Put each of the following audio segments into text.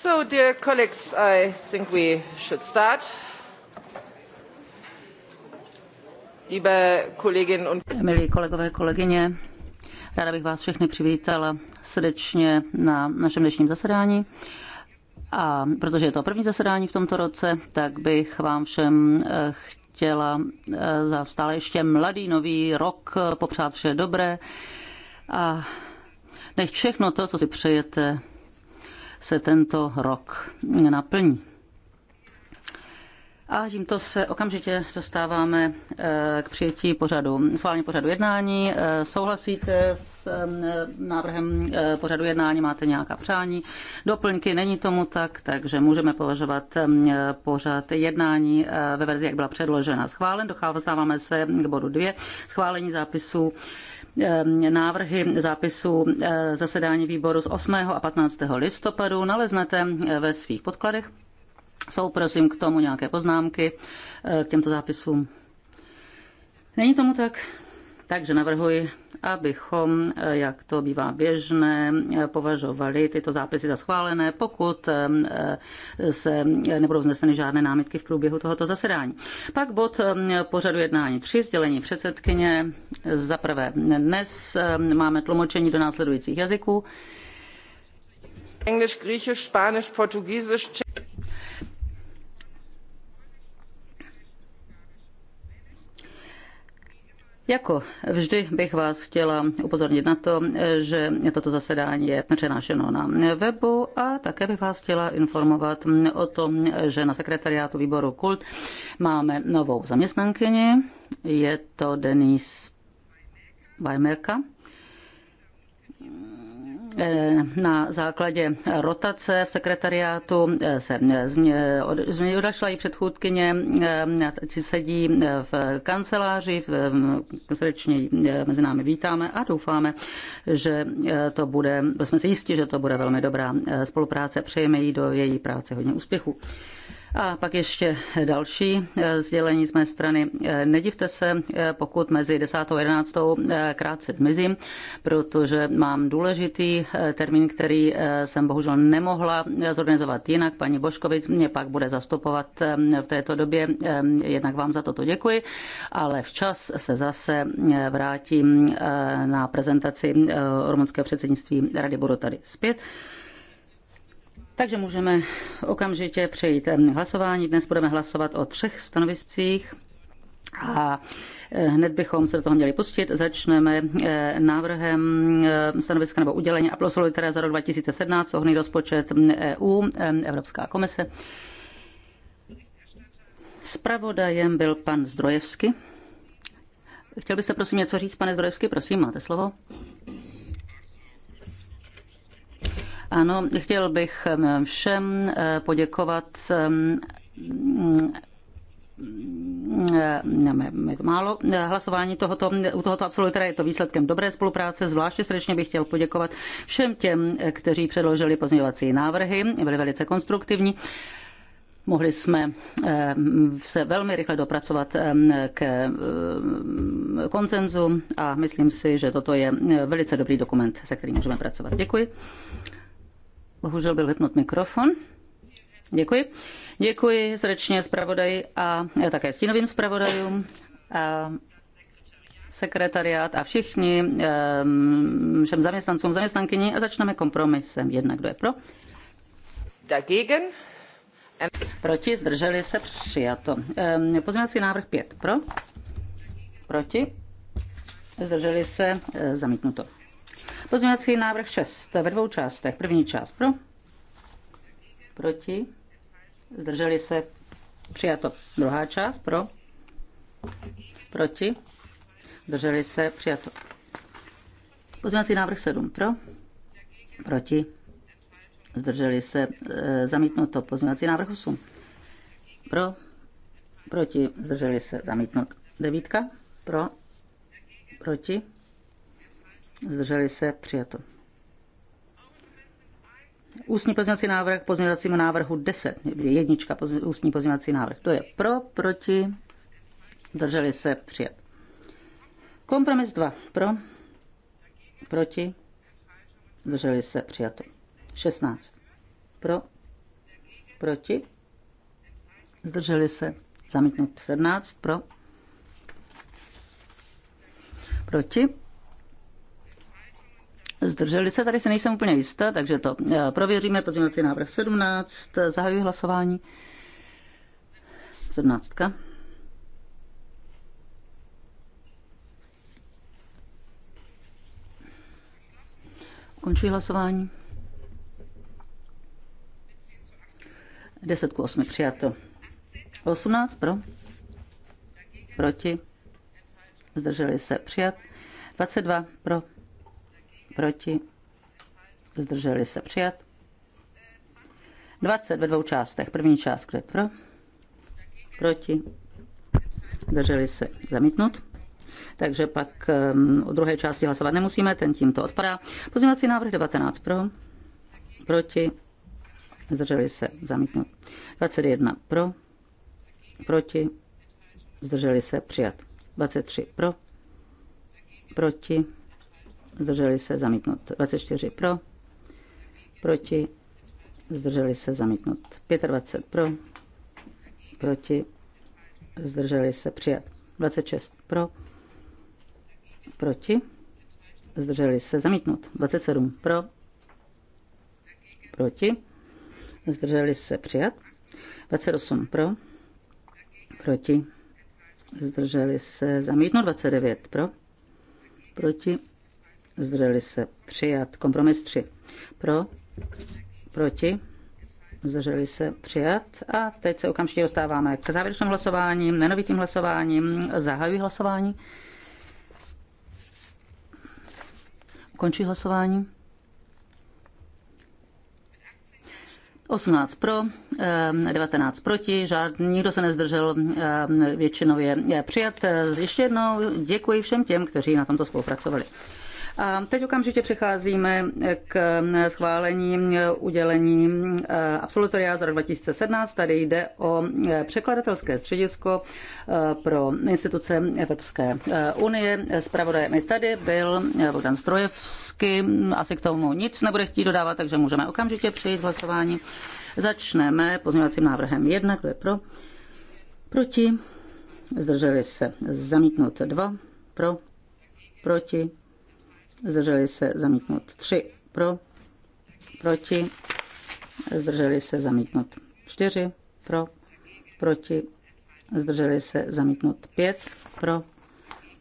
So, dear colleagues, I think we should start. Liebe Kolleginnen und Milí kolegové, kolegyně, ráda bych vás všechny přivítala srdečně na našem dnešním zasedání. A protože je to první zasedání v tomto roce, tak bych vám všem eh, chtěla eh, za stále ještě mladý nový rok popřát vše dobré a nech všechno to, co si přejete, se tento rok naplní. A tímto se okamžitě dostáváme eh, k přijetí pořadu, sválně pořadu jednání. Eh, souhlasíte s eh, návrhem pořadu jednání, máte nějaká přání, doplňky, není tomu tak, takže můžeme považovat pořad jednání ve verzi, jak byla předložena schválen. Docháváme se k bodu 2, schválení zápisů Eh, návrhy zápisů eh, zasedání výboru z 8. a 15. listopadu naleznete eh, ve svých podkladech. Jsou prosím k tomu nějaké poznámky, k těmto zápisům? Není tomu tak? Takže navrhuji, abychom, eh, jak to bývá běžné, eh, považovali tyto zápisy za schválené, pokud eh, se nebudou vzneseny žádné námitky v průběhu tohoto zasedání. Pak bod pořadu jednání 3, sdělení předsedkyně. Za prvé, dnes máme tlumočení do následujících jazyků. English, Griechisch, Spanish, Portugiesisch, Czech. Jako vždy bych vás chtěla upozornit na to, že toto zasedání je přenášeno na webu a také bych vás chtěla informovat o tom, že na sekretariátu výboru Kult máme novou zaměstnankyni. Je to Denise Weimerka Eh, na základě rotace v sekretariátu eh, se eh, odešla i předchůdkyně, ti sedí v kanceláři, v, srdečně mezi námi vítáme a doufáme, že to bude, jsme si jistí, že to bude velmi dobrá spolupráce. Přejeme jí do její práce hodně úspěchu. A pak ještě další eh, sdělení z mé strany. Eh, nedivte se, eh, pokud mezi 10. a 11. krátce zmizím, protože mám důležitý termín, který jsem bohužel nemohla zorganizovat jinak. Paní Boškovic mě pak bude zastupovat v této době. Jednak vám za toto děkuji, ale včas se zase vrátím na prezentaci rumunské předsednictví Rady. Budu tady zpět. Takže můžeme okamžitě přejít eh, hlasování. Dnes budeme hlasovat o třech stanoviscích. A eh, hned bychom se do toho měli pustit. Začneme eh, návrhem stanoviska nebo udělení Aplosolitéra za rok 2017, ohný rozpočet mm, EU, Evropská komise. Spravodajem byl pan Zdrojevsky. Chtěl byste prosím něco říct, pane Zdrojevsky? Prosím, máte slovo. Ano, chtěl bych eh, všem eh, poděkovat eh, mm, mm, málo hlasování tohoto, u tohoto absolutora je to výsledkem dobré spolupráce. Zvláště srdečně bych chtěl poděkovat všem těm, kteří předložili pozměňovací návrhy, byli velice konstruktivní. Mohli jsme mm, se velmi rychle dopracovat k koncenzu a myslím si, že toto je velice dobrý dokument, se kterým můžeme pracovat. Děkuji. Bohužel byl vypnut mikrofon. Děkuji. Děkuji srdečně zpravodaji a eh, také stínovým zpravodajům. A sekretariát a všichni, eh, všem zaměstnancům, zaměstnankyni a začneme kompromisem. Jednak kdo je pro? Dagegen. Proti, zdrželi se, přijato. Eh, pozměňovací návrh 5. Pro? Proti? Zdrželi se, zamítnuto. Pozměňovací návrh 6 ve dvou částech. První část pro, proti, zdrželi se, přijato. Druhá část pro, proti, zdrželi se, přijato. Pozměňovací návrh 7 pro, proti, zdrželi se, eh, zamítnuto. Pozměňovací návrh 8 pro, proti, zdrželi se, zamítnuto. Devítka pro, proti, Zdrželi se? Přijato. Ústní pozměňovací návrh k pozměňovacímu návrhu 10. Jednička, ústní pozměňovací návrh. To je pro, proti, drželi se, přijat. Kompromis 2. Pro, proti, zdrželi se, přijato. 16. Pro, proti, zdrželi se, zamítnout. 17. Pro, proti, Zdrželi se, tady se nejsem úplně jistá, takže to eh, prověříme. Pozměňovací návrh 17, zahajuji hlasování. 17. Končuji hlasování. 10 k 8 přijato. 18 pro. Proti. Zdrželi se přijat. 22 pro proti, zdrželi se přijat. 20 ve dvou částech. První část, kdo je pro, proti, zdrželi se zamítnut. Takže pak um, o druhé části hlasovat nemusíme, ten tímto odpadá. Pozměňovací návrh 19 pro, proti, zdrželi se zamítnut. 21 pro, proti, zdrželi se přijat. 23 pro, proti, zdrželi se zamítnut. 24 pro, proti, zdrželi se zamítnut. 25 pro, proti, zdrželi se přijat. 26 pro, proti, zdrželi se zamítnut. 27 pro, proti, zdrželi se přijat. 28 pro, proti, zdrželi se zamítnut. 29 pro, proti, zdrželi se přijat. Kompromis 3 pro, proti, zdrželi se přijat. A teď se okamžitě dostáváme k závěrečnému hlasování, jmenovitým hlasováním. Zahajuji hlasování. Končí hlasování. 18 pro, 19 eh, proti, žádný, nikdo se nezdržel, eh, většinově přijat. Eh, ještě jednou děkuji všem těm, kteří na tomto spolupracovali. A teď okamžitě přecházíme k schválení udělení eh, absolutoria za rok 2017. Tady jde o eh, překladatelské středisko eh, pro instituce Evropské unie. Spravodajem je tady byl Bogdan Strojevsky. Asi k tomu nic nebude chtít dodávat, takže můžeme okamžitě přejít k hlasování. Začneme pozměňovacím návrhem 1. Kdo je pro? Proti? Zdrželi se zamítnout 2. Pro? Proti? zdrželi se zamítnout 3 pro, proti, zdrželi se zamítnout 4 pro, proti, zdrželi se zamítnout 5 pro,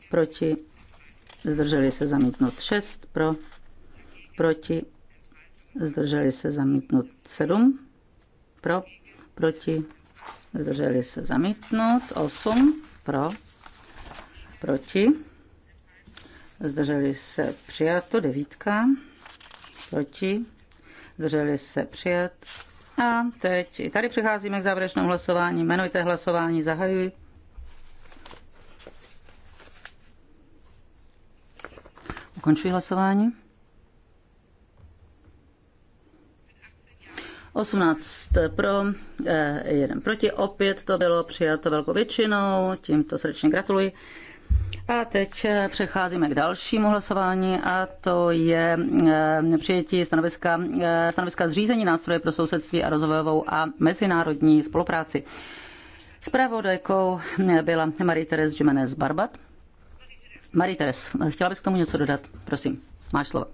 proti, zdrželi se zamítnout 6 pro, proti, zdrželi se zamítnout 7 pro, proti, zdrželi se zamítnout 8 pro, proti, zdrželi se přijato, devítka, proti, zdrželi se přijat. A teď i tady přicházíme k závěrečnému hlasování, jmenujte hlasování, zahajuji. Ukončuji hlasování. 18 pro, 1 eh, proti. Opět to bylo přijato velkou většinou. Tímto srdečně gratuluji. A teď eh, přecházíme k dalšímu hlasování a to je eh, přijetí stanoviska, eh, stanoviska zřízení nástroje pro sousedství a rozvojovou a mezinárodní spolupráci. Zpravodajkou byla Marie-Therese Jiménez Barbat. Marie-Therese, chtěla bys k tomu něco dodat? Prosím, máš slovo.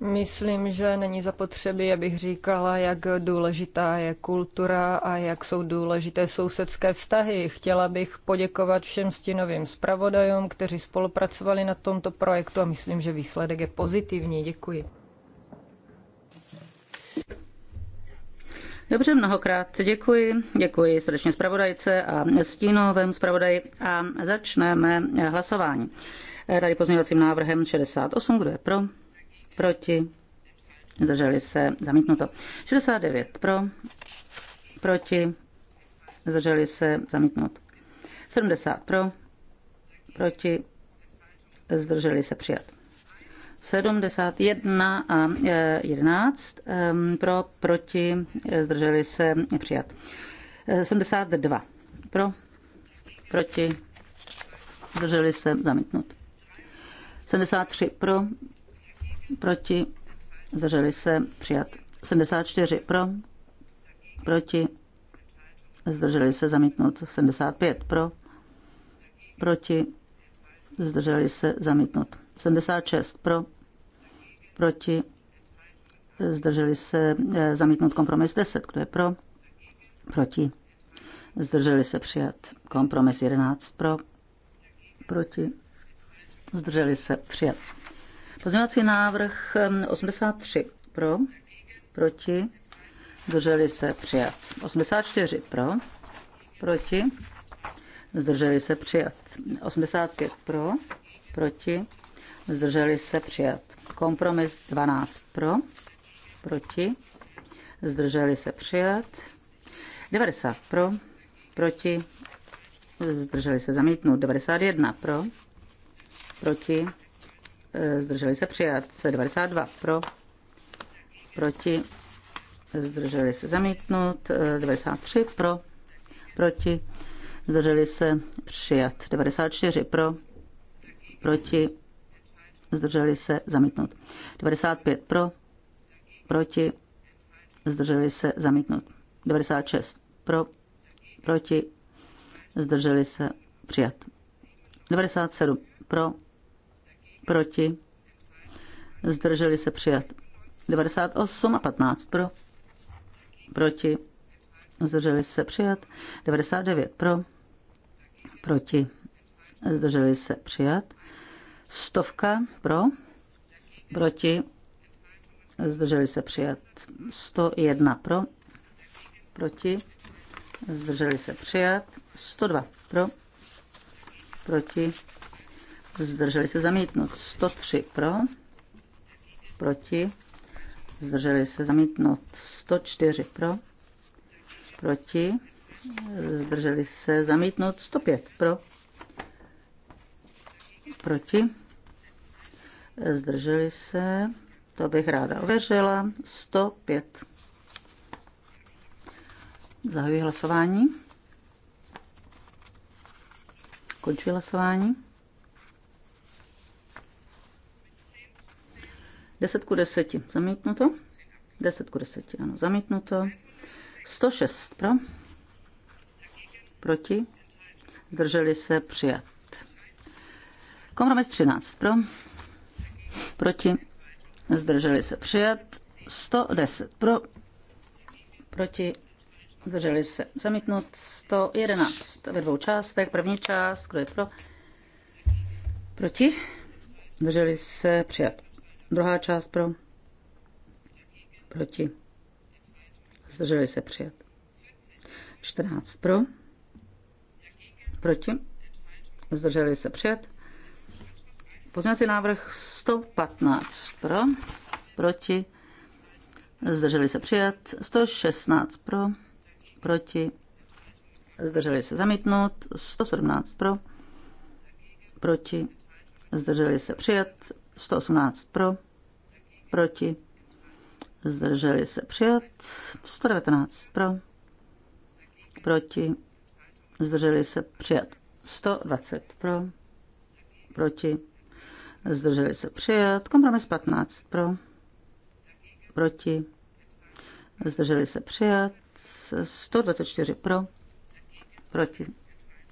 Myslím, že není zapotřebí, abych říkala, jak důležitá je kultura a jak jsou důležité sousedské vztahy. Chtěla bych poděkovat všem stinovým zpravodajům, kteří spolupracovali na tomto projektu a myslím, že výsledek je pozitivní. Děkuji. Dobře, mnohokrát děkuji. Děkuji srdečně zpravodajce a stínovém zpravodaji a začneme hlasování. Tady pozměňovacím návrhem 68. Kdo je pro? proti, zdrželi se, zamítnuto. 69 pro, proti, zdrželi se, zamítnut. 70 pro, proti, zdrželi se, přijat. 71 a 11 e, pro, proti, zdrželi se, přijat. 72 e, pro, proti, zdrželi se, zamítnut. 73 pro, proti, zdrželi se přijat. 74 pro, proti, zdrželi se zamítnout. 75 pro, proti, zdrželi se zamítnout. 76 pro, proti, zdrželi se eh, zamítnout kompromis 10. Kdo je pro? Proti. Zdrželi se přijat kompromis 11 pro, proti. Zdrželi se přijat Pozměňovací návrh 83 pro, proti, zdrželi se přijat. 84 pro, proti, zdrželi se přijat. 85 pro, proti, zdrželi se přijat. Kompromis 12 pro, proti, zdrželi se přijat. 90 pro, proti, zdrželi se zamítnout. 91 pro, proti, Eh, zdrželi se přijat. Se 92 pro, proti, zdrželi se zamítnout. 93 eh, pro, proti, zdrželi se přijat. 94 pro, proti, zdrželi se zamítnout. 95 pro, proti, zdrželi se zamítnout. 96 pro, proti, zdrželi se přijat. 97 pro, proti, zdrželi se přijat. 98 a 15 pro, proti, zdrželi se přijat. 99 pro, proti, zdrželi se přijat. Stovka pro, proti, zdrželi se přijat. 101 pro, proti, zdrželi se přijat. 102 pro, proti, zdrželi se zamítnout. 103 pro, proti, zdrželi se zamítnout. 104 pro, proti, zdrželi se zamítnout. 105 pro, proti, zdrželi se, to bych ráda ověřila, 105. Zahajuji hlasování. Končuji hlasování. 10 ku 10 zamítnuto. 10 ku 10, ano, zamítnuto. 106 pro. Proti. Drželi se přijat. Kompromis 13 pro. Proti. Zdrželi se přijat. 110 pro. Proti. Zdrželi se zamítnout. 111 ve dvou částech. První část, kdo je pro? Proti. Zdrželi se přijat. Druhá část pro. Proti. Zdrželi se přijat. 14 pro. Proti. Zdrželi se přijat. Pozměňovací návrh 115 pro. Proti. Zdrželi se přijat. 116 pro. Proti. Zdrželi se zamítnout. 117 pro. Proti. Zdrželi se přijat. 118 pro, proti, zdrželi se přijat, 119 pro, proti, zdrželi se přijat, 120 pro, proti, zdrželi se přijat, kompromis 15 pro, proti, zdrželi se přijat, 124 pro, proti,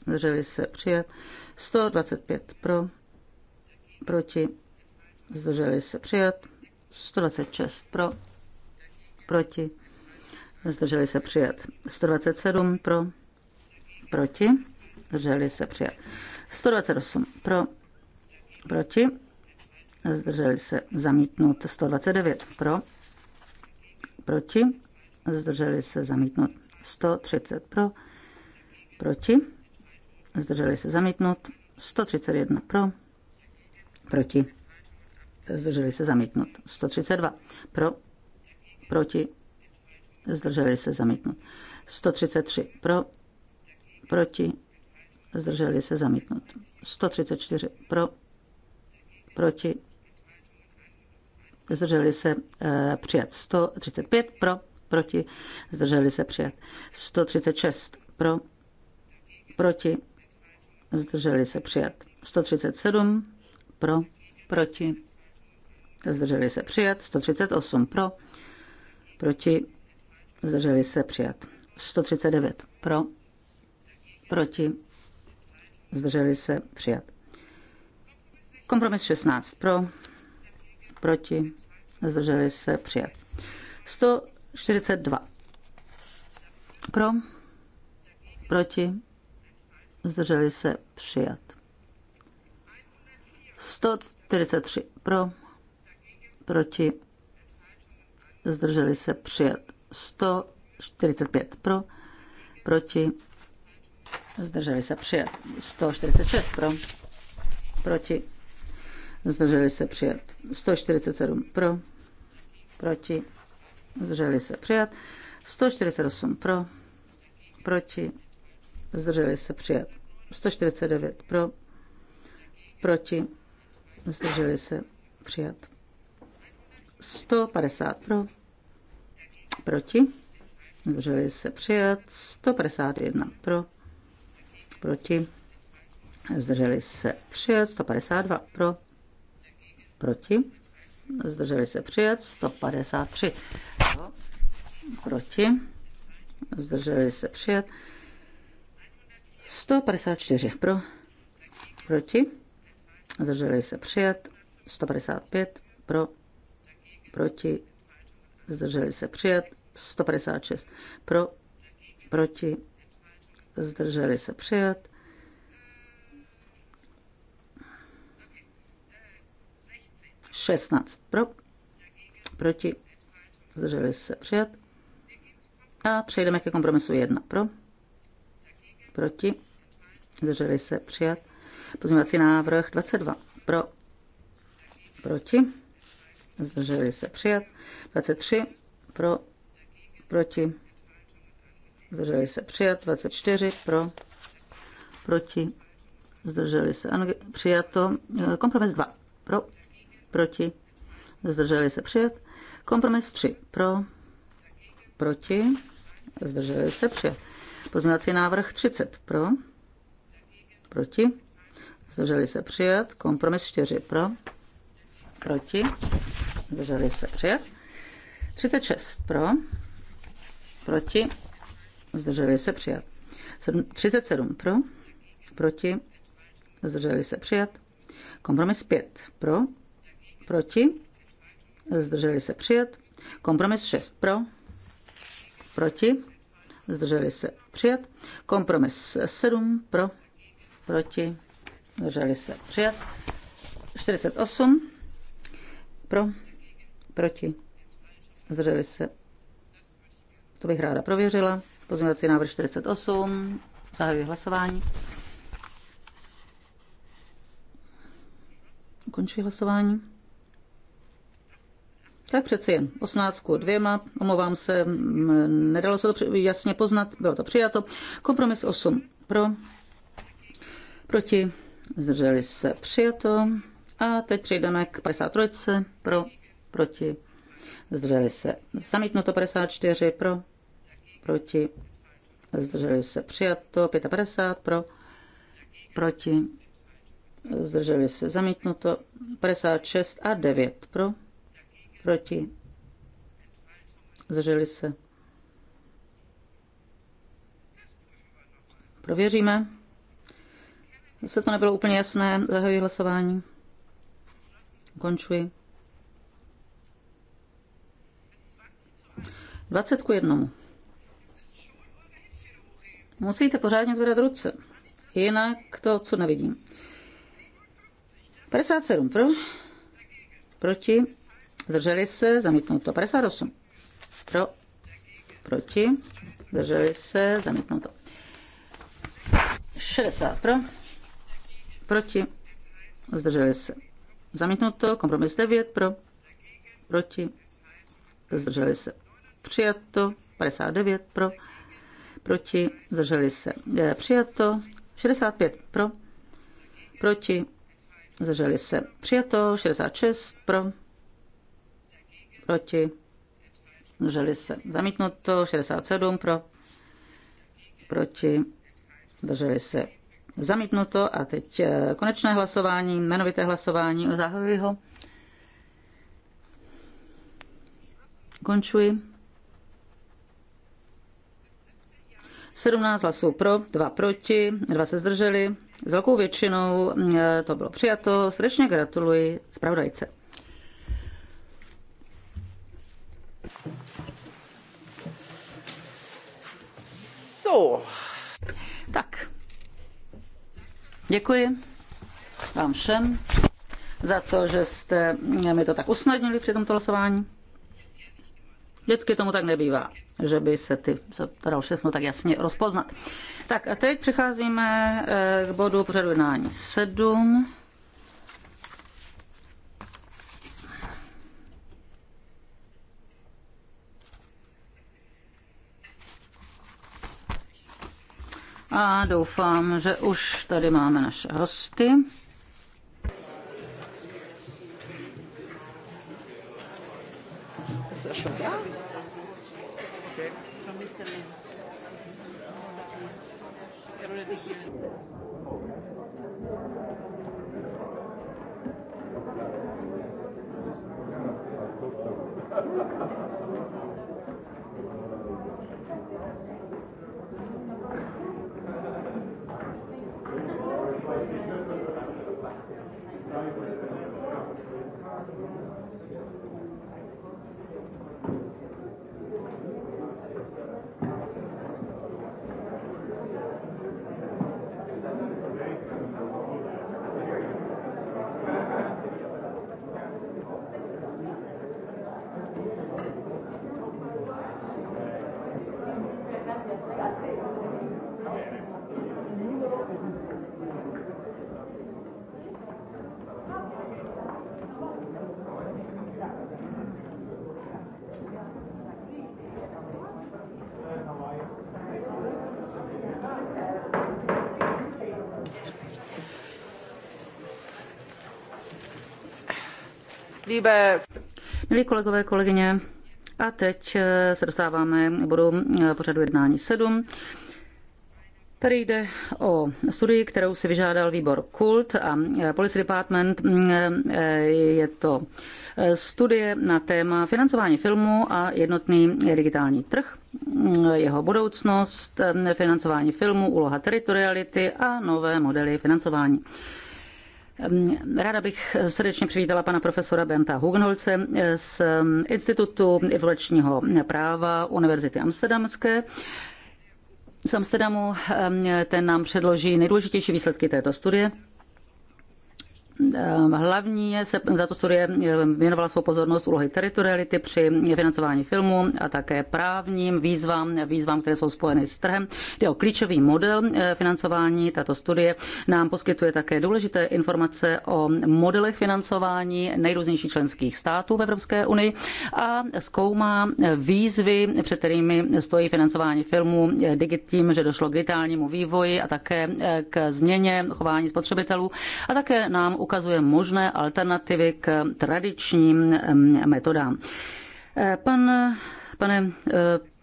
zdrželi se přijat, 125 pro, proti, zdrželi se přijat, 126 pro, proti, zdrželi se přijat, 127 pro, proti, zdrželi se přijat, 128 pro, proti, zdrželi se zamítnout, 129 pro, proti, zdrželi se zamítnout, 130 pro, proti, zdrželi se zamítnout, 131 pro, proti zdrželi se zamítnut. 132 pro, proti, zdrželi se zamítnut. 133 pro, proti, zdrželi se zamítnut. 134 pro, proti, zdrželi se uh, přijat. 135 pro, proti, zdrželi se přijat. 136 pro, proti, zdrželi se přijat. 137 pro, proti, zdrželi se přijat, 138 pro, proti, zdrželi se přijat, 139 pro, proti, zdrželi se přijat. Kompromis 16 pro, proti, zdrželi se přijat. 142 pro, proti, zdrželi se přijat. 143 pro, proti, zdrželi se přijat 145 pro, proti, zdrželi se přijat 146 pro, proti, zdrželi se přijat 147 pro, proti, zdrželi se přijat 148 pro, proti, zdrželi se přijat 149 pro, proti, zdrželi se přijat 150 pro, proti, zdrželi se přijat, 151 pro, proti, zdrželi se přijat, 152 pro, proti, zdrželi se přijat, 153 pro, proti, zdrželi se přijat, 154 pro, proti, zdrželi se přijat, 155 pro, proti, zdrželi se přijat, 156 pro, proti, zdrželi se přijat, 16 pro, proti, zdrželi se přijat. A přejdeme ke kompromisu 1 pro, proti, zdrželi se přijat. Pozměňovací návrh 22 pro, proti, zdrželi se přijat. 23 pro, proti, zdrželi se přijat. 24 pro, proti, zdrželi se přijato. Kompromis 2 pro, proti, zdrželi se přijat. Kompromis 3 pro, proti, zdrželi se přijat. Pozměňovací návrh 30 pro, proti, zdrželi se přijat. Kompromis 4 pro, proti, zdrželi se přijat. 36 pro, proti, zdrželi se přijat. 37 pro, proti, zdrželi se přijat. Kompromis 5 pro, proti, zdrželi se přijat. Kompromis 6 pro, proti, zdrželi se přijat. Kompromis 7 pro, proti, zdrželi se přijat. 48 pro, Proti? Zdrželi se. To bych ráda prověřila. Pozměňovací návrh 48. Zahajuji hlasování. Ukončuji hlasování. Tak přeci jen. 18 k dvěma, omlouvám se, nedalo se to jasně poznat, bylo to přijato. Kompromis 8 pro, proti, zdrželi se přijato. A teď přejdeme k 53 pro, proti, zdrželi se zamítnuto 54 pro, proti, zdrželi se přijato 55 pro, proti, zdrželi se zamítnuto 56 a 9 pro, proti, zdrželi se. Prověříme. Zase to nebylo úplně jasné, zahajuji hlasování. Končuji. 20 ku 1. Musíte pořádně zvedat ruce, jinak to, co nevidím. 57 pro, proti, Drželi se, to. 58 pro, proti, Drželi se, to. 60 pro, proti, zdrželi se. to. kompromis 9 pro, proti, zdrželi se přijato, 59 pro, proti, zdrželi se, přijato, 65 pro, proti, zdrželi se, přijato, 66 pro, proti, zdrželi se, zamítnuto, 67 pro, proti, zdrželi se, zamítnuto a teď eh, konečné hlasování, jmenovité hlasování o záhojiho. Končuji. 17 hlasů pro, 2 proti, 2 se zdrželi. S velkou většinou eh, to bylo přijato. Srdečně gratuluji zpravodajce. So. Tak. Děkuji vám všem za to, že jste mi to tak usnadnili při tomto hlasování. Vždycky tomu tak nebývá že by se ty, se to dalo všechno tak jasně rozpoznat. Tak a teď přecházíme eh, k bodu pořadu jednání 7. A doufám, že už tady máme naše hosty. Yeah. already here. Milí kolegové, kolegyně, a teď eh, se dostáváme k bodu eh, pořadu jednání 7. Tady jde o studii, kterou si vyžádal výbor KULT a eh, Policy Department. Mm, je to studie na téma financování filmu a jednotný digitální trh, mm, jeho budoucnost, financování filmu, úloha teritoriality a nové modely financování. Ehm, ráda bych srdečně přivítala pana profesora Benta Hugenholce z ehm, Institutu evolučního práva Univerzity Amsterdamské. Z Amsterdamu ehm, ten nám předloží nejdůležitější výsledky této studie Ehm, hlavní se za to studie ehm, věnovala svou pozornost úlohy teritoriality při financování filmu a také právním výzvám, výzvám, které jsou spojeny s trhem. Jde o klíčový model eh, financování. Tato studie nám poskytuje také důležité informace o modelech financování nejrůznějších členských států v Evropské unii a zkoumá výzvy, před kterými stojí financování filmu eh, tím, že došlo k digitálnímu vývoji a také eh, k změně chování spotřebitelů a také nám ukazuje možné alternativy k tradičním metodám. Eh, pan, pane eh,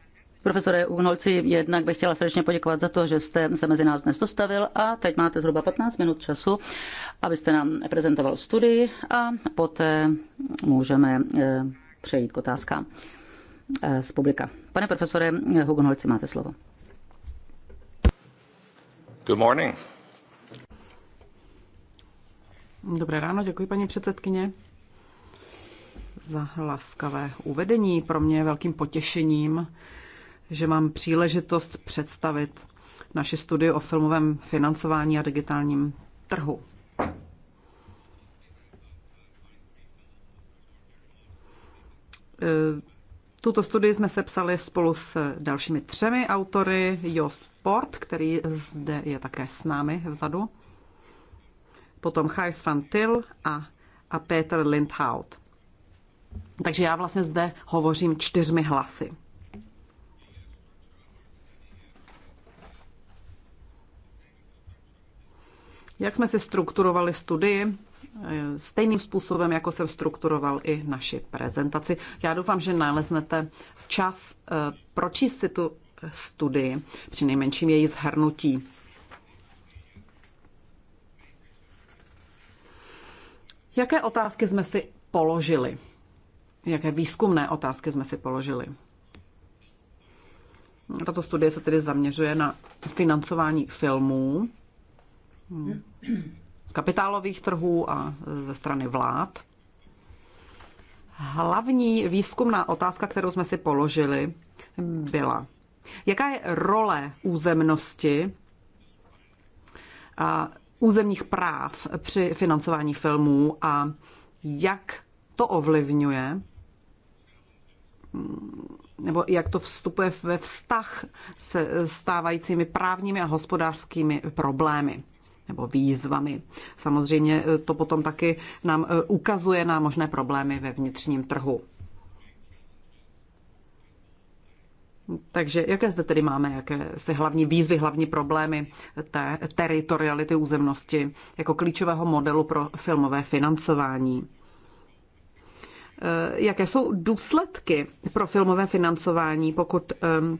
Profesore Uhnolci, jednak bych chtěla srdečně poděkovat za to, že jste se mezi nás dnes dostavil a teď máte zhruba 15 minut času, abyste nám prezentoval studii a poté můžeme eh, přejít k otázkám z publika. Pane profesore Hugonholci, máte slovo. Good morning. Dobré ráno, děkuji paní předsedkyně za laskavé uvedení. Pro mě je velkým potěšením, že mám příležitost představit naši studii o filmovém financování a digitálním trhu. E, tuto studii jsme sepsali spolu s dalšími třemi autory, Jost Port, který zde je také s námi vzadu, potom Gijs van Til a, a Peter Lindhout. Takže já vlastně zde hovořím čtyřmi hlasy. Jak jsme si strukturovali studii? Eh, stejným způsobem, jako jsem strukturoval i naši prezentaci. Já doufám, že naleznete čas eh, pročíst si tu studii, při nejmenším její zhrnutí. Jaké otázky jsme si položili? Jaké výzkumné otázky jsme si položili? Tato studie se tedy zaměřuje na financování filmů z kapitálových trhů a ze strany vlád. Hlavní výzkumná otázka, kterou jsme si položili, byla, jaká je role územnosti a územních práv při financování filmů a jak to ovlivňuje nebo jak to vstupuje ve vztah se stávajícími právními a hospodářskými problémy nebo výzvami. Samozřejmě to potom taky nám eh, ukazuje na možné problémy ve vnitřním trhu. Takže jaké zde tedy máme, jaké se hlavní výzvy, hlavní problémy té teritoriality územnosti jako klíčového modelu pro filmové financování? Eh, jaké jsou důsledky pro filmové financování, pokud ehm,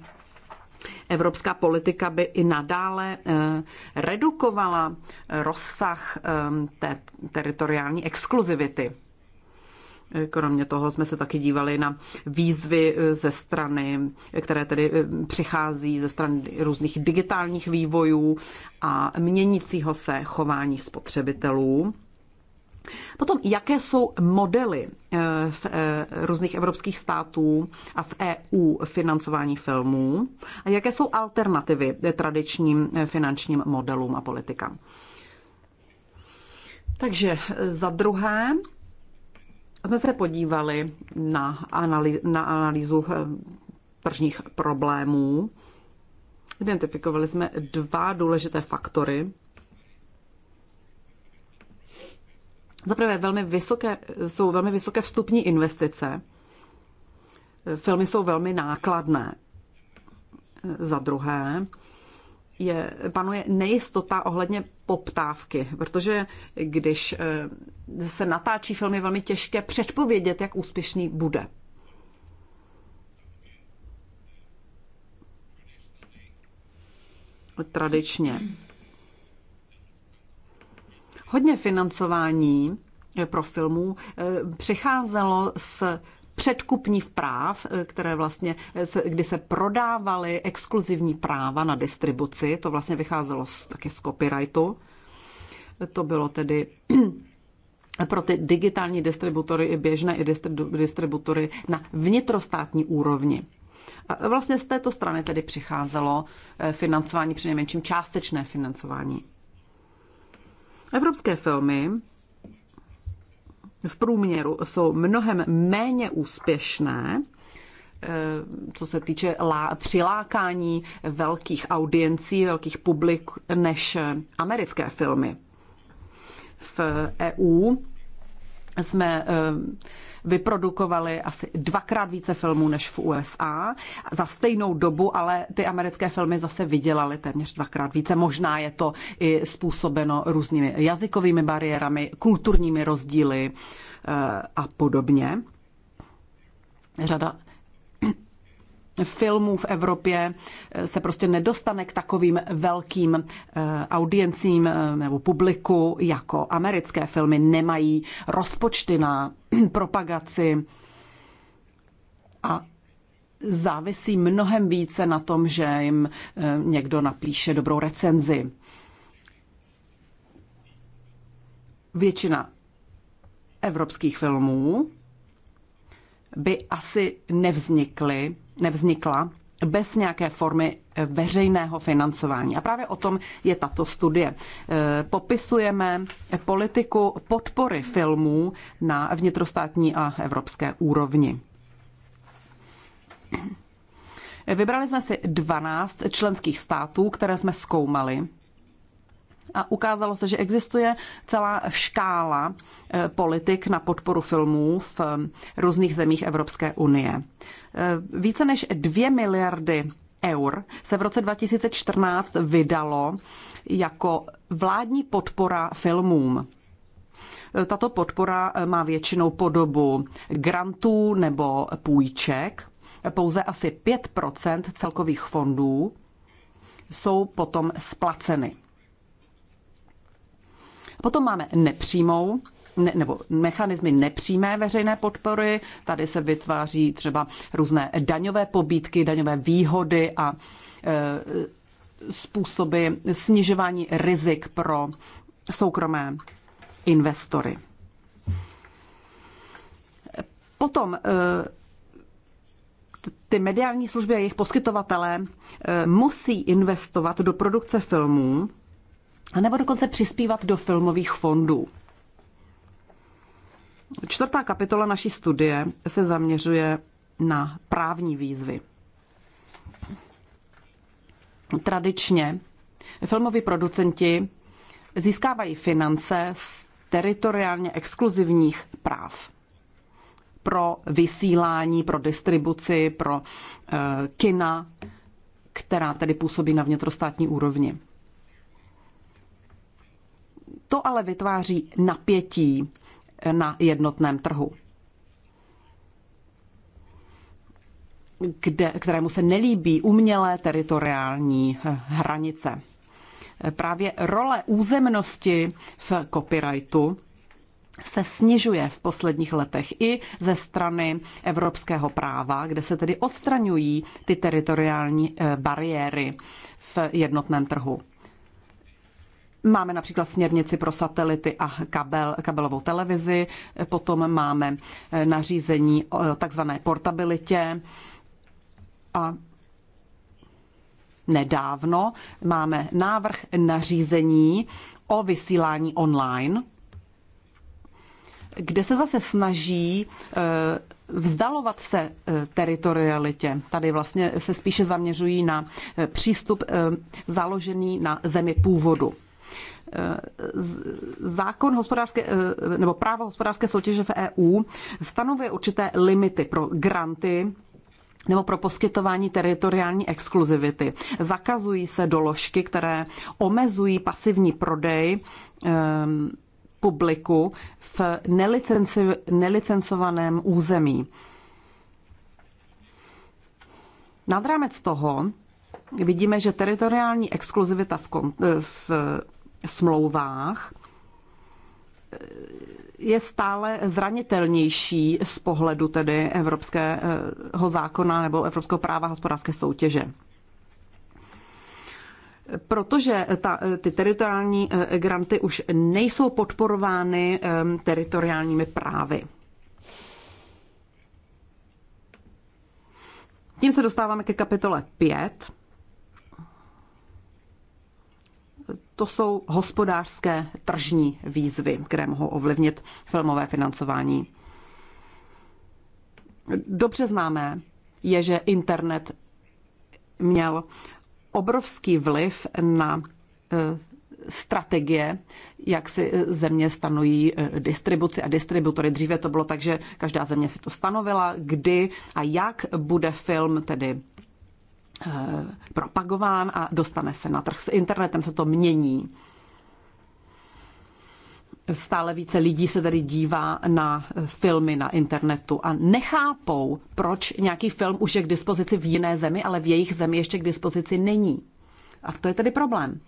evropská politika by i nadále eh, redukovala eh, rozsah ehm, té teritoriální exkluzivity? Kromě toho jsme se taky dívali na výzvy eh, ze strany, které tedy eh, přichází ze strany různých digitálních vývojů a měnícího se chování spotřebitelů. Potom, jaké jsou modely eh, v různých evropských států a v EU financování filmů a jaké jsou alternativy tradičním finančním modelům a politikám? Takže za druhé, jsme se podívali na, analý, na analýzu eh, tržních problémů. Identifikovali jsme dva důležité faktory. Za prvé, velmi vysoké, jsou velmi vysoké vstupní investice. Filmy jsou velmi nákladné. Za druhé, je, panuje nejistota ohledně poptávky, protože když eh, se natáčí film, je velmi těžké předpovědět, jak úspěšný bude. Tradičně. Hodně financování eh, pro filmů eh, přicházelo z předkupních práv, eh, které vlastně, kdy se prodávaly exkluzivní práva na distribuci, to vlastně vycházelo z, taky z copyrightu. To bylo tedy pro ty digitální distributory i běžné i distributory na vnitrostátní úrovni. A vlastně z této strany tedy přicházelo eh, financování, přinejmenším částečné financování. Evropské filmy v průměru jsou mnohem méně úspěšné, eh, co se týče přilákání velkých audiencí, velkých publik, než americké filmy. V EU jsme eh, vyprodukovali asi dvakrát více filmů než v USA. Za stejnou dobu, ale ty americké filmy zase vydělaly téměř dvakrát více. Možná je to i způsobeno různými jazykovými bariérami, kulturními rozdíly eh, a podobně. Řada filmů v Evropě eh, se prostě nedostane k takovým velkým eh, audiencím eh, nebo publiku jako americké filmy. Nemají rozpočty na propagaci a závisí mnohem více na tom, že jim někdo napíše dobrou recenzi. Většina evropských filmů by asi nevznikly nevznikla bez nějaké formy eh, veřejného financování. A právě o tom je tato studie. Eh, popisujeme politiku podpory filmů na vnitrostátní a evropské úrovni. Vybrali jsme si 12 členských států, které jsme zkoumali a ukázalo se, že existuje celá škála e, politik na podporu filmů v e, různých zemích Evropské unie. E, více než 2 miliardy eur se v roce 2014 vydalo jako vládní podpora filmům. Tato podpora má většinou podobu grantů nebo půjček. Pouze asi 5 celkových fondů jsou potom splaceny. Potom máme nepřímou ne, nebo mechanismy nepřímé veřejné podpory. Tady se vytváří třeba různé daňové pobídky, daňové výhody a e, způsoby snižování rizik pro soukromé investory. Potom e, ty mediální služby a jejich poskytovatelé e, musí investovat do produkce filmů, a nebo dokonce přispívat do filmových fondů. Čtvrtá kapitola naší studie se zaměřuje na právní výzvy. Tradičně filmoví producenti získávají finance z teritoriálně exkluzivních práv pro vysílání, pro distribuci, pro e, kina, která tedy působí na vnitrostátní úrovni. To ale vytváří napětí na jednotném trhu. Kde, kterému se nelíbí umělé teritoriální eh, hranice. Právě role územnosti v copyrightu se snižuje v posledních letech i ze strany evropského práva, kde se tedy odstraňují ty teritoriální eh, bariéry v jednotném trhu. Máme například směrnici pro satelity a kabel, kabelovou televizi, potom máme eh, nařízení o takzvané portabilitě a nedávno máme návrh nařízení o vysílání online, kde se zase snaží eh, vzdalovat se eh, teritorialitě. Tady vlastně se spíše zaměřují na přístup založený na zemi původu. Eh, zákon hospodářské, eh, nebo právo hospodářské soutěže v EU stanovuje určité limity pro granty nebo pro poskytování teritoriální exkluzivity. Zakazují se doložky, které omezují pasivní prodej um, publiku v nelicencovaném území. Nad rámec toho vidíme, že teritoriální exkluzivita v, v smlouvách je stále zranitelnější z pohledu tedy evropského zákona nebo evropského práva hospodářské soutěže. Protože ta, ty teritoriální eh, granty už nejsou podporovány eh, teritoriálními právy. Tím se dostáváme ke kapitole 5 to jsou hospodářské tržní výzvy, které mohou ovlivnit filmové financování. Dobře známé je, že internet měl obrovský vliv na e, strategie, jak si e, země stanují e, distribuci a distributory. Dříve to bylo tak, že každá země si to stanovila, kdy a jak bude film tedy Eh, propagován a dostane se na trh. S internetem se to mění. Stále více lidí se tedy dívá na filmy na internetu a nechápou, proč nějaký film už je k dispozici v jiné zemi, ale v jejich zemi ještě k dispozici není. A to je tedy problém.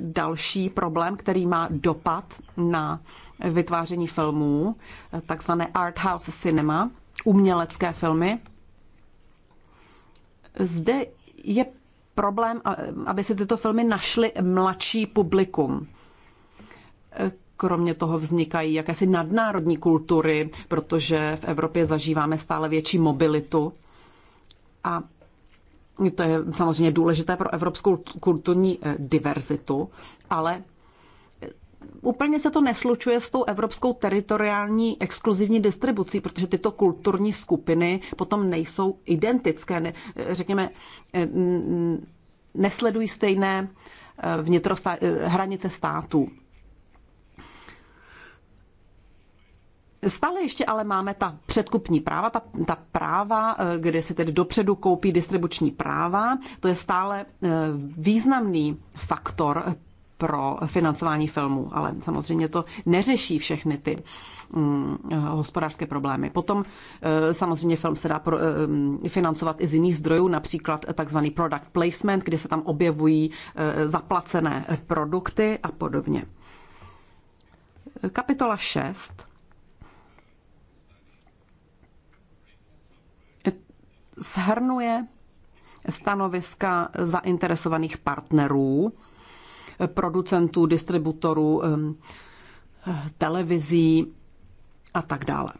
Další problém, který má dopad na vytváření filmů, takzvané art house cinema, umělecké filmy, zde je problém, aby se tyto filmy našly mladší publikum. Kromě toho vznikají jakési nadnárodní kultury, protože v Evropě zažíváme stále větší mobilitu. A to je samozřejmě důležité pro evropskou kulturní eh, diverzitu, ale úplně se to neslučuje s tou evropskou teritoriální exkluzivní distribucí, protože tyto kulturní skupiny potom nejsou identické, ne, řekněme, eh, nesledují stejné eh, vnitrostá, eh, hranice států. Stále ještě ale máme ta předkupní práva, ta, ta práva, kde si tedy dopředu koupí distribuční práva. To je stále významný faktor pro financování filmů, ale samozřejmě to neřeší všechny ty mm, hospodářské problémy. Potom eh, samozřejmě film se dá pro, eh, mm, financovat i z jiných zdrojů, například takzvaný product placement, kde se tam objevují eh, zaplacené produkty a podobně. Kapitola 6. Shrnuje stanoviska zainteresovaných partnerů producentů, distributorů, televizí a tak dále.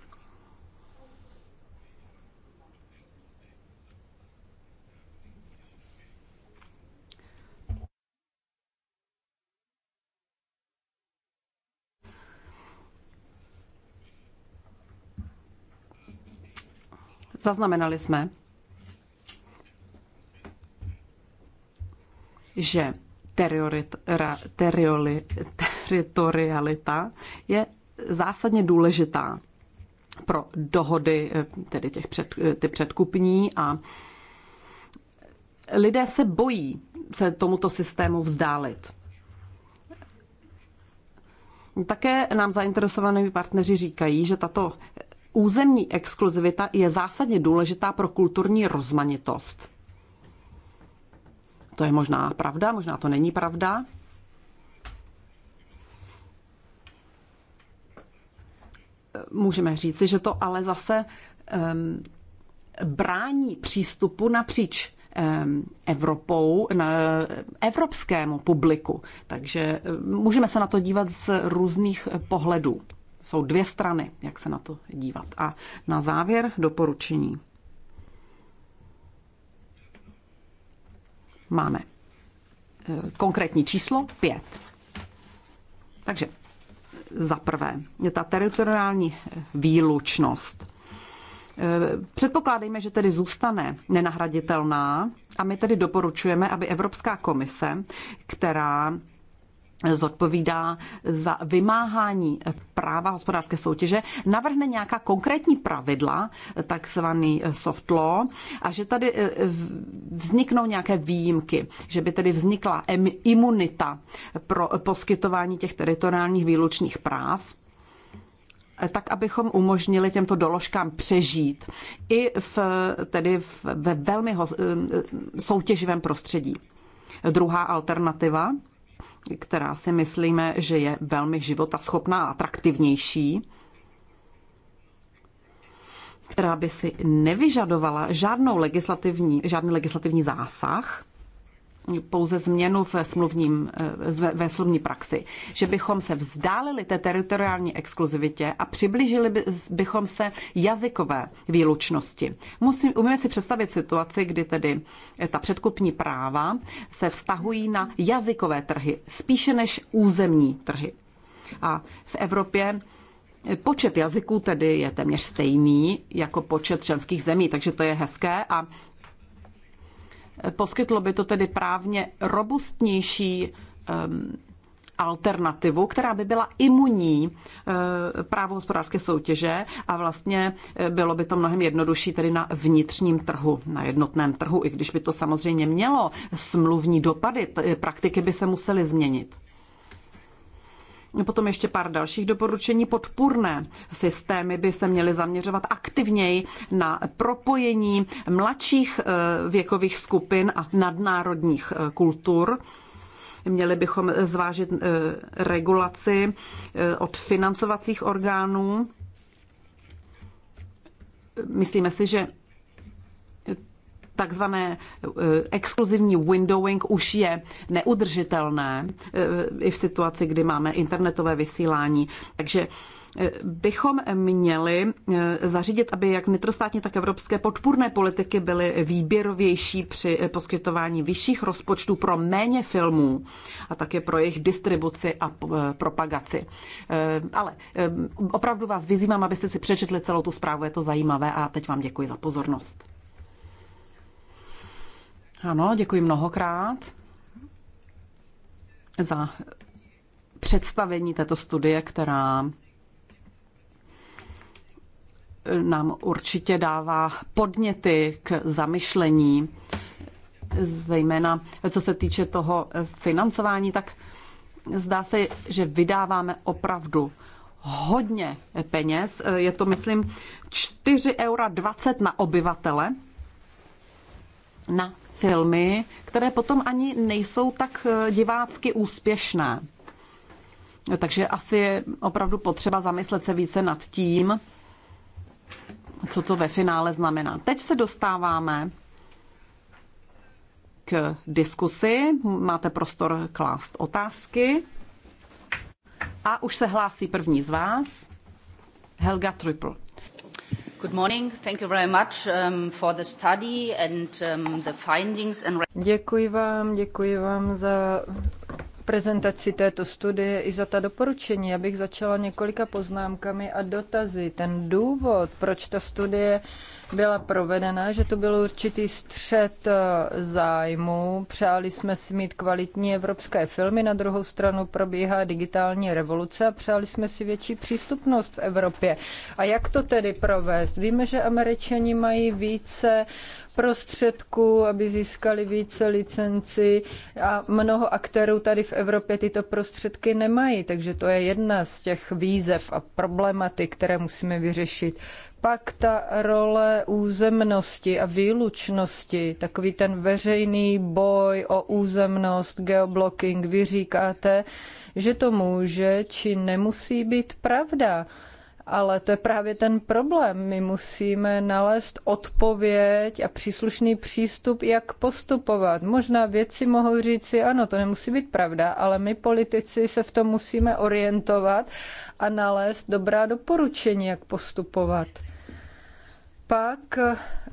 Zaznamenali jsme, že teritorialita je zásadně důležitá pro dohody, eh, tedy těch před, eh, ty předkupní a lidé se bojí se tomuto systému vzdálit. Také nám zainteresovaní partneři říkají, že tato územní exkluzivita je zásadně důležitá pro kulturní rozmanitost. To je možná pravda, možná to není pravda. Můžeme říci, že to ale zase um, brání přístupu napříč Evropou, na evropskému publiku. Takže můžeme se na to dívat z různých pohledů. Jsou dvě strany, jak se na to dívat. A na závěr doporučení. Máme e, konkrétní číslo 5. Takže za prvé je ta teritoriální e, výlučnost. E, předpokládejme, že tedy zůstane nenahraditelná a my tedy doporučujeme, aby Evropská komise, která zodpovídá za vymáhání práva hospodářské soutěže, navrhne nějaká konkrétní pravidla, takzvaný eh, soft law, a že tady eh, vzniknou nějaké výjimky, že by tedy vznikla imunita pro poskytování těch teritoriálních výlučných práv, eh, tak abychom umožnili těmto doložkám přežít i v, tedy ve velmi soutěživém prostředí. Druhá alternativa která si myslíme, že je velmi životaschopná a atraktivnější, která by si nevyžadovala žádnou legislativní, žádný legislativní zásah, pouze změnu v smluvním, eh, ve smluvní praxi, že bychom se vzdálili té teritoriální exkluzivitě a přiblížili bychom se jazykové výlučnosti. Musím, umíme si představit situaci, kdy tedy eh, ta předkupní práva se vztahují na jazykové trhy, spíše než územní trhy. A v Evropě eh, Počet jazyků tedy je téměř stejný jako počet členských zemí, takže to je hezké a Poskytlo by to tedy právně robustnější alternativu, která by byla imunní eh, právo hospodářské soutěže a vlastně eh, bylo by to mnohem jednodušší tedy na vnitřním trhu, na jednotném trhu, i když by to samozřejmě mělo smluvní dopady, eh, praktiky by se musely změnit. Potom ještě pár dalších doporučení. Podpůrné systémy by se měly zaměřovat aktivněji na propojení mladších eh, věkových skupin a nadnárodních eh, kultur. Měli bychom zvážit eh, regulaci od financovacích orgánů. Myslíme si, že takzvané eh, exkluzivní windowing už je neudržitelné eh, i v situaci, kdy máme internetové vysílání. Takže eh, bychom měli zařídit, aby jak nitrostátní, tak evropské podpůrné politiky byly výběrovější při poskytování vyšších rozpočtů pro méně filmů a také pro jejich distribuci a propagaci. Ale opravdu vás vyzývám, abyste si přečetli celou tu zprávu, je to zajímavé a teď vám děkuji za pozornost. Ano, děkuji mnohokrát za představení této studie, která nám určitě dává podněty k zamyšlení, zejména co se týče toho financování, tak zdá se, že vydáváme opravdu hodně peněz. Je to, myslím, 4,20 eura na obyvatele na filmy, které potom ani nejsou tak eh, divácky úspěšné. Takže asi je opravdu potřeba zamyslet se více nad tím, co to ve finále znamená. Teď se dostáváme k diskusi. Máte prostor klást otázky. A už se hlásí první z vás, Helga Triple. Děkuji vám, děkuji vám za prezentaci této studie i za ta doporučení. Já bych začala několika poznámkami a dotazy. Ten důvod, proč ta studie byla provedena, že to byl určitý střed eh, zájmu. Přáli jsme si mít kvalitní evropské filmy, na druhou stranu probíhá digitální revoluce a přáli jsme si větší přístupnost v Evropě. A jak to tedy provést? Víme, že američani mají více prostředků, aby získali více licenci a mnoho aktérů tady v Evropě tyto prostředky nemají, takže to je jedna z těch výzev a problematik, které musíme vyřešit. Pak ta role územnosti a výlučnosti, takový ten veřejný boj o územnost, geoblocking, vy říkáte, že to může či nemusí být pravda ale to je právě ten problém. My musíme nalézt odpověď a příslušný přístup, jak postupovat. Možná věci mohou říct si, ano, to nemusí být pravda, ale my politici se v tom musíme orientovat a nalézt dobrá doporučení, jak postupovat. Pak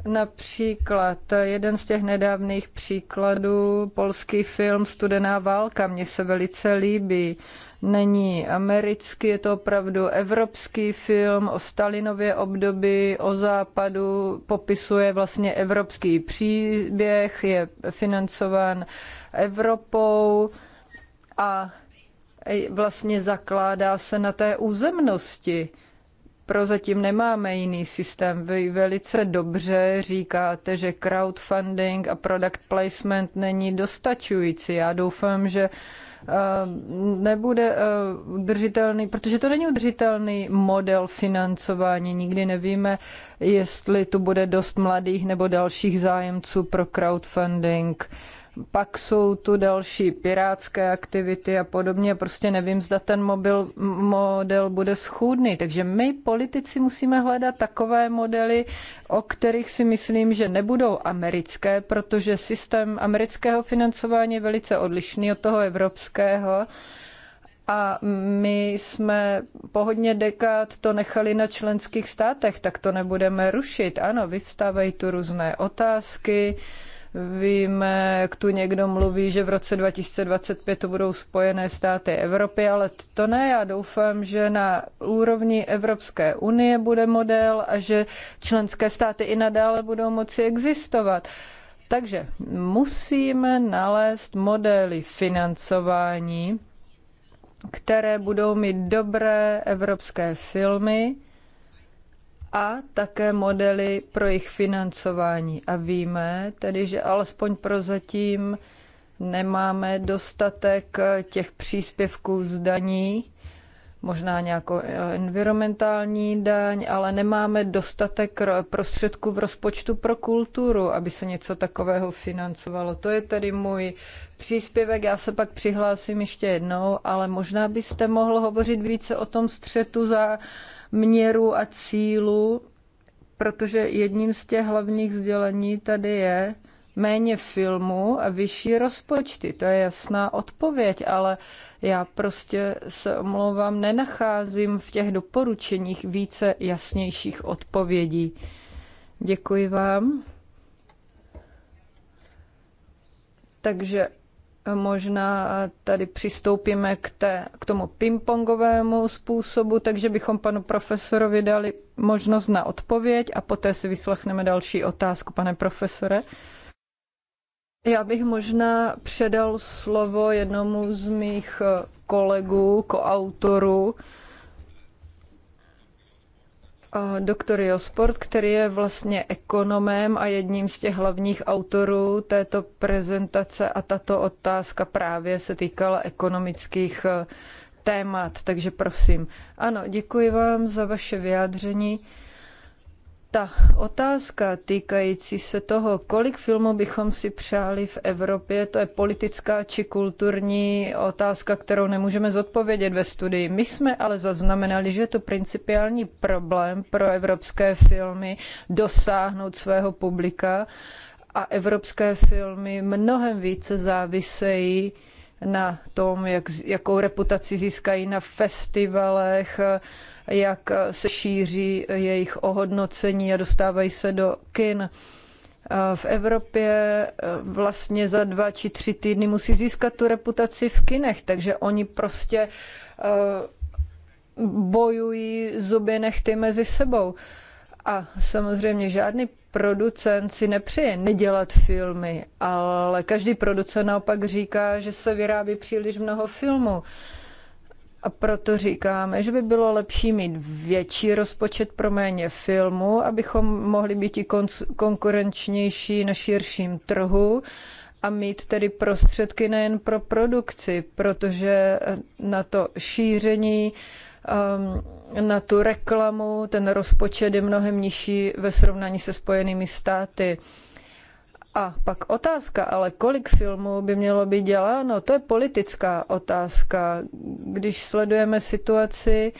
například jeden z těch nedávných příkladů, polský film Studená válka, mně se velice líbí není americký, je to opravdu evropský film o Stalinově období, o západu, popisuje vlastně evropský příběh, je financován Evropou a vlastně zakládá se na té územnosti. Prozatím nemáme jiný systém. Vy velice dobře říkáte, že crowdfunding a product placement není dostačující. Já doufám, že uh, Eh, nebude eh, udržitelný, protože to není udržitelný model financování. Nikdy nevíme, jestli tu bude dost mladých nebo dalších zájemců pro crowdfunding. Pak jsou tu další pirátské aktivity a podobně. Prostě nevím, zda ten mobil, model bude schůdný. Takže my, politici, musíme hledat takové modely, o kterých si myslím, že nebudou americké, protože systém amerického financování je velice odlišný od toho evropského. A my jsme po hodně dekád to nechali na členských státech, tak to nebudeme rušit. Ano, vyvstávají tu různé otázky Víme, jak tu někdo mluví, že v roce 2025 to budou Spojené státy Evropy, ale to ne. Já doufám, že na úrovni Evropské unie bude model a že členské státy i nadále budou moci existovat. Takže musíme nalézt modely financování, které budou mít dobré evropské filmy, a také modely pro jejich financování. A víme tedy, že alespoň prozatím nemáme dostatek těch příspěvků z daní, možná nějakou environmentální daň, ale nemáme dostatek prostředků v rozpočtu pro kulturu, aby se něco takového financovalo. To je tedy můj příspěvek, já se pak přihlásím ještě jednou, ale možná byste mohl hovořit více o tom střetu za měru a cílu, protože jedním z těch hlavních sdělení tady je méně filmu a vyšší rozpočty. To je jasná odpověď, ale já prostě se omlouvám, nenacházím v těch doporučeních více jasnějších odpovědí. Děkuji vám. Takže možná eh, tady přistoupíme k, té, k tomu pingpongovému způsobu, takže bychom panu profesorovi dali možnost na odpověď a poté si vyslechneme další otázku, pane profesore. Já bych možná předal slovo jednomu z mých eh, kolegů, koautorů, doktor Sport, který je vlastně ekonomem a jedním z těch hlavních autorů této prezentace a tato otázka právě se týkala ekonomických eh, témat, takže prosím. Ano, děkuji vám za vaše vyjádření ta otázka týkající se toho, kolik filmů bychom si přáli v Evropě, to je politická či kulturní otázka, kterou nemůžeme zodpovědět ve studii. My jsme ale zaznamenali, že je to principiální problém pro evropské filmy dosáhnout svého publika a evropské filmy mnohem více závisejí na tom, jak, jakou reputaci získají na festivalech, jak se šíří jejich ohodnocení a dostávají se do kin. V Evropě e, vlastně za dva či tři týdny musí získat tu reputaci v kinech, takže oni prostě e, bojují zuby nechty mezi sebou. A samozřejmě žádný producent si nepřeje nedělat filmy, ale každý producent naopak říká, že se vyrábí příliš mnoho filmů. A proto říkáme, že by bylo lepší mít větší rozpočet pro méně filmu, abychom mohli být i konkurenčnější na širším trhu a mít tedy prostředky nejen pro produkci, protože eh, na to šíření, ehm, na tu reklamu, ten rozpočet je mnohem nižší ve srovnání se Spojenými státy. A pak otázka, ale kolik filmů by mělo být děláno, to je politická otázka. Když sledujeme situaci,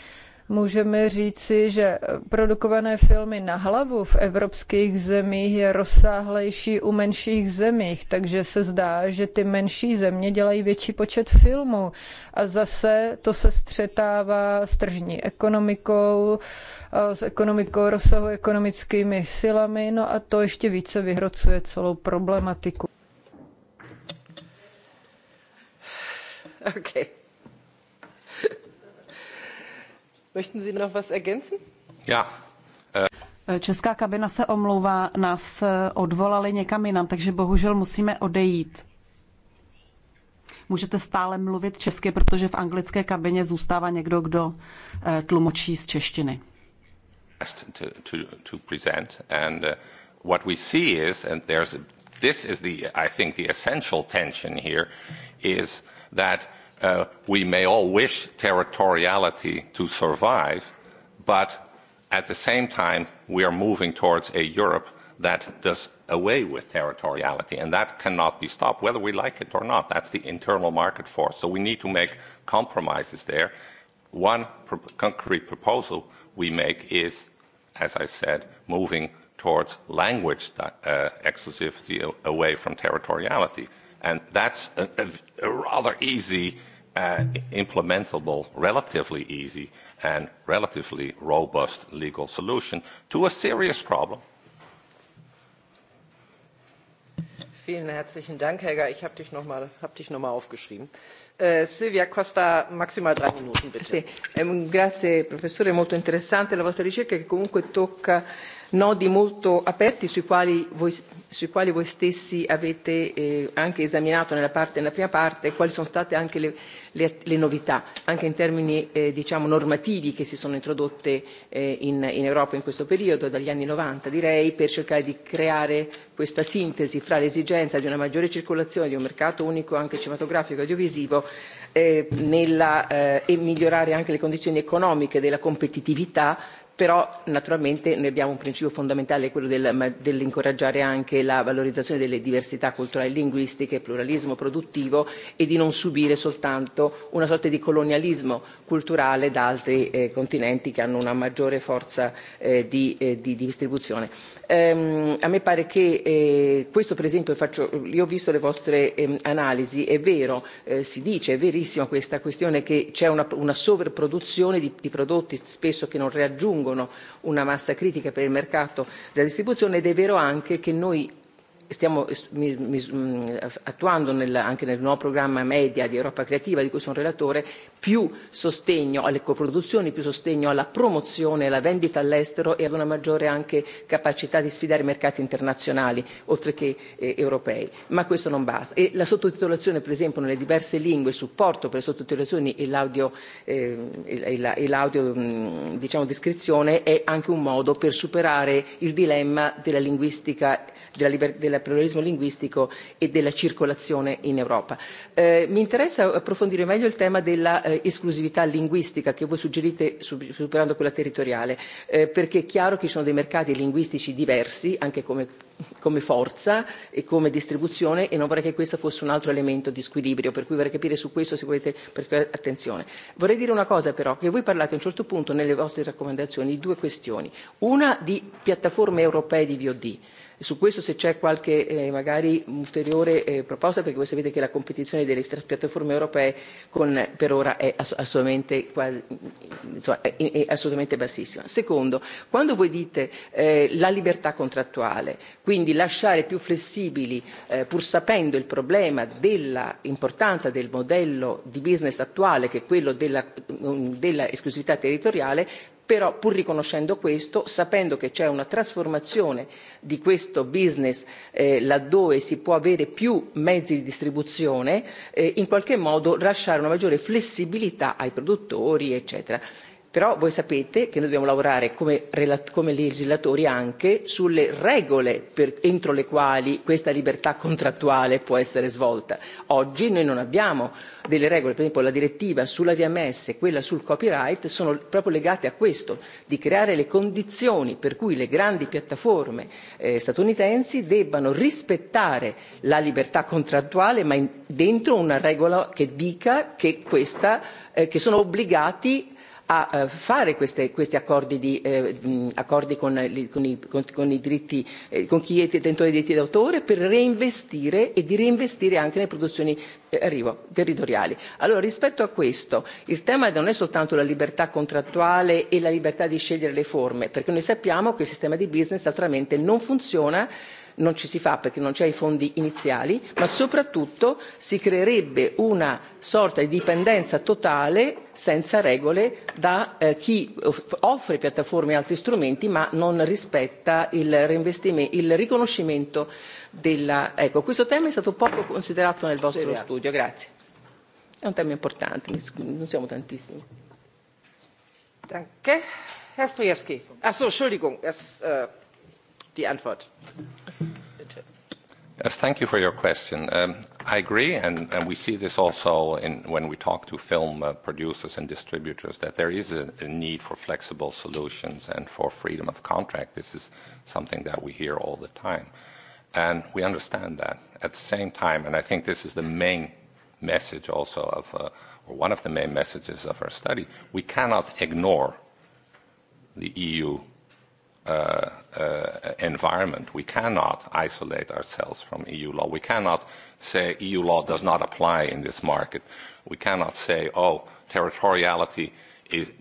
můžeme říci, že produkované filmy na hlavu v evropských zemích je rozsáhlejší u menších zemích, takže se zdá, že ty menší země dělají větší počet filmů. A zase to se střetává s tržní ekonomikou, s ekonomikou rozsahu, ekonomickými silami, no a to ještě více vyhrocuje celou problematiku. Okay. Möchten Sie noch was ergänzen? Ja. Eh, Česká kabina se omlouvá, nás eh, odvolali někam jinam, takže bohužel musíme odejít. Můžete stále mluvit česky, protože v anglické kabině zůstává někdo, kdo eh, tlumočí z češtiny asked to, to, to present. And uh, what we see is, and there's, a, this is the, I think, the essential tension here, is that uh, we may all wish territoriality to survive, but at the same time, we are moving towards a Europe that does away with territoriality, and that cannot be stopped, whether we like it or not. That's the internal market force. So we need to make compromises there. One pro concrete proposal we make is, as I said, moving towards language uh, exclusivity away from territoriality. And that's a, a, a rather easy, uh, implementable, relatively easy, and relatively robust legal solution to a serious problem. Vielen herzlichen Dank, Helga. Ich habe dich nochmal hab noch aufgeschrieben. Eh, ehm, grazie professore, molto interessante la vostra ricerca che comunque tocca nodi molto aperti sui quali voi, sui quali voi stessi avete eh, anche esaminato nella, parte, nella prima parte quali sono state anche le, le, le novità, anche in termini eh, diciamo, normativi che si sono introdotte eh, in, in Europa in questo periodo, dagli anni 90 direi, per cercare di creare questa sintesi fra l'esigenza di una maggiore circolazione di un mercato unico anche cinematografico e audiovisivo eh, nella, eh, e migliorare anche le condizioni economiche della competitività però naturalmente noi abbiamo un principio fondamentale quello del, dell'incoraggiare anche la valorizzazione delle diversità culturali e linguistiche pluralismo produttivo e di non subire soltanto una sorta di colonialismo culturale da altri eh, continenti che hanno una maggiore forza eh, di, eh, di distribuzione. Ehm, a me pare che eh, questo per esempio faccio, io ho visto le vostre eh, analisi è vero eh, si dice è verissima questa questione che c'è una, una sovrapproduzione di, di prodotti spesso che non raggiungono raggiungono una massa critica per il mercato della distribuzione ed è vero anche che noi stiamo mm, attuando nel, anche nel nuovo programma media di Europa Creativa di cui sono relatore più sostegno alle coproduzioni, più sostegno alla promozione e alla vendita all'estero e ad una maggiore anche capacità di sfidare i mercati internazionali, oltre che eh, europei. Ma questo non basta. E la sottotitolazione, per esempio, nelle diverse lingue, il supporto per le sottotitolazioni e l'audio, eh, e, e l'audio mm, diciamo, descrizione è anche un modo per superare il dilemma della linguistica della liber- del pluralismo linguistico e della circolazione in Europa. Eh, mi interessa approfondire meglio il tema della eh, Eh, esclusività linguistica che voi suggerite superando quella territoriale, eh, perché è chiaro che ci sono dei mercati linguistici diversi, anche come, come forza e come distribuzione, e non vorrei che questo fosse un altro elemento di squilibrio, per cui vorrei capire su questo se volete prestare attenzione. Vorrei dire una cosa però, che voi parlate a un certo punto nelle vostre raccomandazioni di due questioni, una di piattaforme europee di VOD, su questo se c'è qualche eh, magari ulteriore eh, proposta, perché voi sapete che la competizione delle tre piattaforme europee con, per ora è ass- assolutamente, quasi, insomma, è, è assolutamente bassissima. Secondo, quando voi dite eh, la libertà contrattuale, quindi lasciare più flessibili, eh, pur sapendo il problema dell'importanza del modello di business attuale, che è quello della, mm, della esclusività territoriale, però pur riconoscendo questo sapendo che c'è una trasformazione di questo business eh, laddove si può avere più mezzi di distribuzione eh, in qualche modo lasciare una maggiore flessibilità ai produttori eccetera però voi sapete che noi dobbiamo lavorare come, come legislatori anche sulle regole per, entro le quali questa libertà contrattuale può essere svolta. Oggi noi non abbiamo delle regole, per esempio la direttiva sulla DMS e quella sul copyright sono proprio legate a questo, di creare le condizioni per cui le grandi piattaforme eh, statunitensi debbano rispettare la libertà contrattuale ma in, dentro una regola che dica che, questa, eh, che sono obbligati a eh, fare queste, questi accordi, di, eh, accordi con, con, i, con, con i diritti, eh, con chi è detentore dei diritti d'autore per reinvestire e di reinvestire anche nelle produzioni eh, arrivo, territoriali. Allora rispetto a questo il tema non è soltanto la libertà contrattuale e la libertà di scegliere le forme perché noi sappiamo che il sistema di business altrimenti non funziona non ci si fa perché non c'è i fondi iniziali, ma soprattutto si creerebbe una sorta di dipendenza totale senza regole da eh, chi offre piattaforme e altri strumenti ma non rispetta il, il riconoscimento della... Ecco, questo tema è stato poco considerato nel vostro Seria. studio, grazie. È un tema importante, non siamo tantissimi. Danke. Herr Stojerski. Ach Entschuldigung. Das, äh die Antwort. Bitte. Yes, thank you for your question. Um, I agree, and, and we see this also in, when we talk to film uh, producers and distributors, that there is a, a need for flexible solutions and for freedom of contract. This is something that we hear all the time, and we understand that. At the same time, and I think this is the main message also of, uh, or one of the main messages of our study, we cannot ignore the EU Uh, uh, environment. We cannot isolate ourselves from EU law. We cannot say EU law does not apply in this market. We cannot say, oh, territoriality is,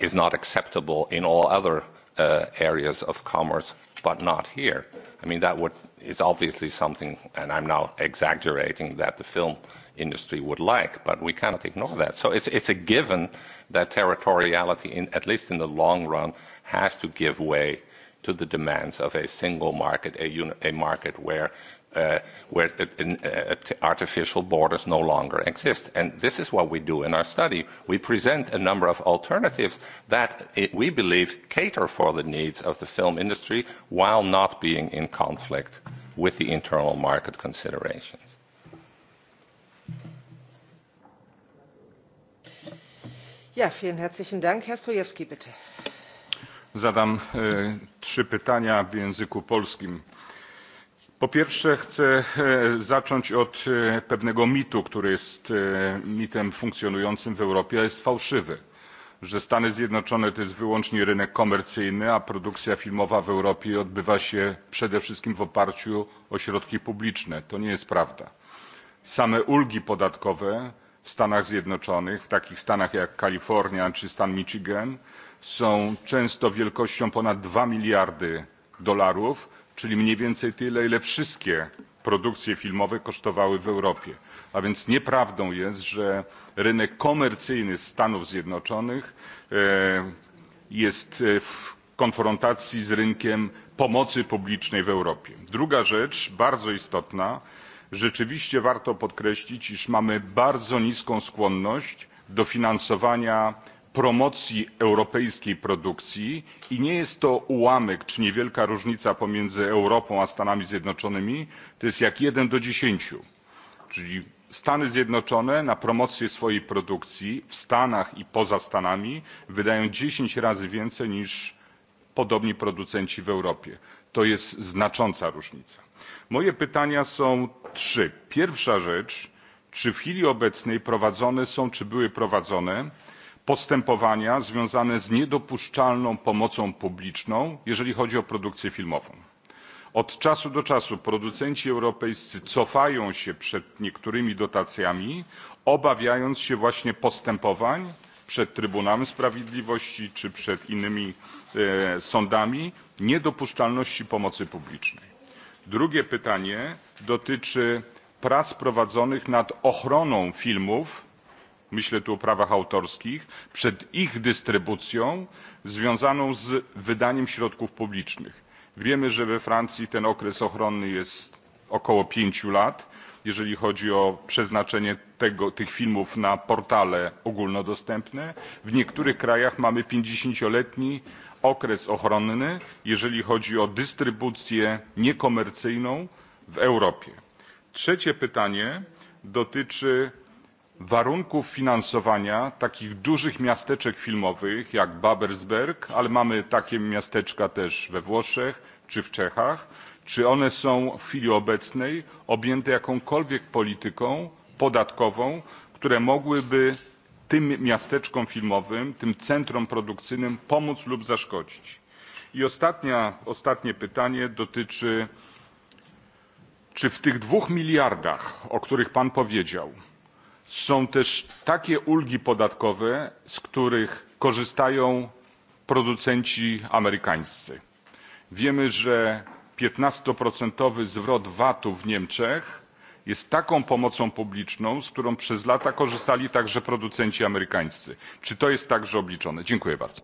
is not acceptable in all other uh, areas of commerce, but not here. I mean, that would, is obviously something, and I'm now exaggerating, that the film industry would like, but we cannot ignore that. So it's, it's a given that territoriality, in, at least in the long run, has to give way to the demands of a single market, a, uni, a market where uh, where uh, artificial borders no longer exist. And this is what we do in our study. We present a number of alternatives that it, eh, we believe cater for the needs of the film industry while not being in conflict with the internal market considerations. Ja, vielen herzlichen Dank. Herr Strojewski, bitte. Zadam e, trzy pytania w języku polskim. Po pierwsze, chcę e, zacząć od e, pewnego mitu, który jest e, mitem funkcjonującym w Europie, a jest fałszywy, że Stany Zjednoczone to jest wyłącznie rynek komercyjny, a produkcja filmowa w Europie odbywa się przede wszystkim w oparciu o środki publiczne. To nie jest prawda. Same ulgi podatkowe w Stanach Zjednoczonych, w takich stanach jak Kalifornia czy stan Michigan, są często wielkością ponad 2 miliardy dolarów, czyli mniej więcej tyle, ile wszystkie produkcje filmowe kosztowały w Europie. A więc nieprawdą jest, że rynek komercyjny Stanów Zjednoczonych e, jest e, w konfrontacji z rynkiem pomocy publicznej w Europie. Druga rzecz, bardzo istotna, rzeczywiście warto podkreślić iż mamy bardzo niską skłonność do finansowania promocji europejskiej produkcji i nie jest to ułamek czy niewielka różnica pomiędzy europą a stanami zjednoczonymi to jest jak jeden do dziesięciu czyli stany zjednoczone na promocję swojej produkcji w stanach i poza stanami wydają dziesięć razy więcej niż podobni producenci w europie. to jest znacząca różnica. moje pytania są trzy pierwsza rzecz czy w chwili obecnej prowadzone są czy były prowadzone postępowania związane z niedopuszczalną pomocą publiczną jeżeli chodzi o produkcję filmową? od czasu do czasu producenci europejscy cofają się przed niektórymi dotacjami obawiając się właśnie postępowań przed trybunałem sprawiedliwości czy przed innymi e, sądami niedopuszczalności pomocy publicznej. drugie pytanie dotyczy prac prowadzonych nad ochroną filmów myślę tu o prawach autorskich przed ich dystrybucją związaną z wydaniem środków publicznych. wiemy że we francji ten okres ochronny jest około pięciu lat jeżeli chodzi o przeznaczenie tego, tych filmów na portale ogólnodostępne w niektórych krajach mamy pięćdziesięcioletni okres ochronny jeżeli chodzi o dystrybucję niekomercyjną w Europie. Trzecie pytanie dotyczy warunków finansowania takich dużych miasteczek filmowych jak Babelsberg, ale mamy takie miasteczka też we Włoszech czy w Czechach. Czy one są w chwili obecnej objęte jakąkolwiek polityką podatkową, które mogłyby tym miasteczkom filmowym, tym centrom produkcyjnym pomóc lub zaszkodzić? I ostatnia, ostatnie pytanie dotyczy Czy w tych dwóch miliardach, o których Pan powiedział, są też takie ulgi podatkowe, z których korzystają producenci amerykańscy? Wiemy, że 15% zwrot VAT-u w Niemczech jest taką pomocą publiczną, z którą przez lata korzystali także producenci amerykańscy. Czy to jest także obliczone? Dziękuję bardzo.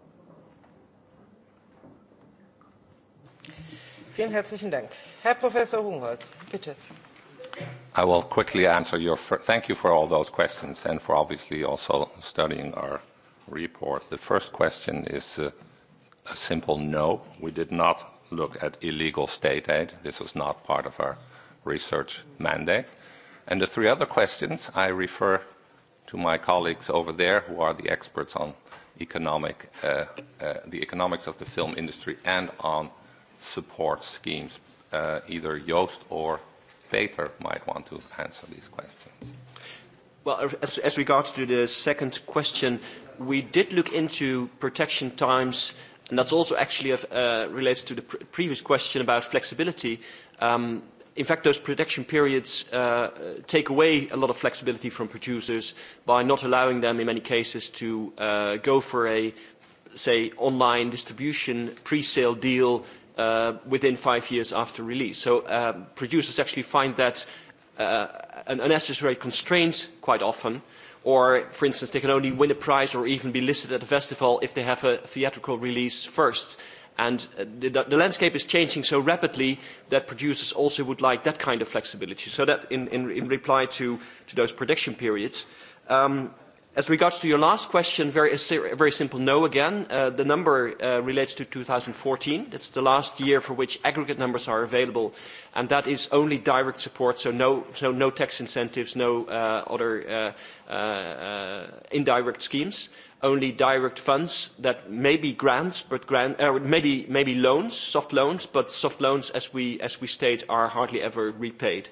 Vielen herzlichen Dank. Herr Professor Hungholz, bitte. I will quickly answer your. Thank you for all those questions and for obviously also studying our report. The first question is uh, a simple no. We did not look at illegal state aid. This was not part of our research mandate. And the three other questions, I refer to my colleagues over there who are the experts on economic, uh, uh, the economics of the film industry and on support schemes? Uh, either Joost or Peter might want to answer these questions. Well, as, as regards to the second question, we did look into protection times, and that's also actually uh, relates to the pr previous question about flexibility. Um, in fact, those protection periods uh, take away a lot of flexibility from producers by not allowing them, in many cases, to uh, go for a, say, online distribution pre-sale deal uh, within five years after release. So um, producers actually find that uh, an unnecessary constraint quite often, or for instance, they can only win a prize or even be listed at a festival if they have a theatrical release first. And uh, the, the, landscape is changing so rapidly that producers also would like that kind of flexibility. So that in, in, in reply to, to those prediction periods. Um, As regards to your last question, very, very simple no again. Uh, the number uh, relates to 2014. That's the last year for which aggregate numbers are available, and that is only direct support, so no, no tax incentives, no uh, other indirect schemes, only direct funds that may be grants, but grant, maybe, maybe loans, soft loans, but soft loans, as we, as we state, are hardly ever repaid.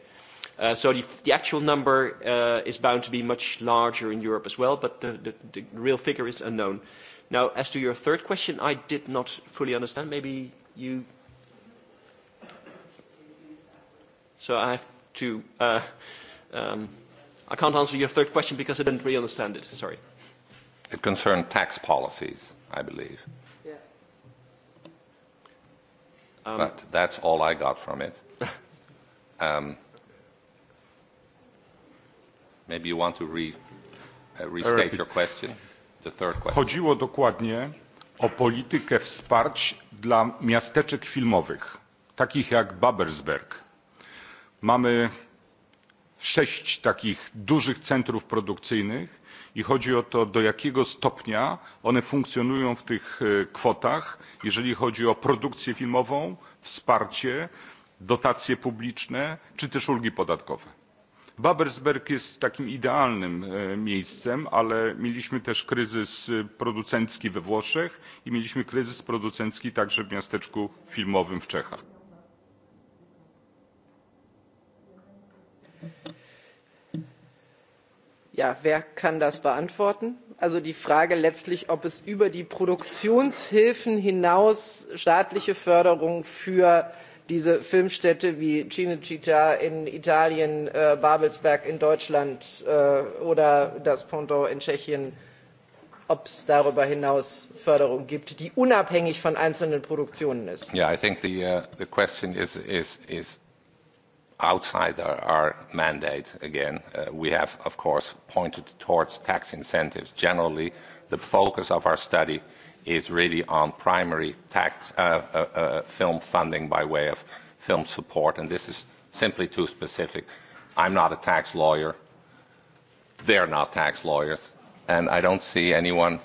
Uh, so the, the actual number uh, is bound to be much larger in Europe as well, but the, the, the real figure is unknown. Now, as to your third question, I did not fully understand. Maybe you. So I have to. Uh, um, I can't answer your third question because I didn't really understand it. Sorry. It concerned tax policies, I believe. Yeah. Um, but that's all I got from it. um, Maybe you want to re, uh, restate your question, the third question. Chodziło dokładnie o politykę wsparć dla miasteczek filmowych, takich jak Babersberg. Mamy sześć takich dużych centrów produkcyjnych i chodzi o to, do jakiego stopnia one funkcjonują w tych e, kwotach, jeżeli chodzi o produkcję filmową, wsparcie, dotacje publiczne czy też ulgi podatkowe babelsberg jest takim idealnym e, miejscem, ale mieliśmy też kryzys e, producencki we Włoszech i mieliśmy kryzys producencki także w miasteczku filmowym w Czechach. Ja, wer kann das beantworten? Also die Frage letztlich, ob es über die Produktionshilfen hinaus staatliche Förderung für diese Filmstädte wie Cinecittà in Italien, äh, Babelsberg in Deutschland äh, oder das Ponto in Tschechien, ob es darüber hinaus Förderung gibt, die unabhängig von einzelnen Produktionen ist. Yeah, I think the, uh, the question is, is, is outside our, our mandate again. Uh, we have, of course, pointed towards tax incentives. Generally, the focus of our study is really on primary tax uh, uh, uh, film funding by way of film support, and this is simply too specific. I'm not a tax lawyer. They're not tax lawyers, and I don't see anyone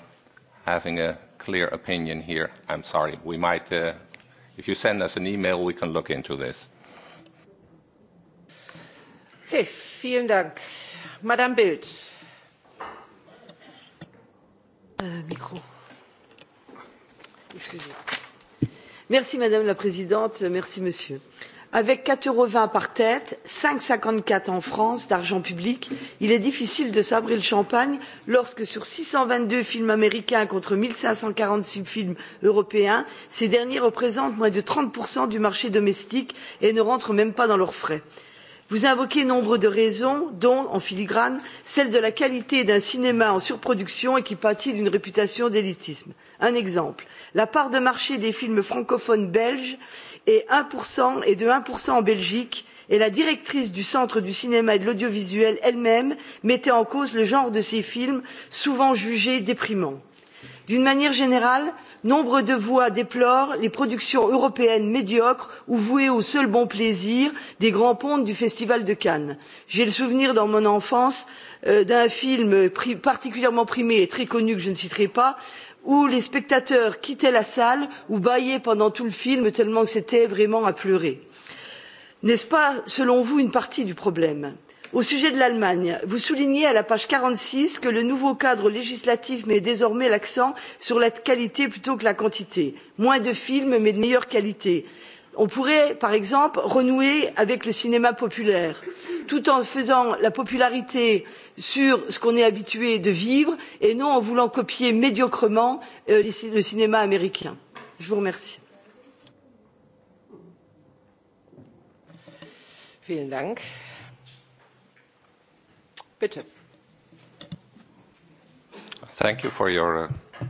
having a clear opinion here. I'm sorry. We might, uh, if you send us an email, we can look into this. Okay, vielen Dank. Madame Bild. Uh, Mikro. Madame la Présidente, merci Monsieur. Avec 4,20 euros par tête, cinq cinquante quatre en France d'argent public, il est difficile de sabrer le champagne lorsque sur six cent vingt deux films américains contre un cinq cent quarante six films européens, ces derniers représentent moins de trente du marché domestique et ne rentrent même pas dans leurs frais vous invoquez nombre de raisons dont en filigrane celle de la qualité d'un cinéma en surproduction et qui pâtit d'une réputation d'élitisme. un exemple la part de marché des films francophones belges est de un en belgique et la directrice du centre du cinéma et de l'audiovisuel elle même mettait en cause le genre de ces films souvent jugés déprimants d'une manière générale nombre de voix déplorent les productions européennes médiocres ou vouées au seul bon plaisir des grands pontes du festival de cannes. j'ai le souvenir dans mon enfance euh, d'un film particulièrement primé et très connu que je ne citerai pas où les spectateurs quittaient la salle ou bâillaient pendant tout le film tellement que c'était vraiment à pleurer. n'est ce pas selon vous une partie du problème? au sujet de l'allemagne vous soulignez à la page quarante six que le nouveau cadre législatif met désormais l'accent sur la qualité plutôt que la quantité moins de films mais de meilleure qualité. on pourrait par exemple renouer avec le cinéma populaire tout en faisant la popularité sur ce qu'on est habitué de vivre et non en voulant copier médiocrement euh, le cinéma américain. je vous remercie. Bitte. Thank you for your, uh,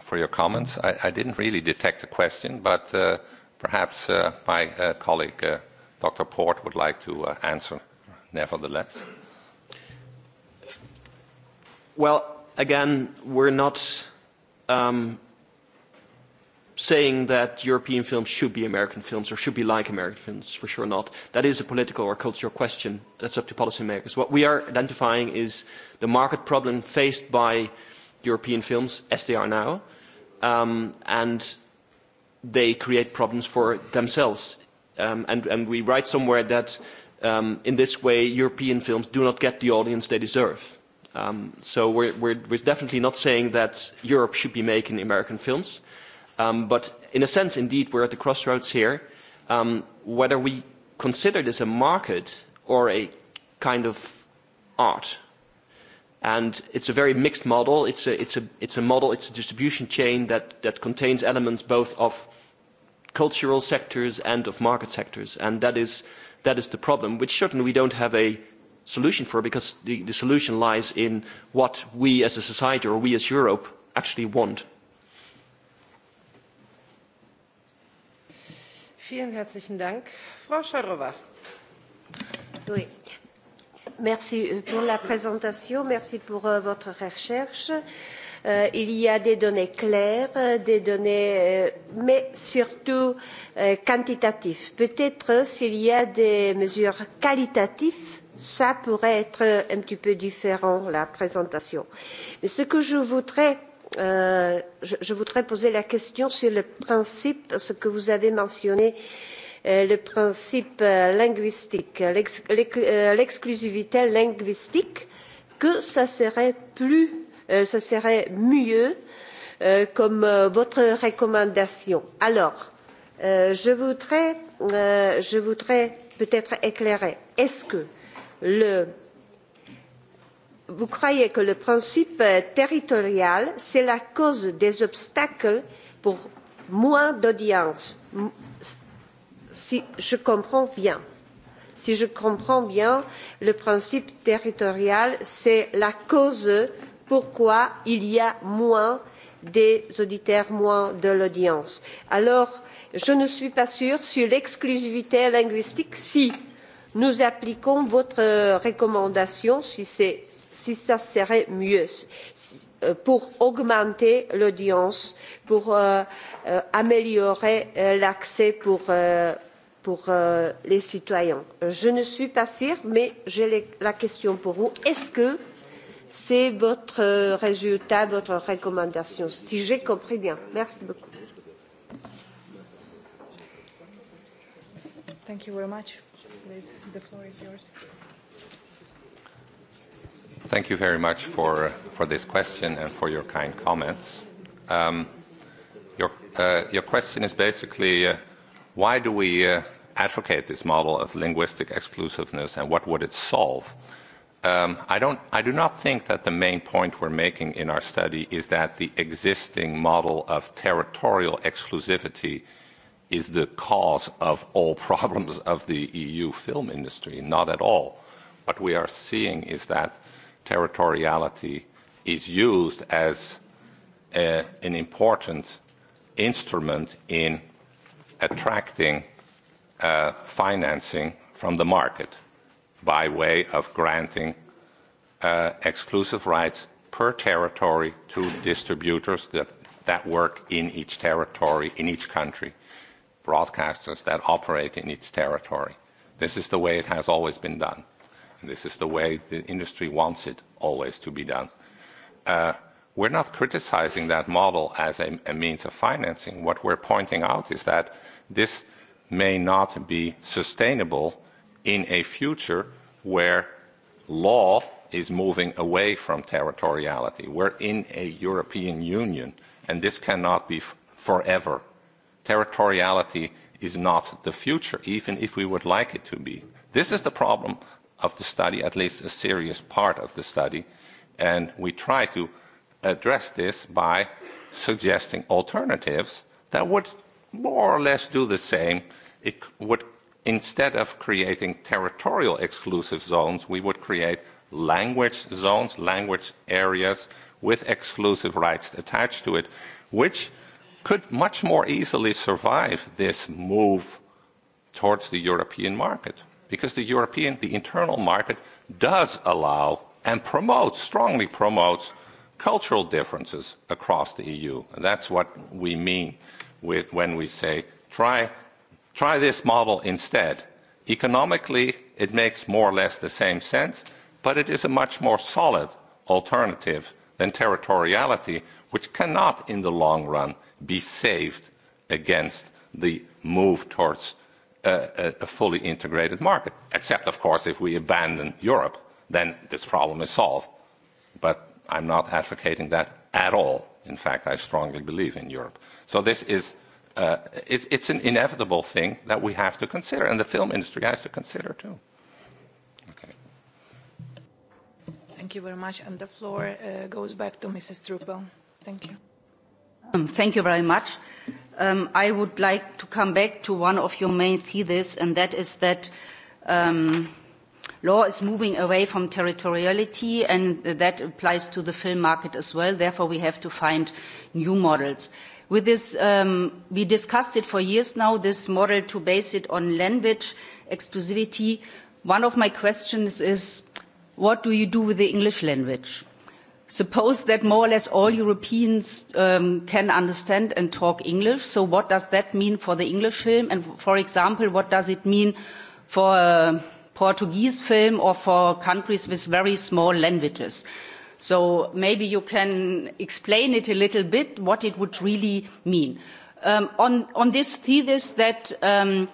for your comments. I, I didn't really detect a question, but uh, perhaps uh, my uh, colleague, uh, Dr. Port, would like to uh, answer nevertheless. Well, again, we're not um, saying that European films should be American films or should be like American films, for sure not. That is a political or cultural question. That's up to policymakers. What we are identifying is the market problem faced by European films as they are now, um, and they create problems for themselves. Um, and, and we write somewhere that um, in this way European films do not get the audience they deserve. Um, so we're, we're, we're definitely not saying that Europe should be making American films. Um, but in a sense, indeed, we're at the crossroads here. Um, whether we consider this a market or a kind of art. And it's a very mixed model. It's a, it's a, it's a model, it's a distribution chain that, that contains elements both of cultural sectors and of market sectors. And that is, that is the problem, which certainly we don't have a solution for because the, the solution lies in what we as a society or we as Europe actually want. Oui. Merci pour la présentation, merci pour euh, votre recherche. Euh, il y a des données claires, des données, euh, mais surtout euh, quantitatives. Peut-être euh, s'il y a des mesures qualitatives, ça pourrait être un petit peu différent, la présentation. Mais ce que je voudrais Euh, je, je voudrais poser la question sur le principe, ce que vous avez mentionné, euh, le principe euh, linguistique, l'exclusivité linguistique, que ça serait plus, euh, ça serait mieux comme votre recommandation. Alors, je voudrais, je voudrais peut-être éclairer. Est-ce que le vous croyez que le principe euh, territorial, c'est la cause des obstacles pour moins d'audience. Si je comprends bien, si je comprends bien, le principe territorial, c'est la cause pourquoi il y a moins des auditeurs, moins de l'audience. Alors, je ne suis pas sûre sur l'exclusivité linguistique si nous appliquons votre euh, recommandation si, si ça serait mieux euh, pour augmenter l'audience pour euh, euh, améliorer euh, l'accès pour, euh, pour les citoyens. je ne suis pas sûre mais j'ai la question pour vous est ce que c'est votre résultat votre recommandation si j'ai compris bien? merci beaucoup. Thank you very much please. The floor is yours. Thank you very much for, uh, for this question and for your kind comments. Um, your, uh, your question is basically, uh, why do we uh, advocate this model of linguistic exclusiveness, and what would it solve? Um, I, don't, I do not think that the main point we're making in our study is that the existing model of territorial exclusivity is the cause of all problems of the EU film industry. Not at all. What we are seeing is that territoriality is used as a, an important instrument in attracting uh, financing from the market by way of granting uh, exclusive rights per territory to distributors that, that work in each territory, in each country broadcasters that operate in its territory. This is the way it has always been done. And this is the way the industry wants it always to be done. Uh, we're not criticizing that model as a, a means of financing. What we're pointing out is that this may not be sustainable in a future where law is moving away from territoriality. We're in a European Union, and this cannot be forever territoriality is not the future, even if we would like it to be. This is the problem of the study, at least a serious part of the study, and we try to address this by suggesting alternatives that would more or less do the same. It would, instead of creating territorial exclusive zones, we would create language zones, language areas with exclusive rights attached to it, which could much more easily survive this move towards the European market because the European, the internal market does allow and promotes, strongly promotes cultural differences across the EU. And that's what we mean with when we say try, try this model instead. Economically, it makes more or less the same sense, but it is a much more solid alternative than territoriality, which cannot in the long run be saved against the move towards a, a fully integrated market. Except, of course, if we abandon Europe, then this problem is solved. But I'm not advocating that at all. In fact, I strongly believe in Europe. So this is uh, it's, it's an inevitable thing that we have to consider, and the film industry has to consider too. Okay. Thank you very much. And the floor uh, goes back to Mrs. Truppel. Thank you. Um, thank you very much. Um, I would like to come back to one of your main theses, and that is that um, law is moving away from territoriality, and that applies to the film market as well. Therefore, we have to find new models. With this, we discussed it for years now, this model to base it on language exclusivity. One of my questions is, what do you do with the English language? suppose that more or less all Europeans um, can understand and talk English. So what does that mean for the English film? And for example, what does it mean for a Portuguese film or for countries with very small languages? So maybe you can explain it a little bit, what it would really mean. Um, on, on this thesis that um,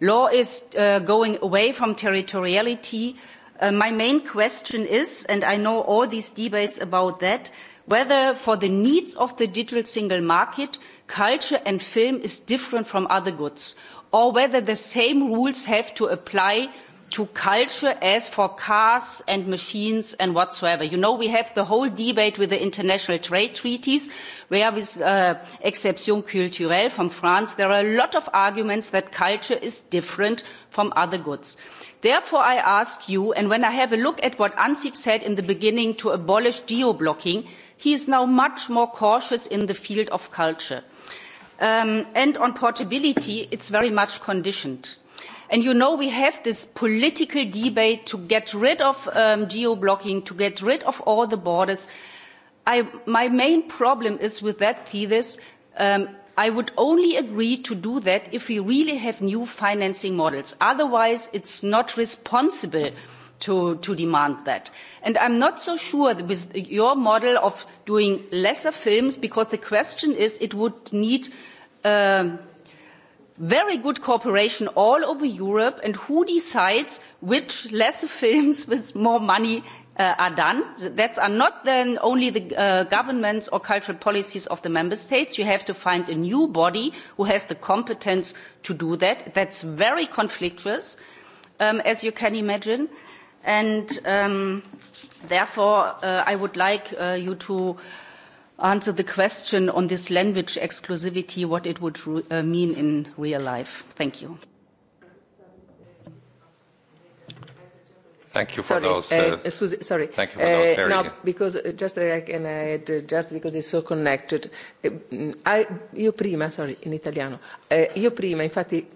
law is uh, going away from territoriality, Uh, my main question is, and I know all these debates about that, whether for the needs of the digital single market, culture and film is different from other goods, or whether the same rules have to apply to culture as for cars and machines and whatsoever. You know, we have the whole debate with the international trade treaties, where with uh, exception culturelle from France, there are a lot of arguments that culture is different from other goods therefore i ask you and when i have a look at what ansip said in the beginning to abolish geo blocking he is now much more cautious in the field of culture um, and on portability it's very much conditioned and you know we have this political debate to get rid of um, geo blocking to get rid of all the borders I, my main problem is with that thesis um, i would only agree to do that if we really have new financing models otherwise it's not responsible to, to demand that. And I'm not so sure with your model of doing lesser films, because the question is, it would need um, very good cooperation all over Europe and who decides which lesser films with more money uh, are done. That are not then only the uh, governments or cultural policies of the member states. You have to find a new body who has the competence to do that. That's very conflictuous, um, as you can imagine. And um, therefore, uh, I would like uh, you to answer the question on this language exclusivity, what it would uh, mean in real life. Thank you. Thank you for sorry, those. Uh, uh, Susie, sorry. Thank you for uh, those. Very no, because uh, just I can add, uh, just because it's so connected. Uh, I, io prima, sorry, in italiano. io prima, infatti,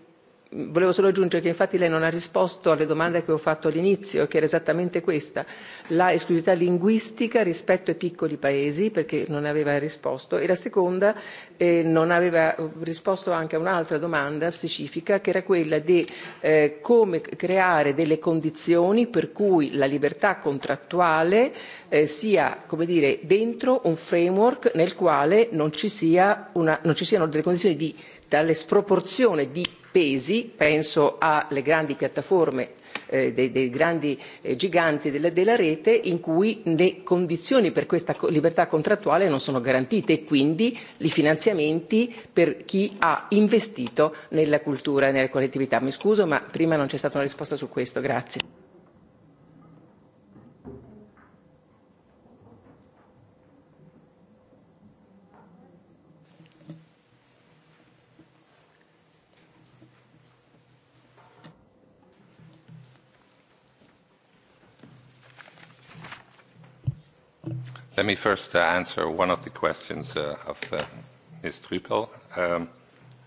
volevo solo aggiungere che infatti lei non ha risposto alle domande che ho fatto all'inizio, che era esattamente questa, l'esclusività linguistica rispetto ai piccoli paesi, perché non aveva risposto, e la seconda eh, non aveva risposto anche a un'altra domanda specifica, che era quella di eh, come creare delle condizioni per cui la libertà contrattuale eh, sia, come dire, dentro un framework nel quale non ci, sia una, non ci siano delle condizioni di tale sproporzione di pesi, penso alle grandi piattaforme eh, dei, grandi eh, giganti della, rete in cui le condizioni per questa libertà contrattuale non sono garantite e quindi i finanziamenti per chi ha investito nella cultura e nella collettività. Mi scuso ma prima non c'è stata una risposta su questo, grazie. Let me first uh, answer one of the questions uh, of uh, Ms. Trüpel. Um,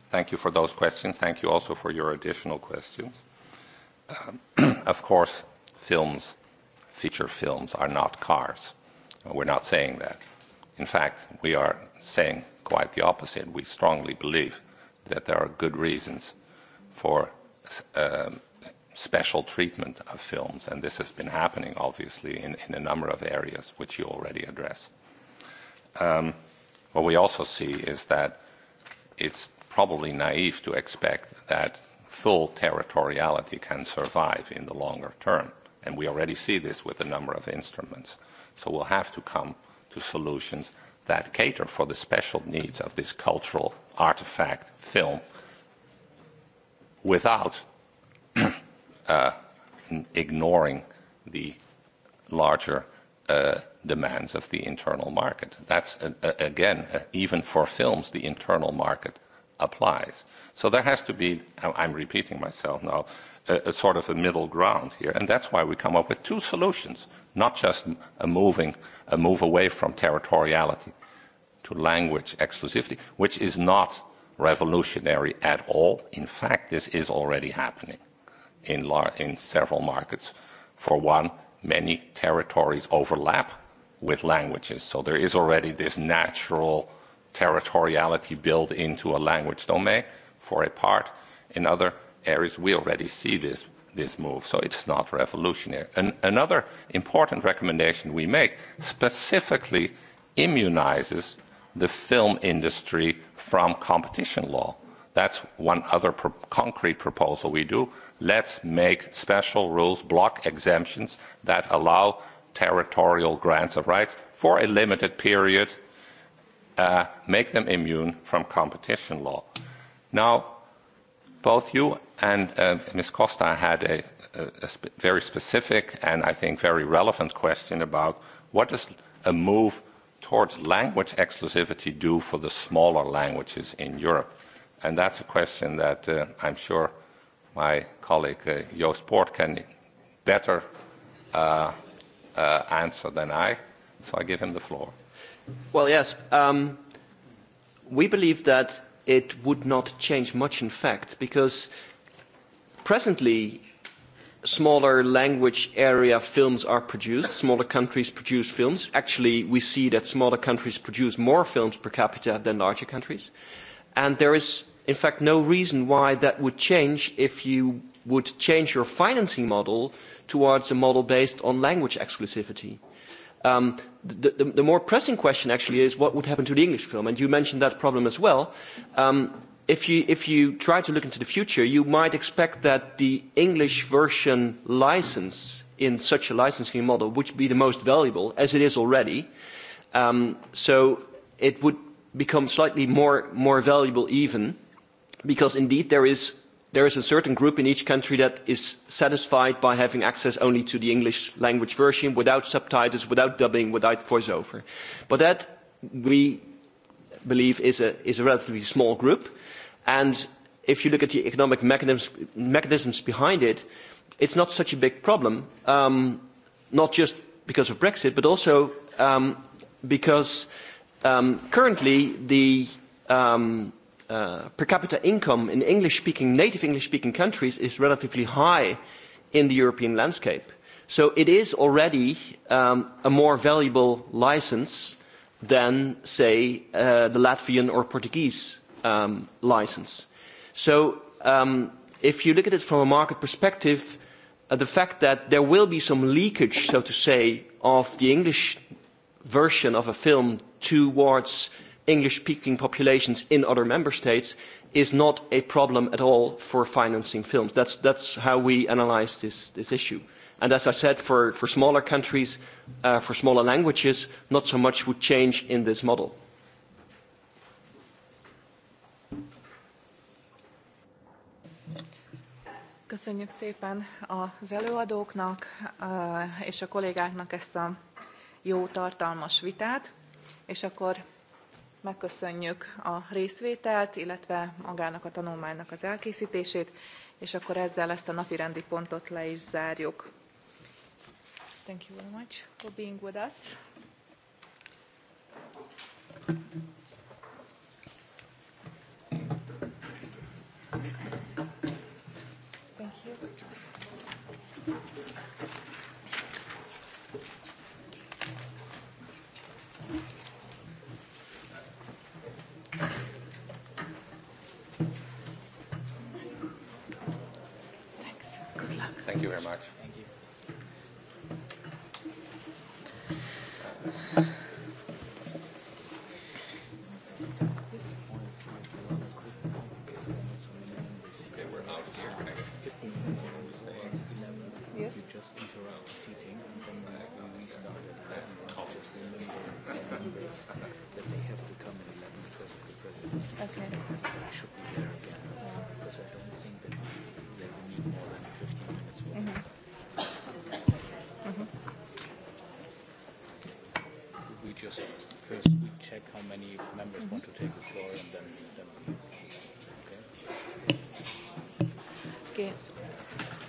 thank you for those questions. Thank you also for your additional questions. Um, of course, films, feature films, are not cars. We're not saying that. In fact, we are saying quite the opposite. We strongly believe that there are good reasons for um, special treatment of films, and this has been happening, obviously, in, in a number of areas which you already address. Um, what we also see is that it's probably naive to expect that full territoriality can survive in the longer term, and we already see this with a number of instruments. So we'll have to come to solutions that cater for the special needs of this cultural artifact film without Uh, ignoring the larger uh, demands of the internal market. That's, uh, again, even for films, the internal market applies. So there has to be, I'm repeating myself now, a, a sort of a middle ground here. And that's why we come up with two solutions, not just a, moving, a move away from territoriality to language exclusivity, which is not revolutionary at all. In fact, this is already happening in several markets. For one, many territories overlap with languages, so there is already this natural territoriality built into a language domain for a part. In other areas, we already see this, move, so it's not revolutionary. another important recommendation we make specifically immunizes the film industry from competition law That's one other pro concrete proposal we do. Let's make special rules, block exemptions that allow territorial grants of rights for a limited period, uh, make them immune from competition law. Now, both you and uh, Ms. Costa had a, a, a sp very specific and I think very relevant question about what does a move towards language exclusivity do for the smaller languages in Europe? And that's a question that uh, I'm sure my colleague uh, Joost Port can better uh, uh, answer than I. So I give him the floor. Well, yes. Um, we believe that it would not change much, in fact, because presently smaller language area films are produced, smaller countries produce films. Actually, we see that smaller countries produce more films per capita than larger countries. And there is in fact no reason why that would change if you would change your financing model towards a model based on language exclusivity. Um, the, the, the, more pressing question actually is what would happen to the English film, and you mentioned that problem as well. Um, if you if you try to look into the future, you might expect that the English version license in such a licensing model would be the most valuable, as it is already. Um, so it would become slightly more more valuable even because indeed there is, there is a certain group in each country that is satisfied by having access only to the English language version without subtitles, without dubbing, without voiceover. But that we believe is a, is a relatively small group. And if you look at the economic mechanisms, mechanisms behind it, it's not such a big problem, um, not just because of Brexit, but also um, because um, currently the um, uh, per capita income in English-speaking, native English-speaking countries is relatively high in the European landscape. So it is already um, a more valuable license than, say, uh, the Latvian or Portuguese um, license. So um, if you look at it from a market perspective, uh, the fact that there will be some leakage, so to say, of the English version of a film towards English-speaking populations in other member states is not a problem at all for financing films. That's, that's how we analyse this, this issue. And as I said, for, for smaller countries, uh, for smaller languages, not so much would change in this model. Köszönjük szépen az előadóknak uh, és a kollégáknak ezt a jó tartalmas vitát, és akkor Megköszönjük a részvételt, illetve magának a tanulmánynak az elkészítését, és akkor ezzel ezt a napi rendi pontot le is zárjuk. Thank you very much for being with us. Thank you. Thank you.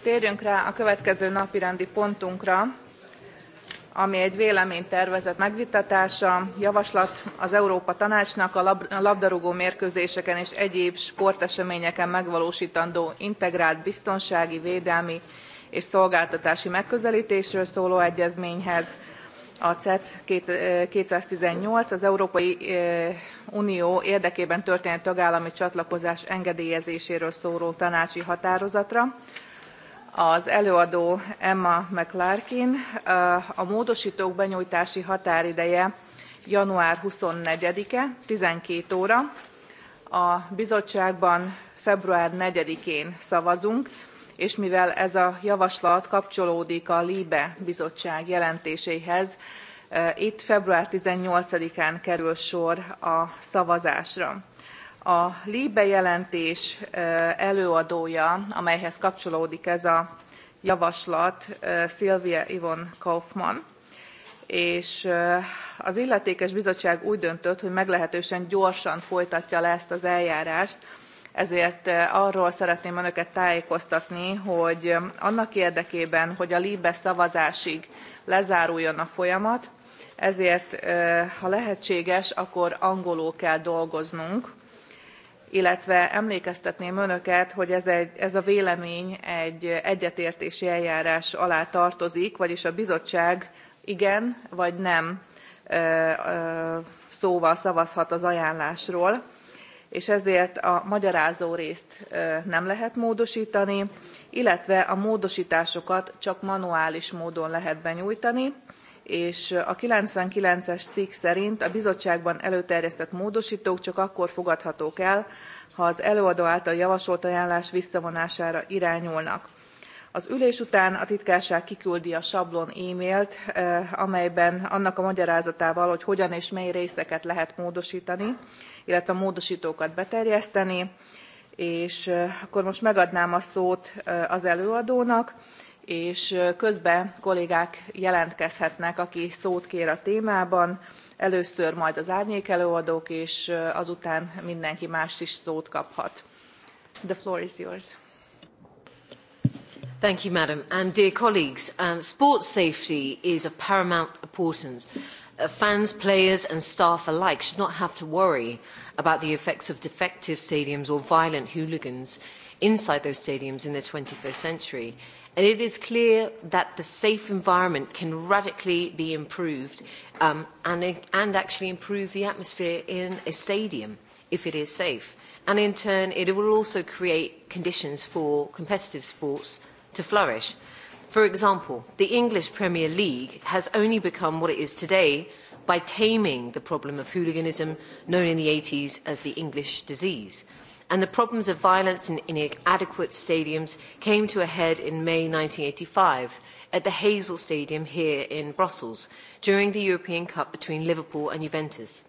Térjünk rá a következő napirendi pontunkra, ami egy véleménytervezet megvitatása, javaslat az Európa Tanácsnak a labdarúgó mérkőzéseken és egyéb sporteseményeken megvalósítandó integrált biztonsági, védelmi és szolgáltatási megközelítésről szóló egyezményhez, a CEC 218 e az Európai Unió érdekében történő tagállami csatlakozás engedélyezéséről szóló tanácsi határozatra, az előadó Emma McClarkin. A módosítók benyújtási határideje január 24-e, 12 óra. A bizottságban február 4-én szavazunk, és mivel ez a javaslat kapcsolódik a LIBE bizottság jelentéséhez, itt február 18-án kerül sor a szavazásra a LIBE jelentés előadója, amelyhez kapcsolódik ez a javaslat, Szilvia Ivon Kaufmann, és az illetékes bizottság úgy döntött, hogy meglehetősen gyorsan folytatja le ezt az eljárást, ezért arról szeretném önöket tájékoztatni, hogy annak érdekében, hogy a LIBE szavazásig lezáruljon a folyamat, ezért, ha lehetséges, akkor angolul kell dolgoznunk, illetve emlékeztetném önöket, hogy ez, egy, ez a vélemény egy egyetértési eljárás alá tartozik, vagyis a bizottság igen vagy nem szóval szavazhat az ajánlásról, és ezért a magyarázó részt nem lehet módosítani, illetve a módosításokat csak manuális módon lehet benyújtani és a 99-es cikk szerint a bizottságban előterjesztett módosítók csak akkor fogadhatók el, ha az előadó által javasolt ajánlás visszavonására irányulnak. Az ülés után a titkárság kiküldi a sablon e-mailt, eh, amelyben annak a magyarázatával, hogy hogyan és mely részeket lehet módosítani, illetve a módosítókat beterjeszteni, és eh, akkor most megadnám a szót eh, az előadónak és közben kollégák jelentkezhetnek, aki szót kér a témában. Először majd az árnyék előadók, és azután mindenki más is szót kaphat. The floor is yours. Thank you, madam. And dear colleagues, um, sports safety is of paramount importance. Uh, fans, players and staff alike should not have to worry about the effects of defective stadiums or violent hooligans inside those stadiums in the 21st century. And it is clear that the safe environment can radically be improved um, and, and actually improve the atmosphere in a stadium if it is safe. And in turn, it will also create conditions for competitive sports to flourish. For example, the English Premier League has only become what it is today by taming the problem of hooliganism known in the 80s as the English disease and the problems of violence and inadequate stadiums came to a head in May 1985 at the Hazel Stadium here in Brussels during the European Cup between Liverpool and Juventus.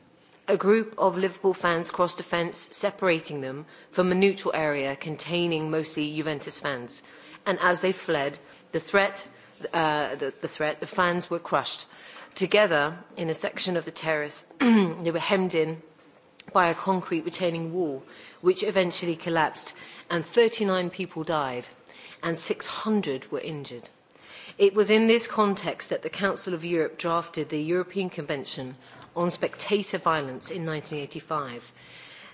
A group of Liverpool fans crossed a fence separating them from a neutral area containing mostly Juventus fans. And as they fled, the threat, uh, the, the threat, the fans were crushed. Together, in a section of the terrace, they were hemmed in by a concrete retaining wall, which eventually collapsed, and 39 people died, and 600 were injured. It was in this context that the Council of Europe drafted the European Convention on Spectator Violence in 1985.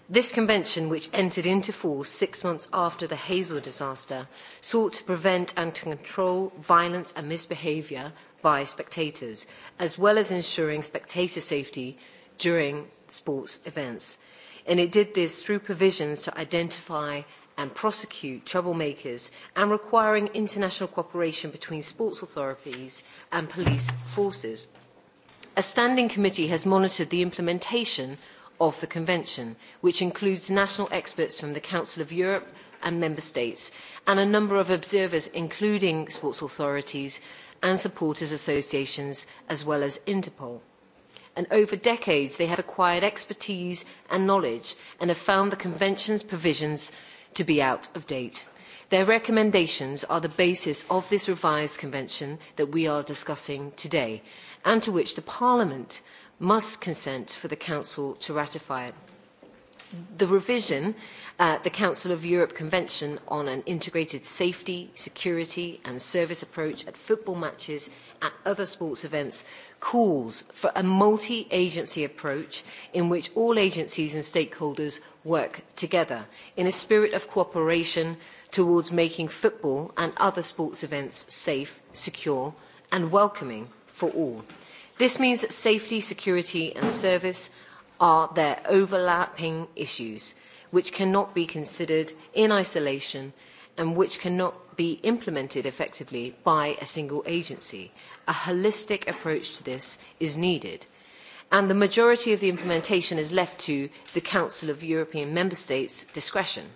This convention, which entered into force six months after the Hazel disaster, sought to prevent and to control violence and misbehaviour by spectators, as well as ensuring spectator safety during sports events. And it did this through provisions to identify and prosecute troublemakers and requiring international cooperation between sports authorities and police forces. A standing committee has monitored the implementation of the convention, which includes national experts from the Council of Europe and member states, and a number of observers, including sports authorities and supporters associations, as well as Interpol and over decades they have acquired expertise and knowledge and have found the Convention's provisions to be out of date. Their recommendations are the basis of this revised Convention that we are discussing today and to which the Parliament must consent for the Council to ratify it. The revision the Council of Europe Convention on an integrated safety, security and service approach at football matches and other sports events calls for a multi-agency approach in which all agencies and stakeholders work together in a spirit of cooperation towards making football and other sports events safe, secure and welcoming for all. This means that safety, security and service are their overlapping issues – which cannot be considered in isolation and which cannot be implemented effectively by a single agency. A holistic approach to this is needed and the majority of the implementation is left to the Council of European Member States' discretion.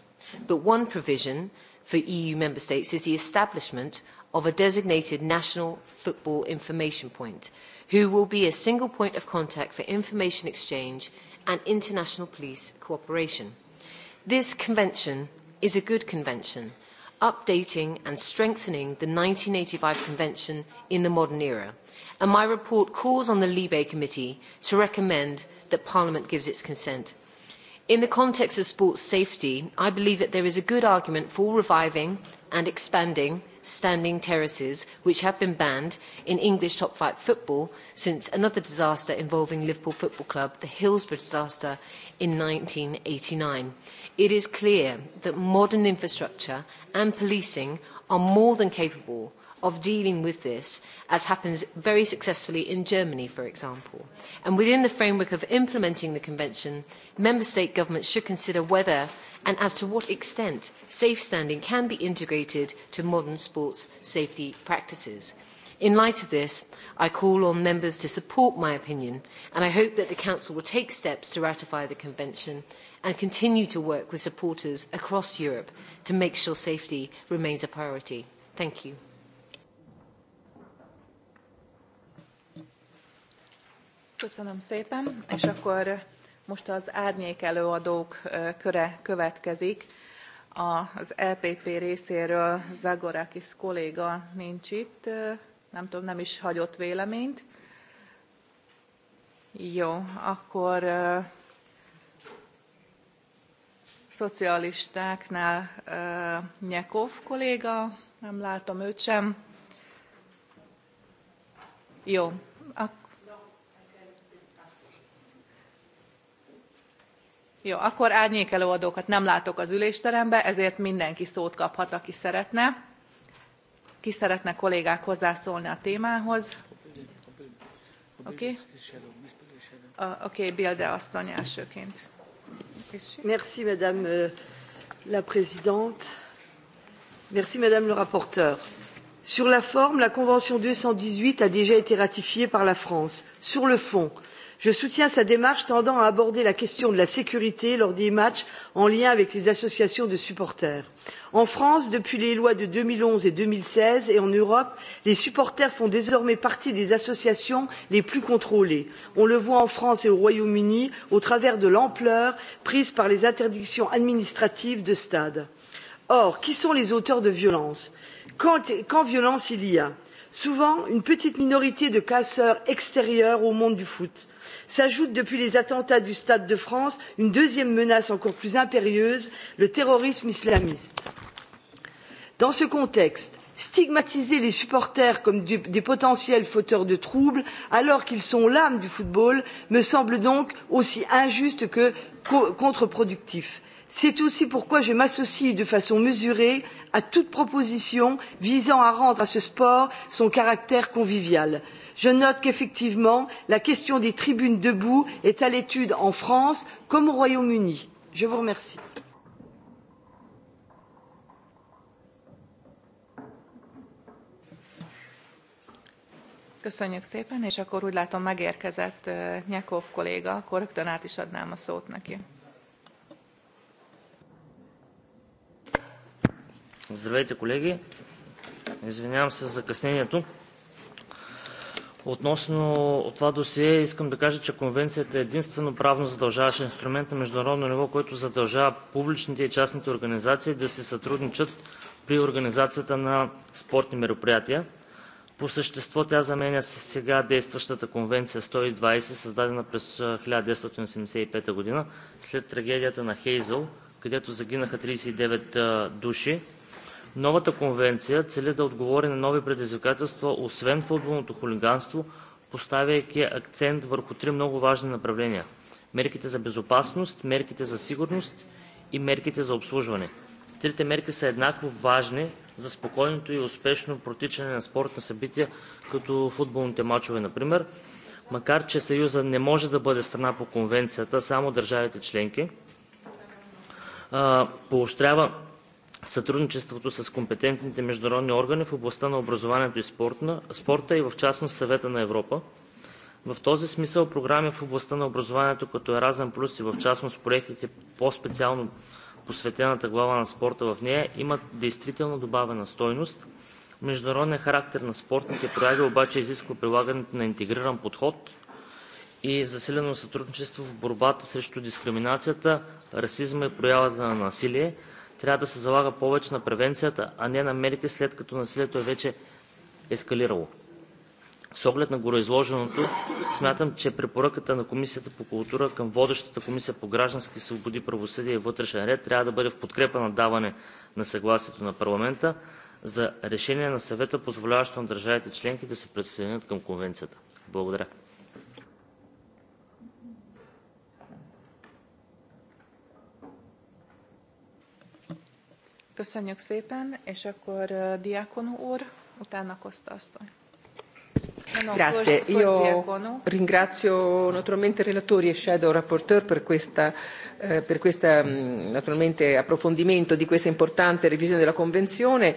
But one provision for EU Member States is the establishment of a designated national football information point, who will be a single point of contact for information exchange and international police cooperation. This convention is a good convention, updating and strengthening the 1985 convention in the modern era. And my report calls on the Libe Committee to recommend that Parliament gives its consent. In the context of sports safety, I believe that there is a good argument for reviving and expanding standing terraces, which have been banned in English top flight football since another disaster involving Liverpool Football Club, the Hillsborough disaster in 1989 it is clear that modern infrastructure and policing are more than capable of dealing with this, as happens very successfully in Germany, for example. And within the framework of implementing the Convention, Member State governments should consider whether and as to what extent safe standing can be integrated to modern sports safety practices. In light of this, I call on members to support my opinion, and I hope that the Council will take steps to ratify the Convention and continue to work with supporters across Europe to make sure safety remains a priority. Thank you. Köszönöm szépen, és akkor most az árnyék előadók köre következik. Az LPP e részéről Zagorakis kolléga nincs itt, nem tudom, nem is hagyott véleményt. Jó, akkor szocialistáknál Nyekov kolléga, nem látom őt sem. Jó, ak- Jó, akkor árnyékelőadókat nem látok az ülésterembe, ezért mindenki szót kaphat, aki szeretne. Ki szeretne kollégák hozzászólni a témához? Oké? Okay? okay, Bilde asszony elsőként. Merci, Madame euh, la Présidente. Merci, Madame le rapporteur. Sur la forme, la Convention 218 a déjà été ratifiée par la France. Sur le fond, je soutiens sa démarche tendant à aborder la question de la sécurité lors des matchs en lien avec les associations de supporters. en france depuis les lois de deux mille onze et deux mille seize et en europe les supporters font désormais partie des associations les plus contrôlées. on le voit en france et au royaume uni au travers de l'ampleur prise par les interdictions administratives de stades. or qui sont les auteurs de violences? quand, quand violence il y a? souvent une petite minorité de casseurs extérieurs au monde du foot s'ajoute depuis les attentats du stade de france une deuxième menace encore plus impérieuse le terrorisme islamiste. dans ce contexte stigmatiser les supporters comme des, potentiels fauteurs de troubles alors qu'ils sont l'âme du football me semble donc aussi injuste que co contreproductif. C'est aussi pourquoi je m'associe de façon mesurée à toute proposition visant à rendre à ce sport son caractère convivial je note qu'effectivement la question des tribunes debout est à l'étude en france comme au royaume uni. je vous remercie. Köszönjük szépen, és akkor úgy látom megérkezett Nyakov kolléga, akkor rögtön át is adnám a szót neki. Здравейте, колеги! Извинявам се за закъснението. Относно това досие искам да кажа, че конвенцията е единствено правно задължаващ инструмент на международно ниво, който задължава публичните и частните организации да се сътрудничат при организацията на спортни мероприятия. По същество тя заменя сега действащата конвенция 120, създадена през 1985 г. след трагедията на Хейзъл, където загинаха 39 души Новата конвенция цели да отговори на нови предизвикателства, освен футболното хулиганство, поставяйки акцент върху три много важни направления – мерките за безопасност, мерките за сигурност и мерките за обслужване. Трите мерки са еднакво важни за спокойното и успешно протичане на спортни събития, като футболните мачове, например. Макар, че Съюза не може да бъде страна по конвенцията, само държавите членки поощрява сътрудничеството с компетентните международни органи в областта на образованието и спорта, и в частност Съвета на Европа. В този смисъл програми в областта на образованието като Еразъм Плюс и в частност проектите по-специално посветената глава на спорта в нея имат действително добавена стойност. Международният характер на спортните прояви обаче изисква прилагането на интегриран подход и засилено сътрудничество в борбата срещу дискриминацията, расизма и проявата на насилие, трябва да се залага повече на превенцията, а не на мерки след като насилието е вече ескалирало. С оглед на гореизложеното, смятам, че препоръката на Комисията по култура към водещата Комисия по граждански свободи, правосъдие и вътрешен ред трябва да бъде в подкрепа на даване на съгласието на парламента за решение на съвета, позволяващо на държавите членки да се присъединят към конвенцията. Благодаря. Köszönjük szépen, és akkor diákonú úr, utána Koszta asszony. Grazie, io ringrazio naturalmente i relatori e shadow rapporteur per questa eh, per questa mm, naturalmente approfondimento di questa importante revisione della Convenzione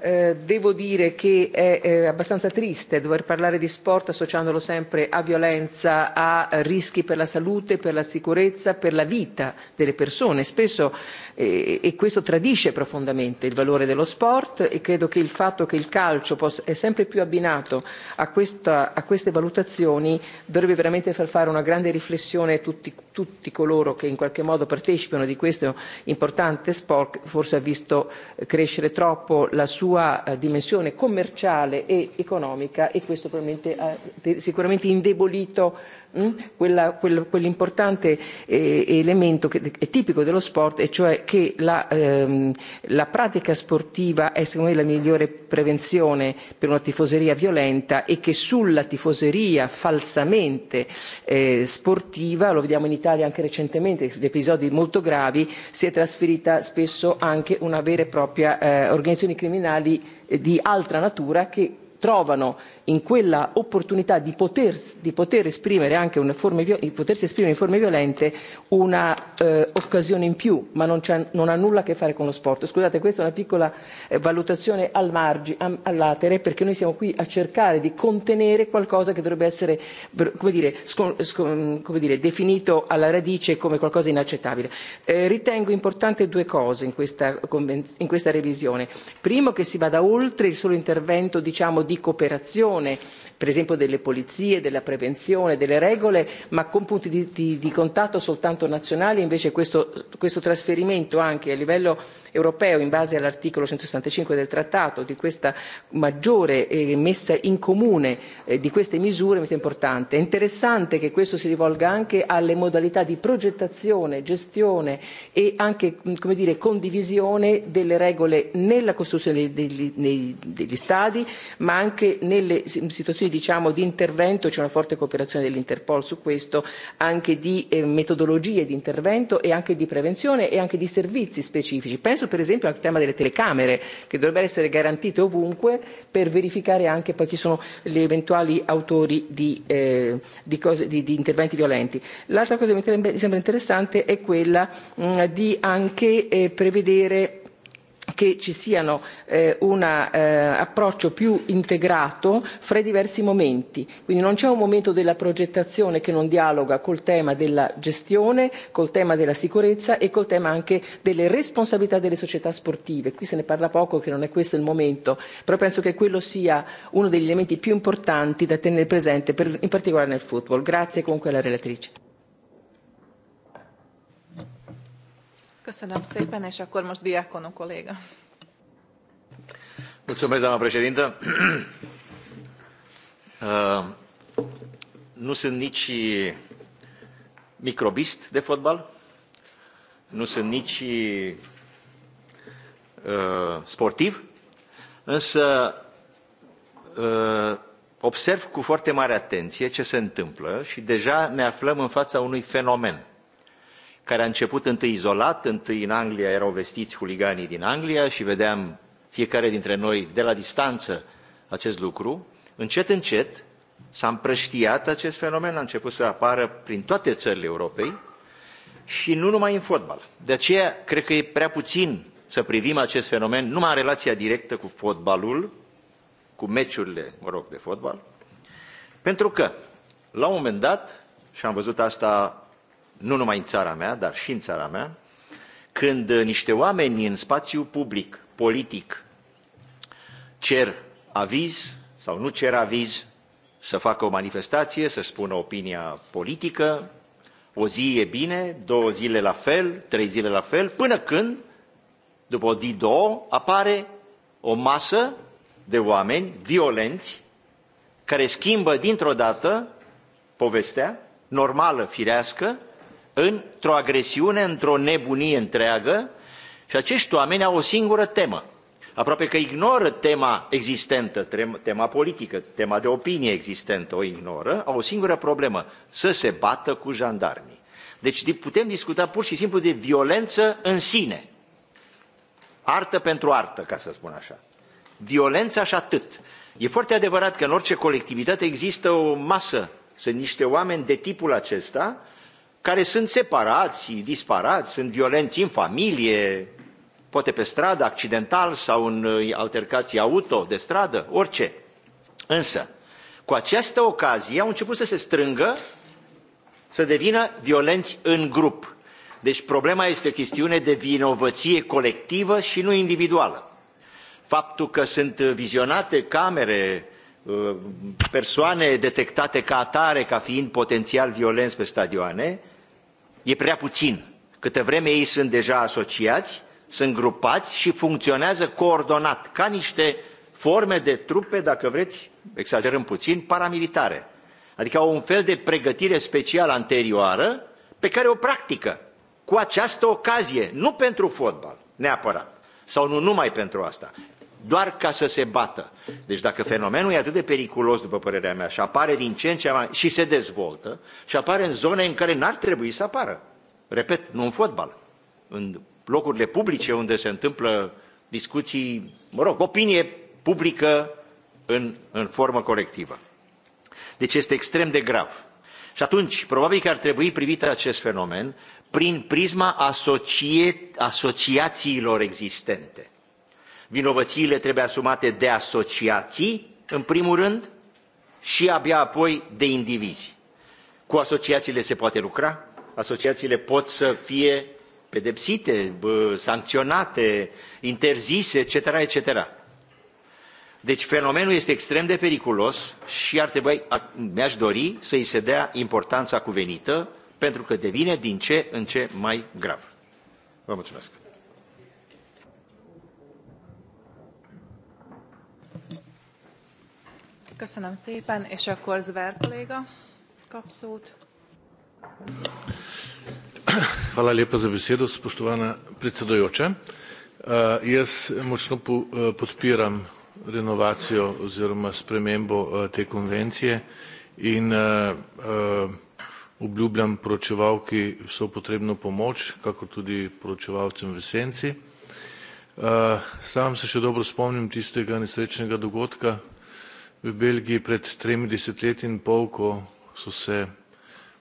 Eh, devo dire che è eh, abbastanza triste dover parlare di sport associandolo sempre a violenza, a rischi per la salute, per la sicurezza, per la vita delle persone. Spesso eh, e questo tradisce profondamente il valore dello sport e credo che il fatto che il calcio possa, è sempre più abbinato a, questa, a queste valutazioni dovrebbe veramente far fare una grande riflessione a tutti, tutti coloro che in qualche modo partecipano di questo importante sport, forse ha visto crescere troppo la sua sua eh, dimensione commerciale ed economica e questo probabilmente ha eh, sicuramente indebolito Mm, quel, quell'importante eh, elemento che è tipico dello sport e cioè che la, ehm, la pratica sportiva è secondo me la migliore prevenzione per una tifoseria violenta e che sulla tifoseria falsamente eh, sportiva, lo vediamo in Italia anche recentemente, gli episodi molto gravi, si è trasferita spesso anche una vera e propria eh, organizzazione criminali eh, di altra natura che trovano in quella opportunità di, poter, di poter esprimere anche una forma, potersi esprimere in forme violente una eh, occasione in più, ma non, non ha nulla a che fare con lo sport. Scusate, questa è una piccola eh, valutazione al margine, all'atere, perché noi siamo qui a cercare di contenere qualcosa che dovrebbe essere, come dire, scon, scon, come dire definito alla radice come qualcosa inaccettabile. Eh, ritengo importante due cose in questa, in questa revisione. Primo, che si vada oltre il solo intervento diciamo, di cooperazione l'unione per esempio delle polizie, della prevenzione, delle regole, ma con punti di, di, di contatto soltanto nazionali, invece questo, questo trasferimento anche a livello europeo in base all'articolo 165 del trattato di questa maggiore eh, messa in comune eh, di queste misure mi sembra importante. È interessante che questo si rivolga anche alle modalità di progettazione, gestione e anche mm, come dire, condivisione delle regole nella costruzione degli, degli, degli stadi, ma anche nelle situazioni ambiti diciamo, di intervento, c'è una forte cooperazione dell'Interpol su questo, anche di eh, metodologie di intervento e anche di prevenzione e anche di servizi specifici. Penso per esempio al tema delle telecamere che dovrebbero essere garantite ovunque per verificare anche poi chi sono gli eventuali autori di, eh, di, cose, di, di interventi violenti. L'altra cosa che mi sembra interessante è quella mh, mm, di anche eh, prevedere che ci siano eh, un eh, approccio più integrato fra i diversi momenti. Quindi non c'è un momento della progettazione che non dialoga col tema della gestione, col tema della sicurezza e col tema anche delle responsabilità delle società sportive. Qui se ne parla poco, che non è questo il momento, però penso che quello sia uno degli elementi più importanti da tenere presente, per, in particolare nel football. Grazie comunque alla relatrice. Köszönöm szépen, és akkor most Diákonu kolléga. Mulțumesc, doamna președintă. Uh, nu sunt nici microbist de fotbal, nu sunt nici uh, sportiv, însă uh, observ cu foarte mare atenție ce se întâmplă și deja ne aflăm în fața unui fenomen – care a început întâi izolat, întâi în Anglia erau vestiți huliganii din Anglia și vedeam fiecare dintre noi de la distanță acest lucru, încet, încet s-a împrăștiat acest fenomen, a început să apară prin toate țările Europei și nu numai în fotbal. De aceea, cred că e prea puțin să privim acest fenomen numai în relația directă cu fotbalul, cu meciurile, mă rog, de fotbal, pentru că, la un moment dat, și am văzut asta nu numai în țara mea, dar și în țara mea, când uh, niște oameni în spațiu public, politic, cer aviz sau nu cer aviz, să facă o manifestație, să spună opinia politică, o zi e bine, două zile la fel, trei zile la fel, până când, după o zi, două, apare o masă de oameni violenți care schimbă dintr-o dată povestea normală, firească, într-o agresiune, într-o nebunie întreagă și acești oameni au o singură temă. Aproape că ignoră tema existentă, tema politică, tema de opinie existentă, o ignoră, au o singură problemă, să se bată cu jandarmii. Deci putem discuta pur și simplu de violență în sine. Artă pentru artă, ca să spun așa. Violența și atât. E foarte adevărat că în orice colectivitate există o masă, sunt niște oameni de tipul acesta, care sunt separați, disparați, sunt violenți în familie, poate pe stradă, accidental sau în uh, altercații auto, de stradă, orice. Însă, cu această ocazie au început să se strângă, să devină violenți în grup. Deci problema este o chestiune de vinovăție colectivă și nu individuală. Faptul că sunt vizionate camere, uh, persoane detectate ca atare, ca fiind potențial violenți pe stadioane, e prea puțin. Câtă vreme ei sunt deja asociați, sunt grupați și funcționează coordonat, ca niște forme de trupe, dacă vreți, exagerăm puțin, paramilitare. Adică au un fel de pregătire specială anterioară pe care o practică cu această ocazie, nu pentru fotbal neapărat, sau nu numai pentru asta, doar ca să se bată. Deci dacă fenomenul e atât de periculos, după părerea mea, și apare din ce în ce mai... și se dezvoltă, și apare în zone în care n-ar trebui să apară. Repet, nu în fotbal, în locurile publice unde se întâmplă discuții, mă rog, opinie publică în, în formă colectivă. Deci este extrem de grav. Și atunci, probabil că ar trebui privit acest fenomen prin prisma asocie, asociațiilor existente. Vinovățiile trebuie asumate de asociații, în primul rând, și abia apoi de indivizi. Cu asociațiile se poate lucra, asociațiile pot să fie pedepsite, sancționate, interzise, etc., etc. Deci fenomenul este extrem de periculos și ar trebui, mi-aș dori să îi se dea importanța cuvenită, pentru că devine din ce în ce mai grav. Vă mulțumesc. Köszönöm szépen, és akkor Zver kolléga kap szót. Hvala lepa za besedo, spoštovana predsedujoča. Eh, jaz močno eh, podpiram renovacijo oziroma spremembo eh, te konvencije in obljubljam poročevalki vso potrebno pomoč, kakor tudi poročevalcem v senci. Sam se še dobro spomnim tistega nesrečnega dogodka v Belgiji pred tremi desetletji in pol, ko so se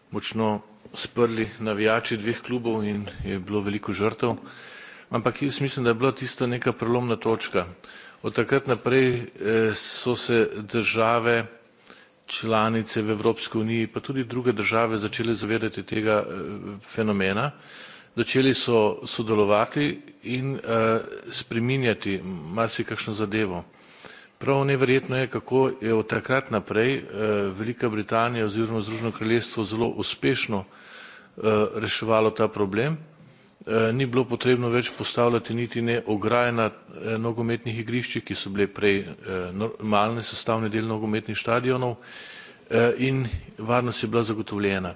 močno sprli navijači dveh klubov in je bilo veliko žrtev. Ampak jaz mislim, da je bila tisto neka prelomna točka. Od takrat naprej eh, so se države članice v Evropski uniji, pa tudi druge države začele zavedati tega eh, fenomena. Začeli so sodelovati in eh, spreminjati marsikakšno zadevo. Prav neverjetno je, kako je od takrat naprej eh, Velika Britanija oziroma Združeno kraljestvo zelo uspešno eh, reševalo ta problem. Eh, ni bilo potrebno več postavljati niti ne ograje na nogometnih igriščih, ki so bile prej normalni sestavni del nogometnih štadionov in varnost je bila zagotovljena.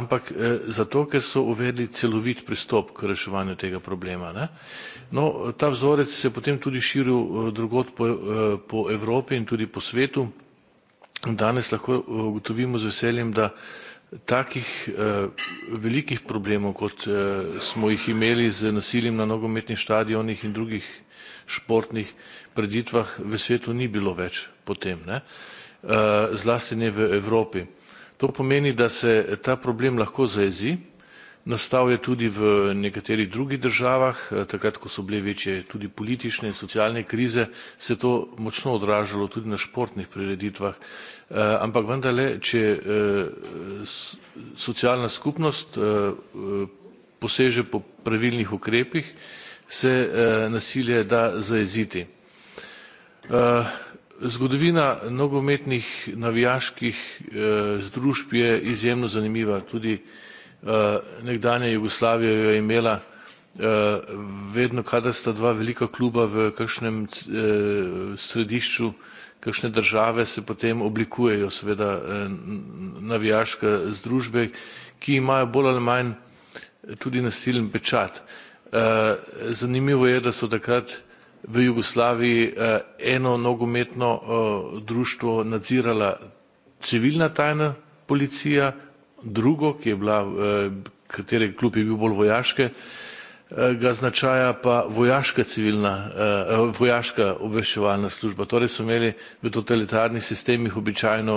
Ampak zato, ker so uvedli celovit pristop k reševanju tega problema, ne. No, ta vzorec se je potem tudi širil eh, drugod po, eh, po Evropi in tudi po svetu. Danes lahko eh, ugotovimo z veseljem, da takih velikih problemov, kot smo jih imeli z nasiljem na nogometnih stadionih in drugih športnih preditvah, v svetu ni bilo več potem, ne? zlasti ne v Evropi. To pomeni, da se ta problem lahko zajezi, Nastal je tudi v nekaterih drugih državah, eh, takrat, ko so bile večje tudi politične in socialne krize, se je to močno odražalo tudi na športnih prireditvah. Eh, ampak vendarle, če eh, socialna skupnost poseže po pravilnih ukrepih, se nasilje da zajeziti. Zgodovina nogometnih navijaških združb je izjemno zanimiva, tudi Eh, nekdanja Jugoslavija jo je imela eh, vedno, kadar sta dva velika kluba v kakšnem eh, središču kakšne države, se potem oblikujejo seveda navijaške združbe, ki imajo bolj ali manj tudi nasilen pečat. Zanimivo je, da so takrat v Jugoslaviji eno nogometno društvo nadzirala civilna tajna policija, drugo, ki je bila, eh, katere klub je bil bolj vojaške, eh, ga značaja pa vojaška civilna, eh, vojaška obveščevalna služba. Torej so imeli v totalitarnih sistemih običajno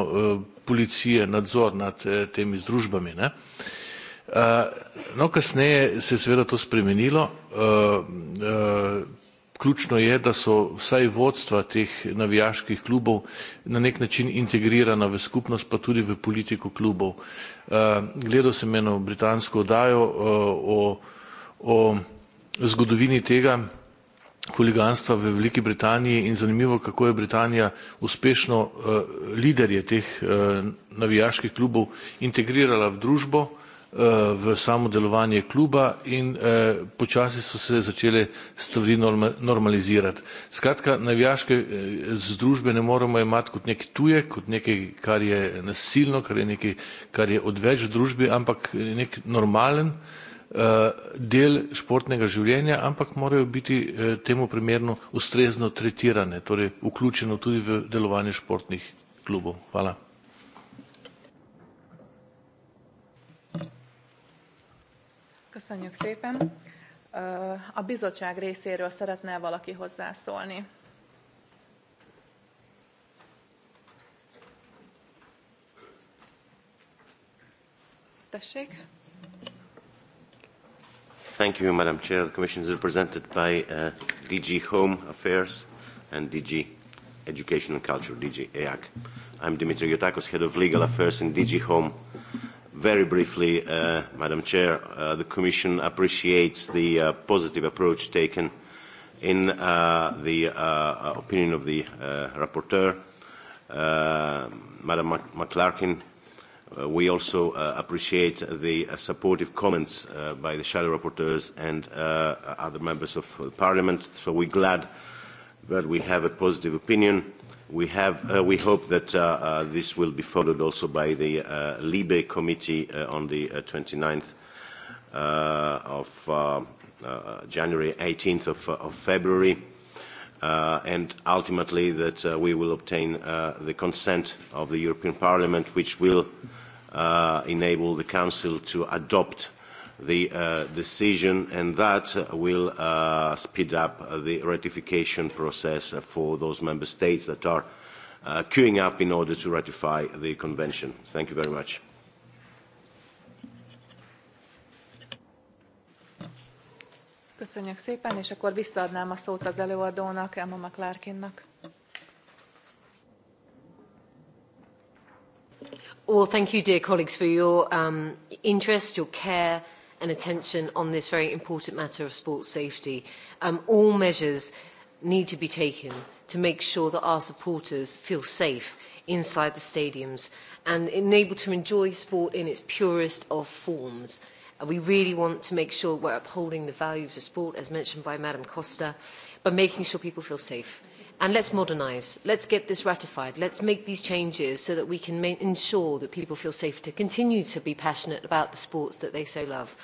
policije nadzor nad temi združbami. Ne. No, kasneje se je seveda to spremenilo ključno je, da so vsaj vodstva teh navijaških klubov na nek način integrirana v skupnost, pa tudi v politiko klubov. Eh, gledal sem eno britansko oddajo eh, o, o zgodovini tega huliganstva v Veliki Britaniji in zanimivo, kako je Britanija uspešno eh, liderje teh navijaških klubov integrirala v družbo Eh, v samo delovanje kluba in eh, počasi so se začele stvari normalizirati. Skratka, navijaške eh, združbe ne moremo imati kot nekaj tuje, kot nekaj, kar je nasilno, kar je nekaj, kar je odveč družbi, ampak nek normalen del športnega življenja, ampak morajo biti temu primerno ustrezno tretirane, torej vključeno tudi v delovanje športnih klubov. Hvala. Köszönjük szépen. A bizottság részéről szeretne valaki hozzászólni? Tessék. Thank you, Madam Chair. The Commission is represented by uh, DG Home Affairs and DG Education and Culture, DG EAC. I'm Dimitri Yotakos, Head of Legal Affairs in DG Home Very briefly, uh, Madam Chair, uh, the Commission appreciates the uh, positive approach taken in uh, the uh, uh opinion of the uh, rapporteur, uh, Madam McClarkin. Uh, we also uh, appreciate the uh, supportive comments uh, by the shadow rapporteurs and uh, other members of uh, Parliament, so we're glad that we have a positive opinion We, have, uh, we hope that uh, uh, this will be followed also by the uh, Libe Committee uh, on the uh, 29th uh, of uh, uh, January, 18th of, uh, of February, uh, and ultimately that uh, we will obtain uh, the consent of the European Parliament, which will uh, enable the Council to adopt the uh, decision, and that will uh, speed up the ratification process for those member states that are uh, queuing up in order to ratify the convention. Thank you very much. Köszönjük szépen, és akkor visszaadnám a szót az előadónak, Emma McClarkinnak. Well, thank you, dear colleagues, for your um, interest, your care, and attention on this very important matter of sports safety. Um, all measures need to be taken to make sure that our supporters feel safe inside the stadiums and enabled to enjoy sport in its purest of forms. And we really want to make sure we're upholding the values of sport, as mentioned by Madam Costa, but making sure people feel safe. And let's modernise. Let's get this ratified. Let's make these changes so that we can ensure that people feel safe to continue to be passionate about the sports that they so love.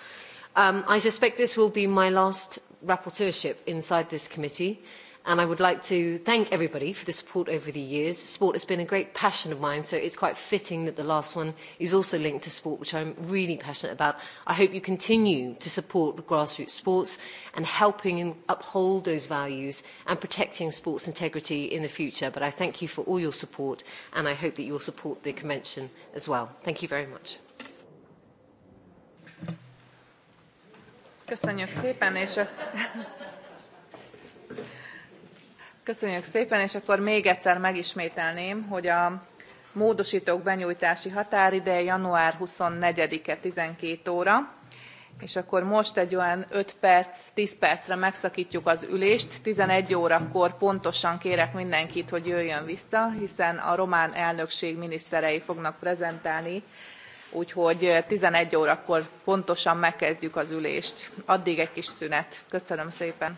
Um, I suspect this will be my last rapporteurship inside this committee. And I would like to thank everybody for the support over the years. Sport has been a great passion of mine, so it's quite fitting that the last one is also linked to sport, which I'm really passionate about. I hope you continue to support grassroots sports and helping and uphold those values and protecting sports integrity in the future. But I thank you for all your support, and I hope that you will support the convention as well. Thank you very much. Köszönjük szépen, és Köszönjük szépen, és akkor még egyszer megismételném, hogy a módosítók benyújtási határideje január 24-e 12 óra, és akkor most egy olyan 5 perc, 10 percre megszakítjuk az ülést. 11 órakor pontosan kérek mindenkit, hogy jöjjön vissza, hiszen a román elnökség miniszterei fognak prezentálni, úgyhogy 11 órakor pontosan megkezdjük az ülést. Addig egy kis szünet. Köszönöm szépen.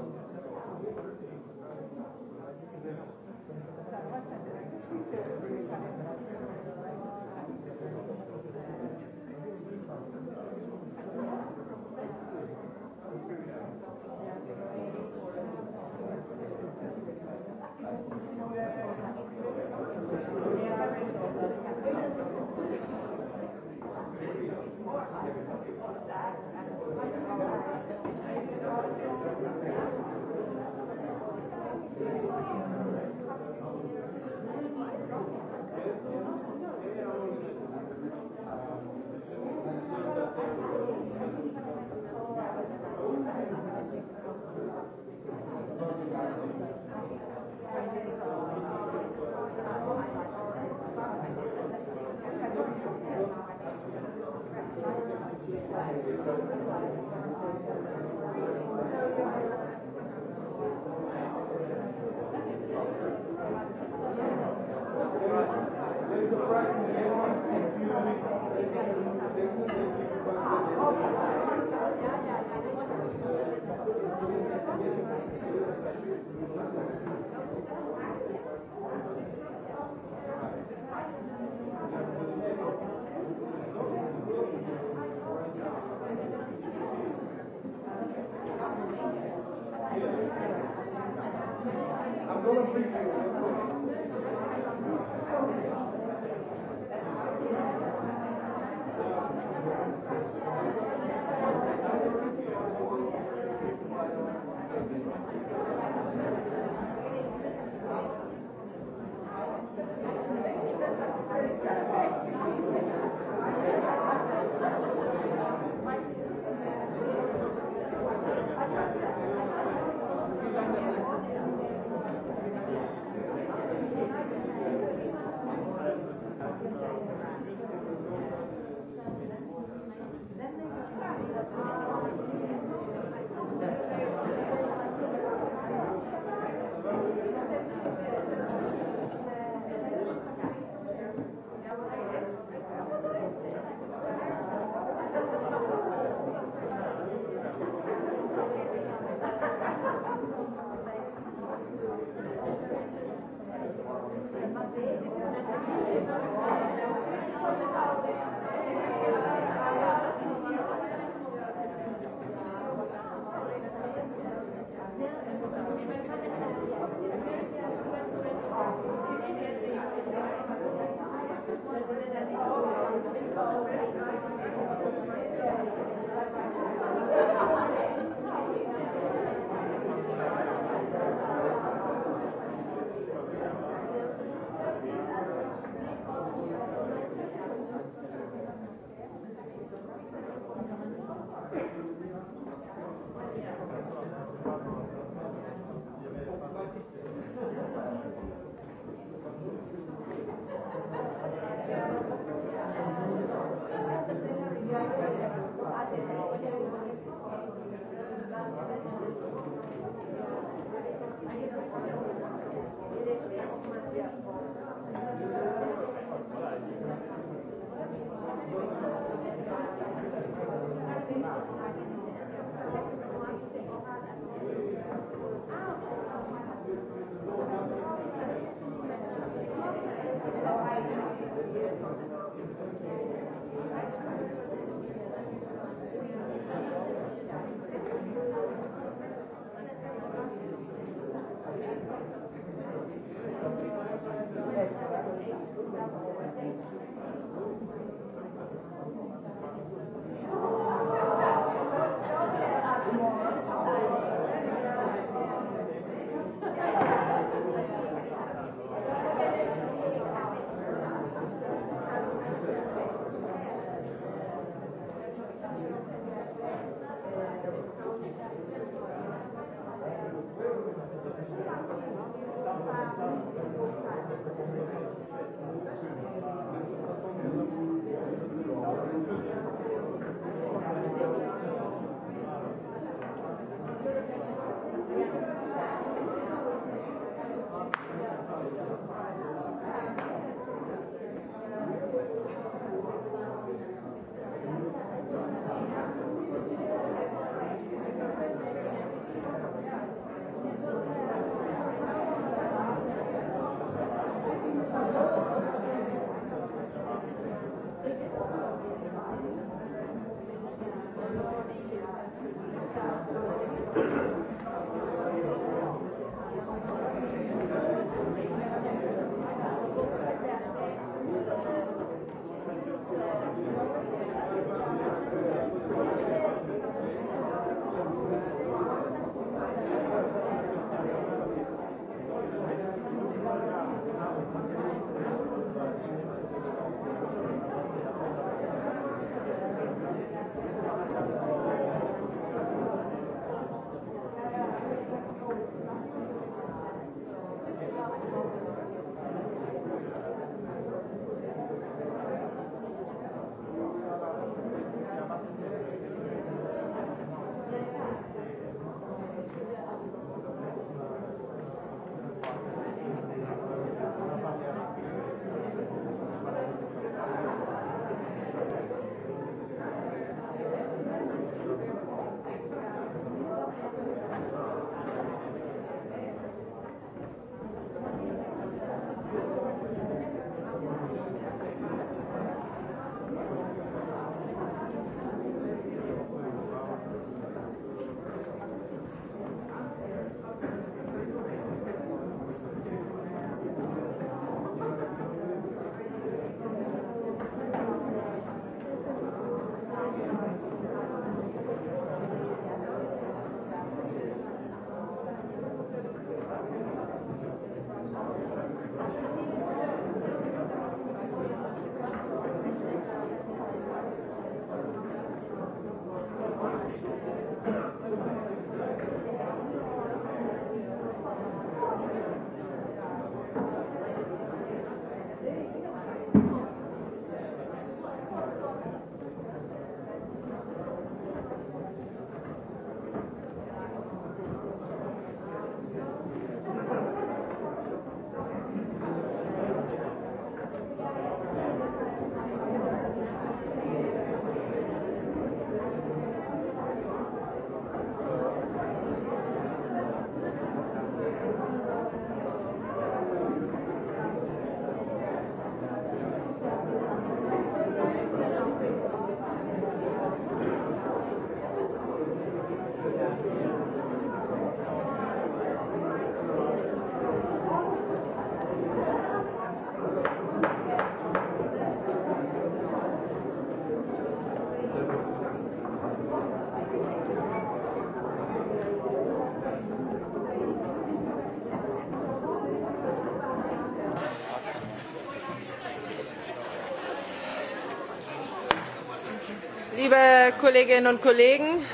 Kolleginnen und Kollegen,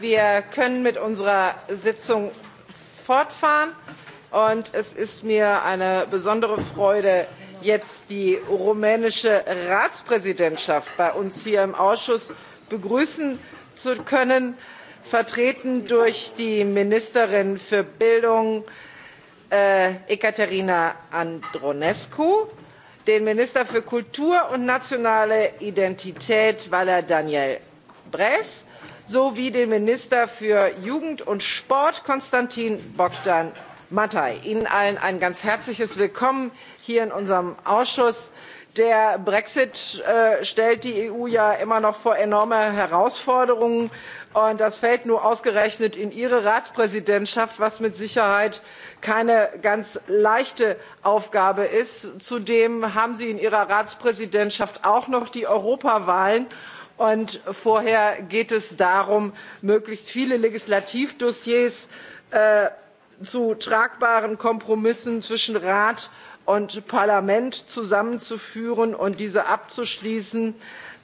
wir können mit unserer Sitzung fortfahren. Und es ist mir eine besondere Freude, jetzt die rumänische Ratspräsidentschaft bei uns hier im Ausschuss begrüßen zu können, vertreten durch die Ministerin für Bildung, äh, Ekaterina Andronescu den minister für kultur und nationale identität valer daniel bress sowie den minister für jugend und sport konstantin bogdan matei. ihnen allen ein ganz herzliches willkommen hier in unserem ausschuss der brexit äh, stellt die eu ja immer noch vor enorme herausforderungen und das fällt nun ausgerechnet in ihre ratspräsidentschaft was mit sicherheit keine ganz leichte aufgabe ist. zudem haben sie in ihrer ratspräsidentschaft auch noch die europawahlen und vorher geht es darum möglichst viele legislativdossiers äh, zu tragbaren kompromissen zwischen rat und Parlament zusammenzuführen und diese abzuschließen.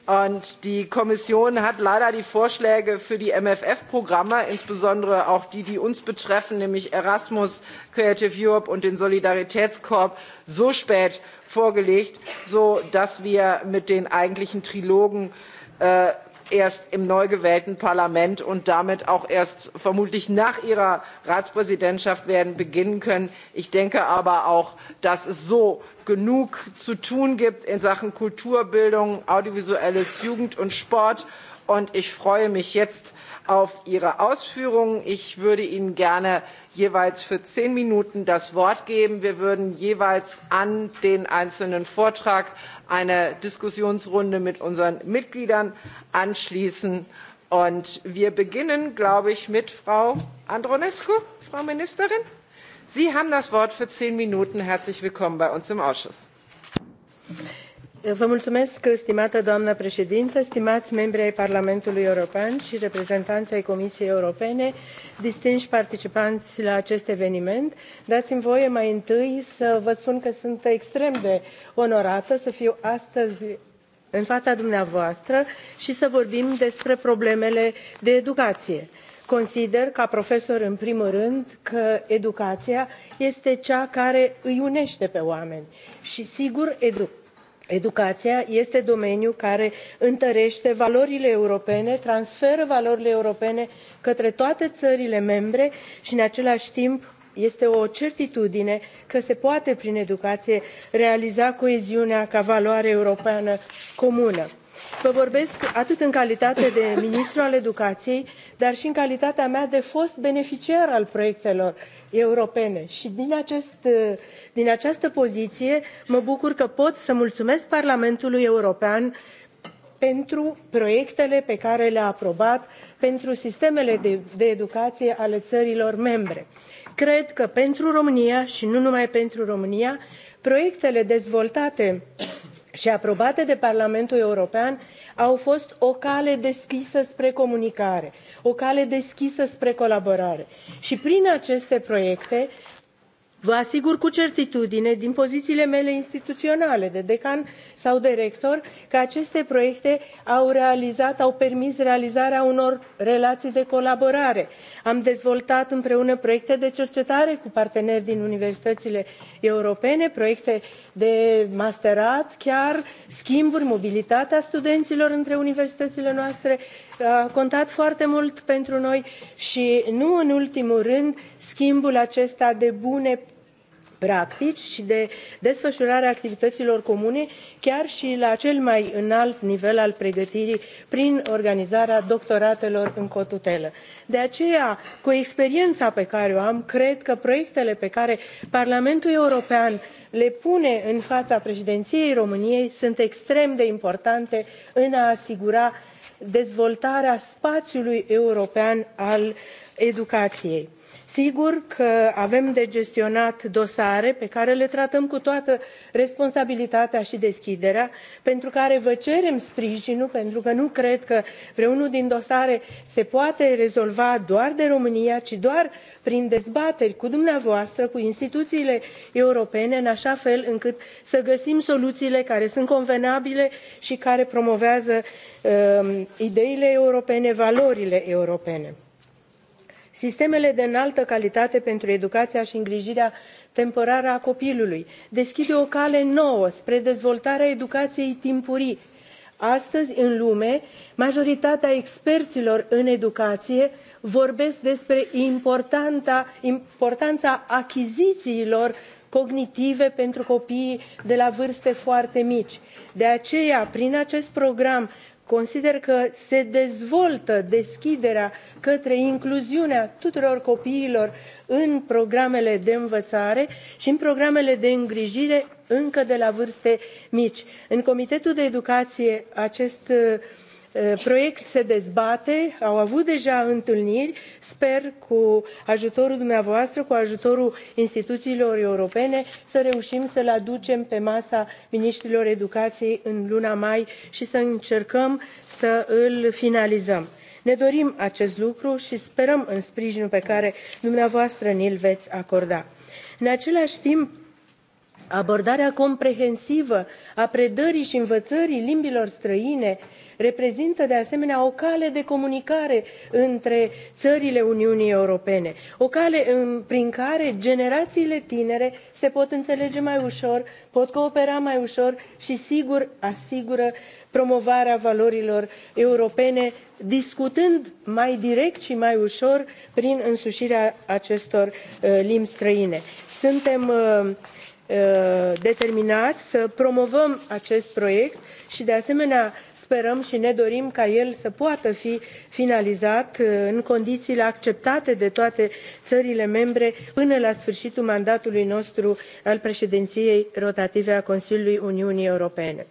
Und die Kommission hat leider die Vorschläge für die mfr programme insbesondere auch die, die uns betreffen, nämlich Erasmus, Creative Europe und den Solidaritätskorb, so spät vorgelegt, so dass wir mit den eigentlichen Trilogen äh, erst im neu gewählten parlament und damit auch erst vermutlich nach ihrer ratspräsidentschaft werden beginnen können. ich denke aber auch dass es so genug zu tun gibt in sachen kultur bildung audiovisuelles jugend und sport und ich freue mich jetzt auf Ihre Ausführungen. Ich würde Ihnen gerne jeweils für zehn Minuten das Wort geben. Wir würden jeweils an den einzelnen Vortrag eine Diskussionsrunde mit unseren Mitgliedern anschließen. Und wir beginnen, glaube ich, mit Frau Andronescu, Frau Ministerin. Sie haben das Wort für zehn Minuten. Herzlich willkommen bei uns im Ausschuss. Vă mulțumesc, stimată doamnă președintă, stimați membri ai Parlamentului European și reprezentanți ai Comisiei Europene, distinși participanți la acest eveniment. Dați-mi voie mai întâi să vă spun că sunt extrem de onorată să fiu astăzi în fața dumneavoastră și să vorbim despre problemele de educație. Consider, ca profesor în primul rând, că educația este cea care îi unește pe oameni și, sigur, educația Educația este domeniul care întărește valorile europene, transferă valorile europene către toate țările membre și în același timp este o certitudine că se poate prin educație realiza coeziunea ca valoare europeană comună. Vă vorbesc atât în calitate de ministru al educației, dar și în calitatea mea de fost beneficiar al proiectelor uh, europene. Și din, acest, din această poziție mă bucur că pot să mulțumesc Parlamentului European pentru proiectele pe care le-a aprobat pentru sistemele de, de educație ale țărilor membre. Cred că pentru România și nu numai pentru România, proiectele dezvoltate și aprobate de Parlamentul European au fost o cale deschisă spre comunicare o cale deschisă spre colaborare. Și prin aceste proiecte Vă asigur cu certitudine, din pozițiile mele instituționale, de decan sau de rector, că aceste proiecte au realizat, au permis realizarea unor relații de colaborare. Am dezvoltat împreună proiecte de cercetare cu parteneri din universitățile europene, proiecte de masterat chiar, schimburi, mobilitatea studenților între universitățile noastre a contat foarte mult pentru noi și nu în ultimul rând schimbul acesta de bune practici și de desfășurarea activităților comune, chiar și la cel mai înalt nivel al pregătirii prin organizarea doctoratelor în cotutelă. De aceea, cu experiența pe care o am, cred că proiectele pe care Parlamentul European le pune în fața președinției României sunt extrem de importante în a asigura dezvoltarea spațiului european al educației. Sigur că avem de gestionat dosare pe care le tratăm cu toată responsabilitatea și deschiderea, pentru care vă cerem sprijinul, pentru că nu cred că vreunul din dosare se poate rezolva doar de România, ci doar prin dezbateri cu dumneavoastră, cu instituțiile europene, în așa fel încât să găsim soluțiile care sunt convenabile și care promovează uh, ideile europene, valorile europene. Sistemele de înaltă calitate pentru educația și îngrijirea temporară a copilului deschide o cale nouă spre dezvoltarea educației timpurii. Astăzi, în lume, majoritatea experților în educație vorbesc despre importanța achizițiilor cognitive pentru copiii de la vârste foarte mici. De aceea, prin acest program Consider că se dezvoltă deschiderea către incluziunea tuturor copiilor în programele de învățare și în programele de îngrijire încă de la vârste mici. În Comitetul de Educație acest uh, Eh, proiect se dezbate, au avut deja întâlniri, sper cu ajutorul dumneavoastră, cu ajutorul instituțiilor europene, să reușim să-l aducem pe masa ministrilor educației în luna mai și să încercăm să îl finalizăm. Ne dorim acest lucru și sperăm în sprijinul pe care dumneavoastră ni-l veți acorda. În același timp, abordarea comprehensivă a predării și învățării limbilor străine reprezintă de asemenea o cale de comunicare între țările Uniunii Europene, o cale în, prin care generațiile tinere se pot înțelege mai ușor, pot coopera mai ușor și sigur asigură promovarea valorilor europene, discutând mai direct și mai ușor prin însușirea acestor uh, limbi străine. Suntem uh, uh determinați să promovăm acest proiect și, de asemenea, sperăm și ne dorim ca el să poată fi finalizat uh, în condițiile acceptate de toate țările membre până la sfârșitul mandatului nostru al președinției rotative a Consiliului Uniunii Europene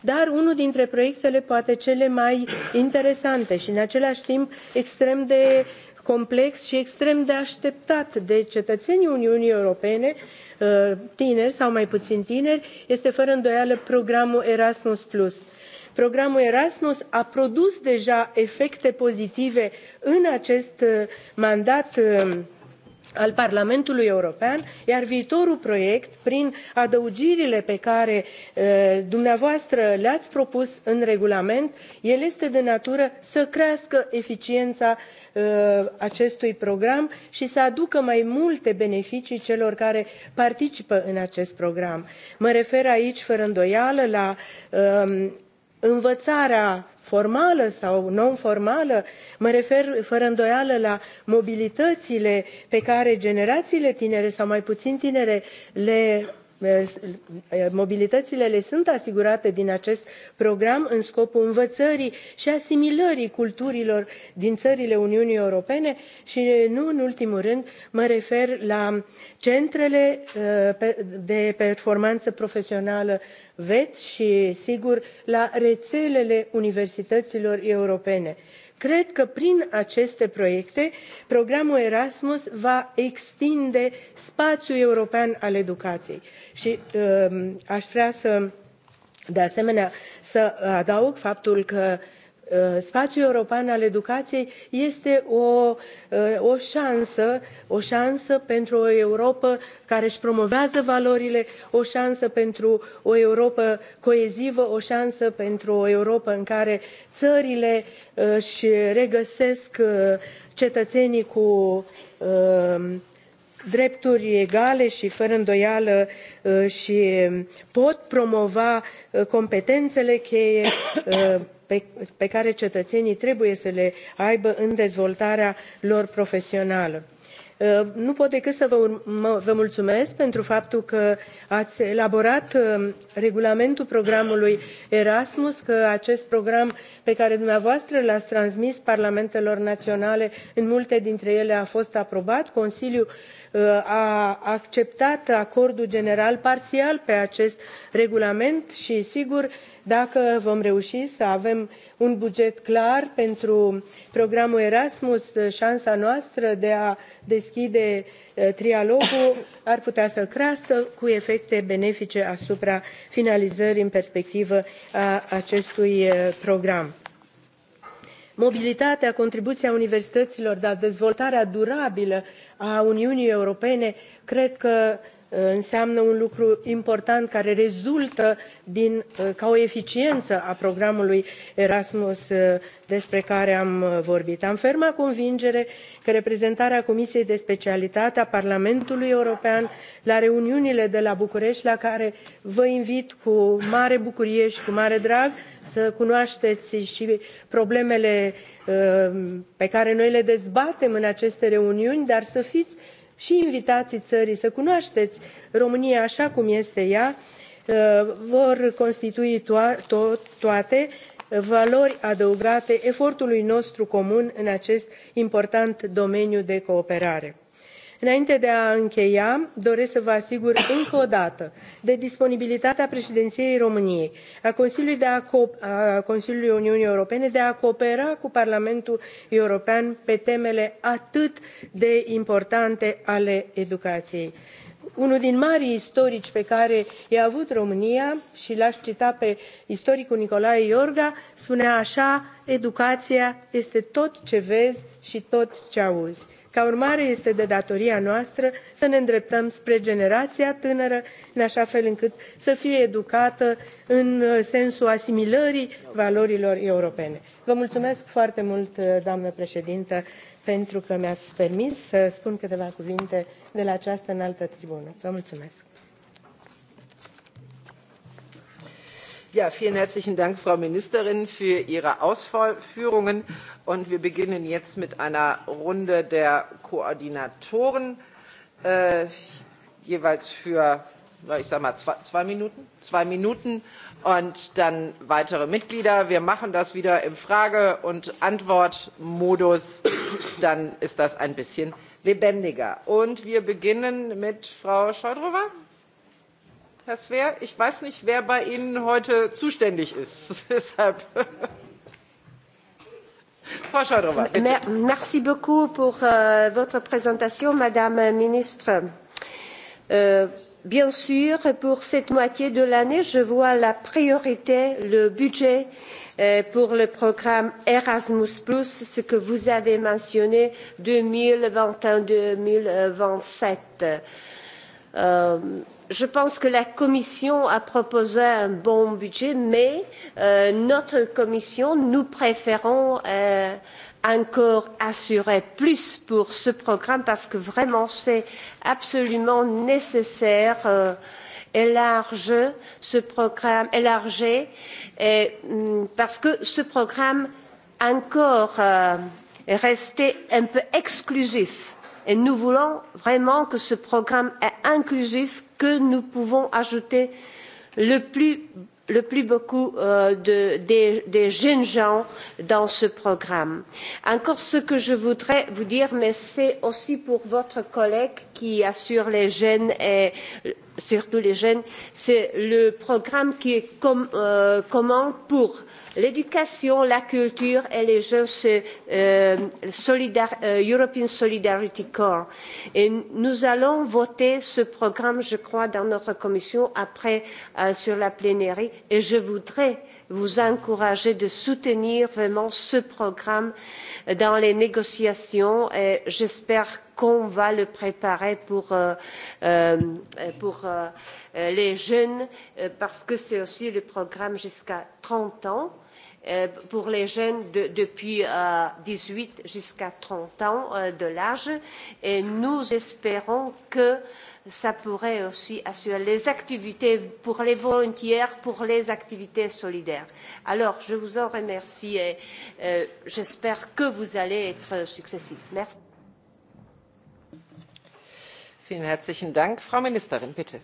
dar unul dintre proiectele poate cele mai interesante și în același timp extrem de complex și extrem de așteptat de cetățenii Uniunii Europene, uh, tineri sau mai puțin tineri, este fără îndoială programul Erasmus+ Programul Erasmus a produs deja efecte pozitive în acest uh, mandat uh, al Parlamentului European, iar viitorul proiect, prin adăugirile pe care uh, dumneavoastră le-ați propus în regulament, el este de natură să crească eficiența acestui program și să aducă mai multe beneficii celor care participă în acest program. Mă refer aici, fără îndoială, la um, învățarea formală sau non-formală, mă refer fără îndoială la mobilitățile pe care generațiile tinere sau mai puțin tinere le mobilitățile le sunt asigurate din acest program în scopul învățării și asimilării culturilor din țările Uniunii Europene și nu în ultimul rând mă refer la centrele uh, de performanță profesională VET și, sigur, la rețelele universităților europene. Cred că prin aceste proiecte, programul Erasmus va extinde spațiul european al educației. Și uh, aș vrea să, de asemenea, să adaug faptul că uh, Eh, spațiul european al educației este o, eh, o șansă, o șansă pentru o Europa care își promovează valorile, o șansă pentru o Europa coezivă, o șansă pentru o Europa în care țările eh, își regăsesc cetățenii cu drepturi egale și fără îndoială și pot promova competențele cheie, pe, care cetățenii trebuie să le aibă în dezvoltarea lor profesională. Uh, nu pot decât să vă, vă mulțumesc pentru faptul că ați elaborat uh, regulamentul programului Erasmus, că acest program pe care dumneavoastră l-ați transmis parlamentelor naționale, în multe dintre ele a fost aprobat. Consiliul uh, a acceptat acordul general parțial pe acest regulament și, sigur, dacă vom reuși să avem un buget clar pentru programul Erasmus, șansa noastră de a deschide eh, trialogul ar putea să crească cu efecte benefice asupra finalizării în perspectivă a acestui eh, program mobilitatea contribuția universităților dar dezvoltarea durabilă a uniunii europene cred că Eh, înseamnă un lucru important care rezultă din, eh, ca o eficiență a programului Erasmus eh, despre care am vorbit. Am ferma convingere că reprezentarea Comisiei de Specialitate a Parlamentului European la reuniunile de la București, la care vă invit cu mare bucurie și cu mare drag să cunoașteți și problemele pe care noi le dezbatem în aceste reuniuni, dar să fiți și invitații țării să cunoașteți România așa cum este ea, vor constitui to- to- toate valori adăugate efortului nostru comun în acest important domeniu de cooperare. Înainte de a încheia, doresc să vă asigur încă o dată de disponibilitatea președinției României a Consiliului, de a, a Consiliului Uniunii Europene de a coopera cu Parlamentul European pe temele atât de importante ale educației unul din marii istorici pe care i-a avut România și l-aș cita pe istoricul Nicolae Iorga, spunea așa, educația este tot ce vezi și tot ce auzi. Ca urmare, este de datoria noastră să ne îndreptăm spre generația tânără, în așa fel încât să fie educată în uh, sensul asimilării valorilor europene. Vă mulțumesc foarte mult, uh, doamnă președintă, pentru că mi-ați permis să spun câteva cuvinte de la această înaltă tribună. Vă mulțumesc! Ja, vielen herzlichen Dank, Frau Ministerin, für Ihre Ausführungen. Und wir beginnen jetzt mit einer Runde der Koordinatoren, äh, jeweils für, ich sage mal, zwei, zwei Minuten. Zwei Minuten und dann weitere Mitglieder. Wir machen das wieder im Frage- und Antwortmodus. Dann ist das ein bisschen lebendiger. Und wir beginnen mit Frau Scheudrover. Herr Swehr, ich weiß nicht, wer bei Ihnen heute zuständig ist. Deshalb. Frau Schadrova, bitte. Merci beaucoup pour euh, votre présentation, Madame Ministre. Euh, bien sûr, pour cette moitié de l'année, je vois la priorité, le budget euh, pour le programme Erasmus, ce que vous avez mentionné, 2021-2027. Euh, je pense que la commission a proposé un bon budget mais euh, notre commission nous préférons euh, encore assurer plus pour ce programme parce que vraiment c'est absolument nécessaire euh, élargir ce programme élargir et, parce que ce programme encore est resté un peu exclusif et nous voulons vraiment que ce programme est inclusif que nous pouvons ajouter le plus, le plus beaucoup euh, de, des, des jeunes gens dans ce programme. Encore ce que je voudrais vous dire, mais c'est aussi pour votre collègue qui assure les jeunes et surtout les jeunes, c'est le programme qui est com, euh, commun pour euh, l'éducation, la culture et les jeunes ce euh, euh, European Solidarity Corps. Et nous allons voter ce programme, je crois, dans notre commission après euh, sur la plénière. Et je voudrais vous encourager à soutenir vraiment ce programme dans les négociations et j'espère qu'on va le préparer pour, euh, pour euh, les jeunes parce que c'est aussi le programme jusqu'à trente ans Euh, pour les jeunes de, depuis dix euh, huit jusqu'à trente ans euh, de l'âge et nous espérons que ça pourrait aussi assurer les activités pour les volontaires, pour les activités solidaires. Alors, je vous en remercie et euh, j'espère que vous allez être successifs. Merci. Vielen herzlichen Dank. Frau Ministerin, bitte.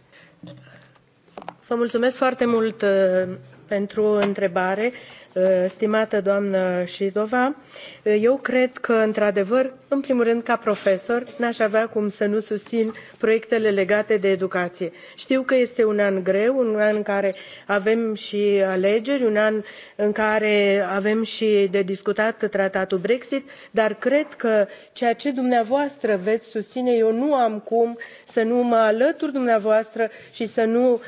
Vă mulțumesc foarte mult uh, pentru întrebare. Uh, Eh, stimată doamnă Șidova, eh, eu cred că, într-adevăr, în primul rând, ca profesor, n-aș avea cum să nu susțin proiectele legate de educație. Știu că este un an greu, un an în care avem și alegeri, un an în care avem și de discutat tratatul Brexit, dar cred că ceea ce dumneavoastră veți susține, eu nu am cum să nu mă alătur dumneavoastră și să nu uh,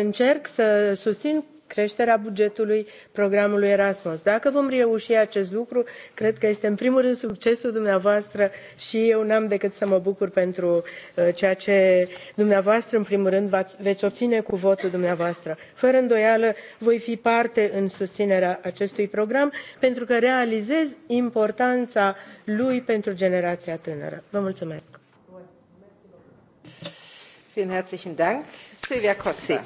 încerc să susțin creșterea bugetului programului Erasmus. Dacă vom reuși acest lucru, cred că este în primul rând succesul dumneavoastră și eu n-am decât să mă bucur pentru uh, ceea ce dumneavoastră, în primul rând, veți obține cu votul dumneavoastră. Fără îndoială, voi fi parte în susținerea acestui program, pentru că realizez importanța lui pentru generația tânără. Vă mulțumesc! Vielen herzlichen Dank, Silvia Costa.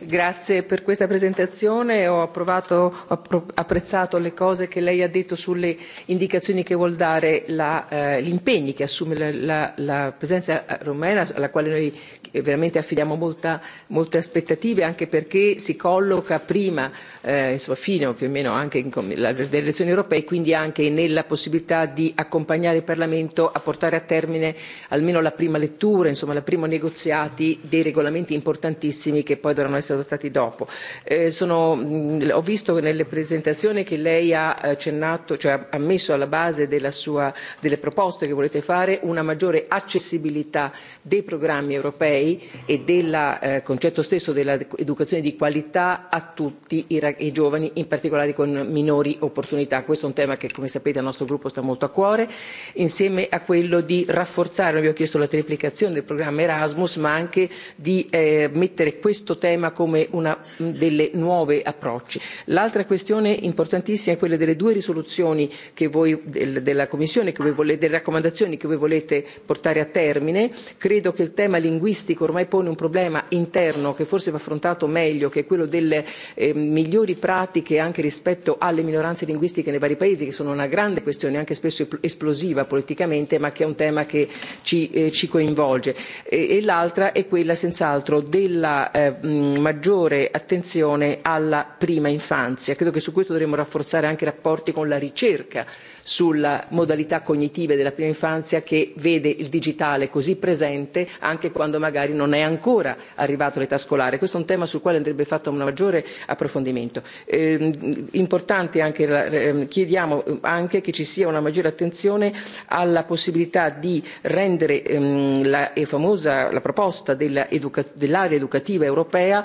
Grazie per questa presentazione, ho approvato, ho apprezzato le cose che lei ha detto sulle indicazioni che vuol dare la, eh, gli impegni che assume la, la, la presenza romena, alla quale noi veramente affidiamo molta, molte aspettative, anche perché si colloca prima, eh, insomma, o più o meno anche in, la, delle elezioni europee, quindi anche nella possibilità di accompagnare il Parlamento a portare a termine almeno la prima lettura, insomma la prima negoziati dei regolamenti importantissimi che poi dovranno essere essere adottati dopo. Eh, sono, mh, ho visto nelle presentazioni che lei ha accennato, cioè ha messo alla base della sua, delle proposte che volete fare una maggiore accessibilità dei programmi europei e del eh, concetto stesso dell'educazione di qualità a tutti i, i giovani, in particolare con minori opportunità. Questo è un tema che, come sapete, al nostro gruppo sta molto a cuore, insieme a quello di rafforzare, abbiamo chiesto la triplicazione del programma Erasmus, ma anche di eh, mettere questo tema come uno mm, dei nuovi approcci. L'altra questione importantissima è quella delle due risoluzioni che voi, del, della Commissione, che voi volete, delle raccomandazioni che voi volete portare a termine. Credo che il tema linguistico ormai pone un problema interno che forse va affrontato meglio, che è quello delle eh, migliori pratiche anche rispetto alle minoranze linguistiche nei vari paesi, che sono una grande questione, anche spesso esplosiva politicamente, ma che è un tema che ci, eh, ci coinvolge. E, e l'altra è quella senz'altro della eh, mh, maggiore attenzione alla prima infanzia. Credo che su questo dovremmo rafforzare anche i rapporti con la ricerca sulle modalità cognitive della prima infanzia che vede il digitale così presente anche quando magari non è ancora arrivato all'età scolare. Questo è un tema sul quale andrebbe fatto un maggiore approfondimento. Eh, importante anche, eh, chiediamo ehm, anche che ci sia una maggiore attenzione alla possibilità di rendere ehm, la e famosa la proposta della educa- dell'area educativa europea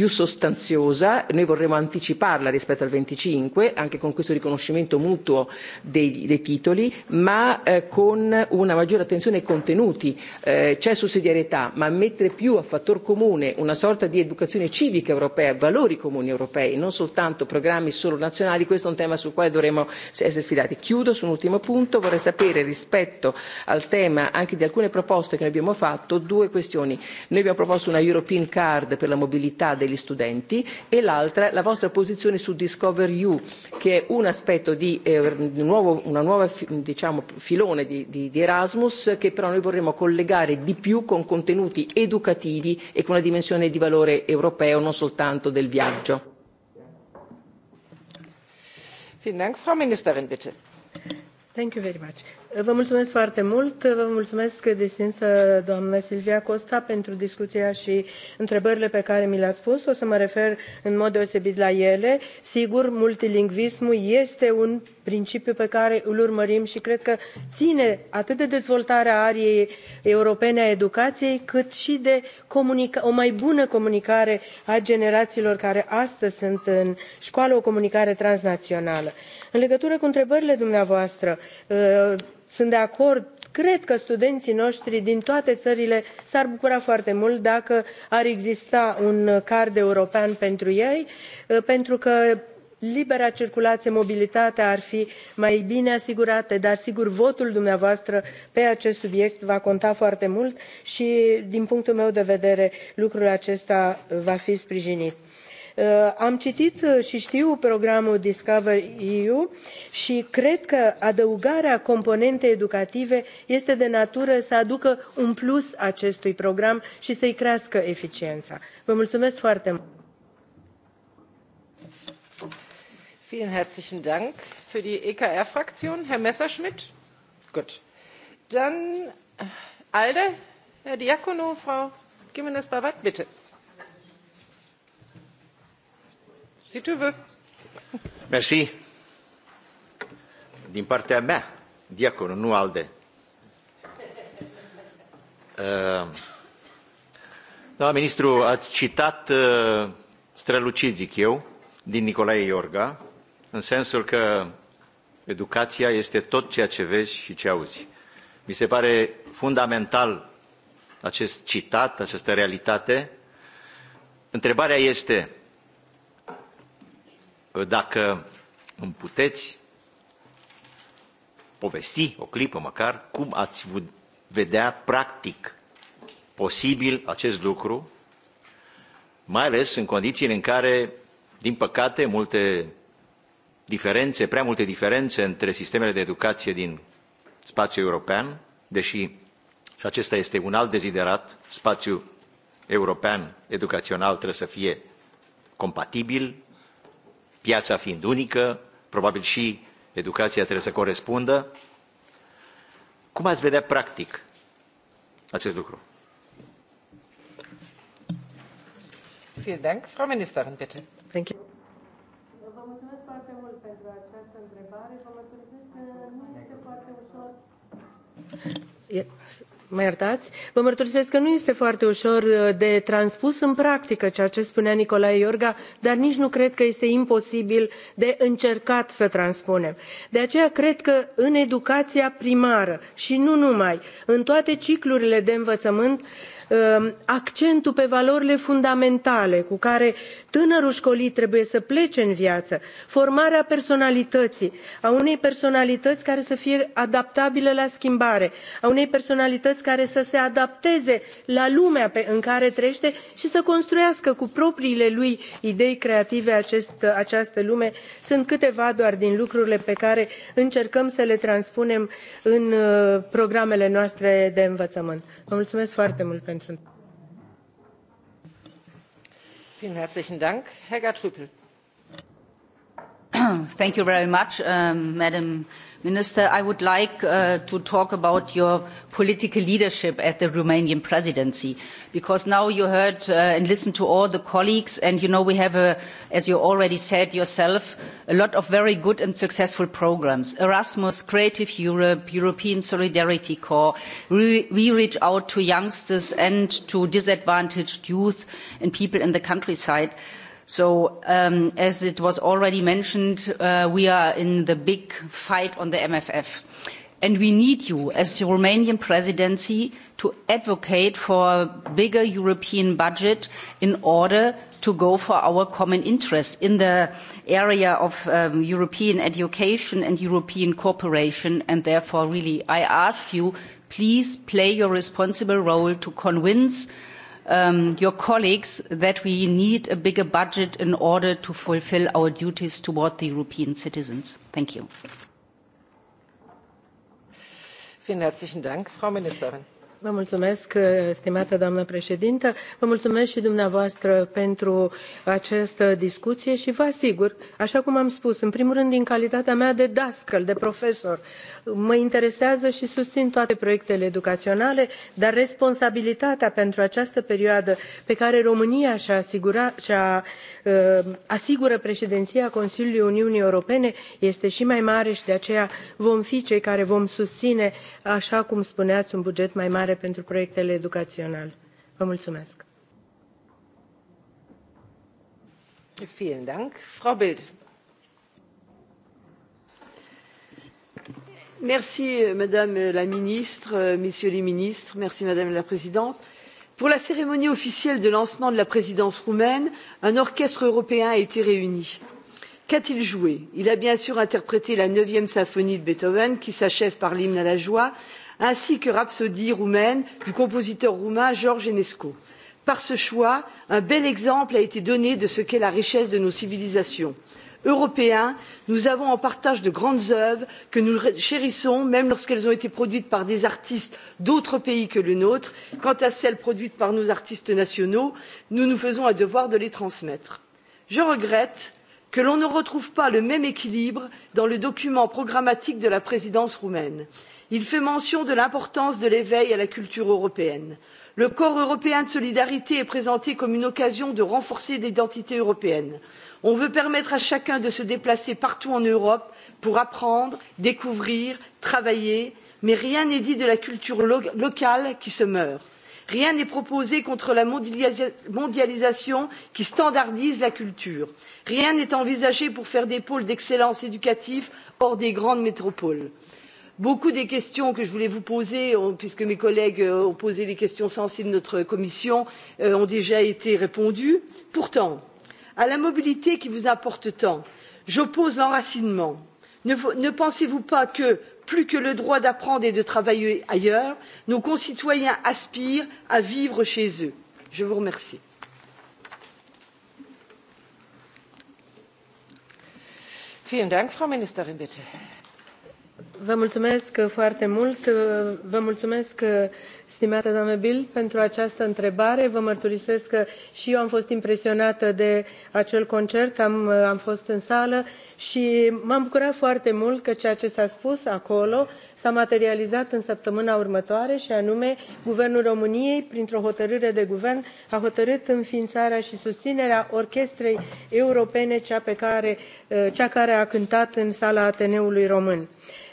più sostanziosa, noi vorremmo anticiparla rispetto al 25, anche con questo riconoscimento mutuo dei, dei titoli, ma eh, con una maggiore attenzione ai contenuti. Eh, c'è sussidiarietà, ma mettere più a fattor comune una sorta di educazione civica europea, valori comuni europei, non soltanto programmi solo nazionali, questo è un tema sul quale dovremmo essere sfidati. Chiudo su un ultimo punto, vorrei sapere rispetto al tema anche di alcune proposte che noi abbiamo fatto, due questioni. Noi abbiamo proposto una European Card per la mobilità dei degli studenti e l'altra la vostra posizione su Discover EU, che è un aspetto di eh, nuovo, una nuova diciamo, filone di, di, di Erasmus che però noi vorremmo collegare di più con contenuti educativi e con una dimensione di valore europeo, non soltanto del viaggio. Vielen Dank, Frau Ministerin, bitte. Thank you very much. Vă mulțumesc foarte mult. Vă mulțumesc, distinsă doamnă Silvia Costa, pentru discuția și întrebările pe care mi le-a spus. O să mă refer în mod deosebit la ele. Sigur, multilingvismul este un principiu pe care îl urmărim și cred că ține atât de dezvoltarea ariei europene a educației, cât și de o mai bună comunicare a generațiilor care astăzi sunt în școală, o comunicare transnațională. În legătură cu întrebările dumneavoastră, sunt de acord cred că studenții noștri din toate țările s-ar bucura foarte mult dacă ar exista un card european pentru ei, pentru că libera circulație, mobilitatea ar fi mai bine asigurate, dar sigur votul dumneavoastră pe acest subiect va conta foarte mult și din punctul meu de vedere lucrul acesta va fi sprijinit. Uh, am citit și știu programul Discover EU și cred că adăugarea componentei educative este de natură să aducă un plus acestui program și să-i crească eficiența. Vă mulțumesc foarte mult! Vielen herzlichen Dank für die EKR-Fraktion. Herr Messerschmidt? Gut. Dann äh, ALDE, Herr Diakono, Frau Jiménez Barbat, bitte. Merci. Din partea mea, diaconu nu ALDE. Ehm, doamna ministru, ați citat uh, strălucit, zic eu, din Nicolae Iorga, în sensul că educația este tot ceea ce vezi și ce auzi. Mi se pare fundamental acest citat, această realitate. Întrebarea este dacă îmi puteți povesti o clipă măcar cum ați vedea practic posibil acest lucru, mai ales în condițiile în care, din păcate, multe diferențe, prea multe diferențe între sistemele de educație din spațiul european, deși și acesta este un alt deziderat, spațiul european educațional trebuie să fie compatibil, piața fiind unică, probabil și educația trebuie să corespundă. Cum ați vedea practic acest lucru? Vielen Dank. Frau Ministerin, bitte. E, mă iertați? Vă mărturisesc că nu este foarte ușor uh, de transpus în practică ceea ce spunea Nicolae Iorga, dar nici nu cred că este imposibil de încercat să transpunem. De aceea cred că în educația primară și nu numai, în toate ciclurile de învățământ, uh, Um, accentul pe valorile fundamentale cu care tânărul școlit trebuie să plece în viață, formarea personalității, a unei personalități care să fie adaptabilă la schimbare, a unei personalități care să se adapteze la lumea pe, în care trăiește și să construiască cu propriile lui idei creative acest, această lume, sunt câteva doar din lucrurile pe care încercăm să le transpunem în uh, programele noastre de învățământ. Vă mulțumesc foarte mult pentru. Vielen herzlichen Dank, Helga Trüppel. Thank you very much, um, Madam Minister. I would like uh, to talk about your political leadership at the Romanian presidency, because now you heard uh, and listened to all the colleagues, and you know we have, a, as you already said yourself, a lot of very good and successful programs. Erasmus, Creative Europe, European Solidarity Corps. We, we reach out to youngsters and to disadvantaged youth and people in the countryside. Uh, So um, as it was already mentioned, uh, we are in the big fight on the MFF. And we need you as the Romanian presidency to advocate for a bigger European budget in order to go for our common interests in the area of um, European education and European cooperation. And therefore, really, I ask you, please play your responsible role to convince um, your colleagues that we need a bigger budget in order to fulfill our duties toward the European citizens. Thank you. Vielen herzlichen Dank, Frau Ministerin. Vă mulțumesc, eh, stimată doamnă președintă. Vă mulțumesc și dumneavoastră pentru această discuție și vă asigur, așa cum am spus, în primul rând din calitatea mea de dascăl, de profesor, mă interesează și susțin toate proiectele educaționale, dar responsabilitatea pentru această perioadă pe care România și-a asigura, și-a, eh, asigură președinția Consiliului Uniunii Europene este și mai mare și de aceea vom fi cei care vom susține, așa cum spuneați, un buget mai mare finanțare pentru proiectele educaționale. Vă mulțumesc! Vielen Dank. Frau Bild. Merci, Madame la Ministre, Messieurs les ministres, merci, Madame la Présidente. Pour la cérémonie officielle de lancement de la présidence roumaine, un orchestre européen a été réuni. Qu'a-t-il joué Il a bien sûr interprété la 9e symphonie de Beethoven, qui s'achève par l'hymne à la joie, ainsi que Rhapsodie roumaine du compositeur roumain George Enescu. Par ce choix, un bel exemple a été donné de ce qu'est la richesse de nos civilisations. Européens, nous avons en partage de grandes œuvres que nous chérissons même lorsqu'elles ont été produites par des artistes d'autres pays que le nôtre. Quant à celles produites par nos artistes nationaux, nous nous faisons un devoir de les transmettre. Je regrette que l'on ne retrouve pas le même équilibre dans le document programmatique de la présidence roumaine il fait mention de l'importance de l'éveil à la culture européenne. le corps européen de solidarité est présenté comme une occasion de renforcer l'identité européenne. on veut permettre à chacun de se déplacer partout en europe pour apprendre découvrir travailler mais rien n'est dit de la culture locale qui se meurt. rien n'est proposé contre la mondialisation qui standardise la culture. rien n'est envisagé pour faire des pôles d'excellence éducative hors des grandes métropoles beaucoup des questions que je voulais vous poser puisque mes collègues euh, ont posé les questions sensibles de notre commission euh, ont déjà été répondues. pourtant à la mobilité qui vous importe tant j'oppose l'enracinement. ne, ne pensez vous pas que plus que le droit d'apprendre et de travailler ailleurs nos concitoyens aspirent à vivre chez eux? je vous remercie. vielen dank frau ministerin bitte. Vă mulțumesc foarte mult. Vă mulțumesc, stimată doamnă Bill, pentru această întrebare. Vă mărturisesc că și eu am fost impresionată de acel concert, am, am fost în sală și m-am bucurat foarte mult că ceea ce s-a spus acolo s-a materializat în săptămâna următoare și anume Guvernul României, printr-o hotărâre de guvern, a hotărât înființarea și susținerea orchestrei europene, cea, pe care, cea care a cântat în sala Ateneului Român.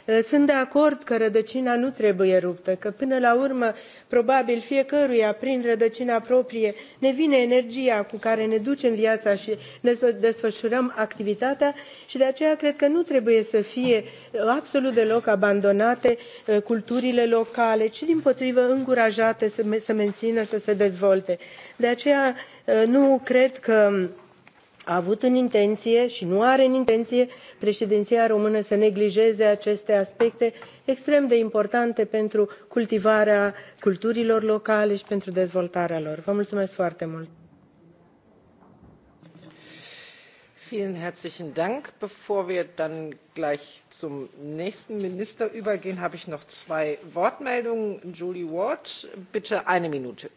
Eh, sunt de acord că rădăcina nu trebuie ruptă, că până la urmă, probabil fiecăruia, prin rădăcina proprie, ne vine energia cu care ne ducem viața și ne desfășurăm activitatea și de aceea cred că nu trebuie să fie eh, absolut deloc abandonate eh, culturile locale, ci din potrivă încurajate să, să mențină, să se dezvolte. De aceea nu cred că a avut în intenție și nu are în intenție președinția română să neglijeze aceste aspecte extrem de importante pentru cultivarea culturilor locale și pentru dezvoltarea lor. Vă mulțumesc foarte mult! Vielen herzlichen Dank. Bevor wir dann gleich zum nächsten Minister übergehen, habe ich noch zwei Wortmeldungen. Julie Ward, bitte eine Minute.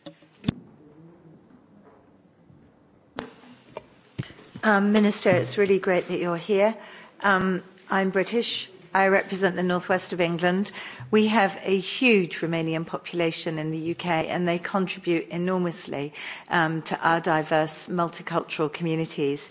Um, Minister, it's really great that you're here. Um, I'm British. I represent the northwest of England. We have a huge Romanian population in the UK, and they contribute enormously um, to our diverse multicultural communities.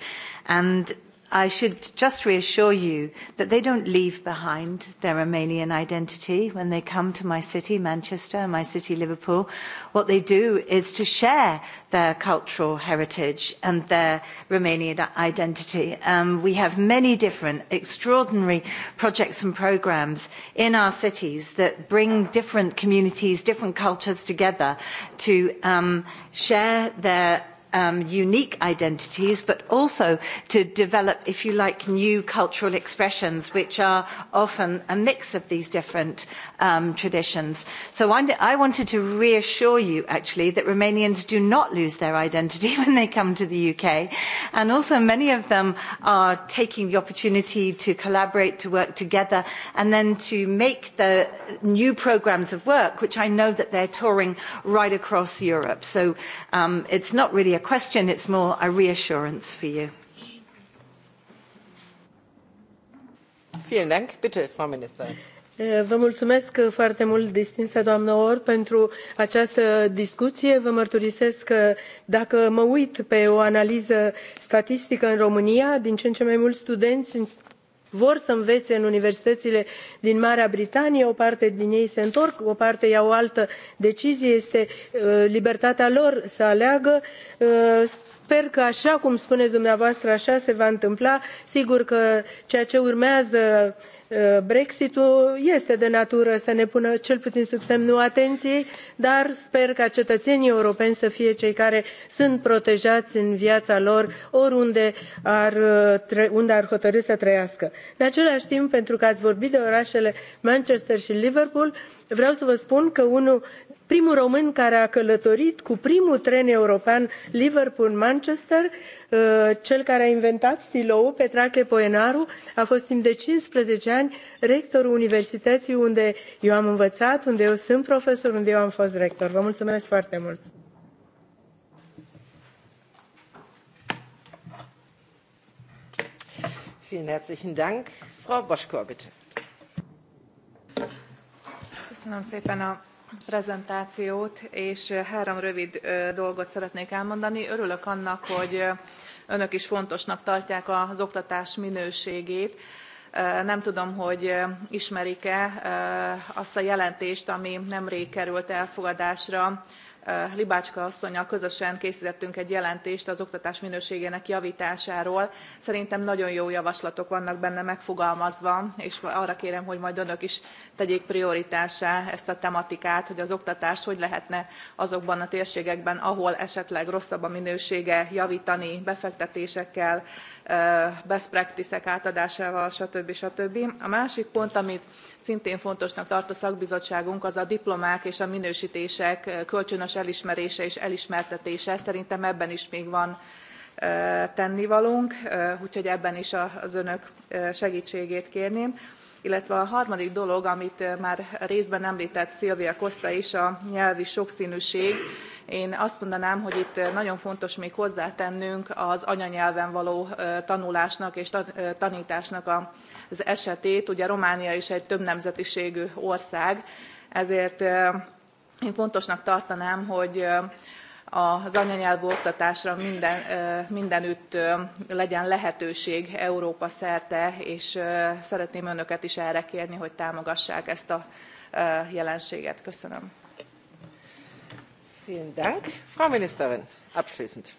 And i should just reassure you that they don't leave behind their Romanian identity when they come to my city, Manchester, my city, Liverpool. What they do is to share their cultural heritage and their Romanian identity. Um, we have many different extraordinary projects and programs in our cities that bring different communities, different cultures together to um, share their um, unique identities, but also to develop, if you like, new cultural expressions, which are often a mix of these different um, traditions. So I wanted to reassure you, actually, that Romanians do not lose their identity when they come to the UK. And also, many of them are taking the opportunity to collaborate, to work together, and then to make the new programs of work, which I know that they're touring right across Europe. So um, it's not really a question, it's more a reassurance for you. Vielen Dank. Bitte, Frau Ministerin. Eh, vă mulțumesc foarte mult, distinsă doamnă Or, pentru această discuție. Vă mărturisesc că dacă mă uit pe o analiză statistică în România, din ce în ce mai mulți studenți vor să învețe în universitățile din Marea Britanie, o parte din ei se întorc, o parte iau o altă decizie, este uh, libertatea lor să aleagă. Uh, sper că așa cum spuneți dumneavoastră, așa se va întâmpla. Sigur că ceea ce urmează Eh, Brexitul este de natură să ne pună cel puțin sub semnul atenției, dar sper ca cetățenii europeni să fie cei care sunt protejați în viața lor oriunde ar, eh, unde ar hotărâ să trăiască. În același timp, pentru că ați vorbit de orașele Manchester și Liverpool, vreau să vă spun că unul primul român care a călătorit cu primul tren european Liverpool-Manchester, uh, cel care a inventat stiloul, Petrache Poenaru, a fost timp de 15 ani rectorul universității unde eu am învățat, unde eu sunt profesor, unde eu am fost rector. Vă mulțumesc foarte mult! Vielen herzlichen Dank. Frau Boschkor, bitte. Köszönöm szépen a prezentációt, és eh, három rövid eh, dolgot szeretnék elmondani. Örülök annak, hogy eh, önök is fontosnak tartják az oktatás minőségét. Nem tudom, hogy ismerik-e azt a jelentést, ami nemrég került elfogadásra Eh, Libácska asszonyal közösen készítettünk egy jelentést az oktatás minőségének javításáról. Szerintem nagyon jó javaslatok vannak benne megfogalmazva, és arra kérem, hogy majd önök is tegyék prioritásá ezt a tematikát, hogy az oktatást hogy lehetne azokban a térségekben, ahol esetleg rosszabb a minősége, javítani befektetésekkel, best practice-ek átadásával, stb. stb. A másik pont, amit szintén fontosnak tart a szakbizottságunk, az a diplomák és a minősítések kölcsönös elismerése és elismertetése. Szerintem ebben is még van tennivalónk, úgyhogy ebben is az önök segítségét kérném. Illetve a harmadik dolog, amit már részben említett Szilvia Koszta is, a nyelvi sokszínűség Én azt mondanám, hogy itt eh, nagyon fontos még hozzátennünk az anyanyelven való eh, tanulásnak és eh, tanításnak az esetét. Ugye Románia is egy több nemzetiségű ország, ezért én fontosnak tartanám, hogy az anyanyelvű oktatásra minden, mindenütt legyen lehetőség Európa szerte, és szeretném önöket is erre kérni, hogy támogassák ezt a jelenséget. Köszönöm. Vielen Dank. Frau Ministerin, abschließend.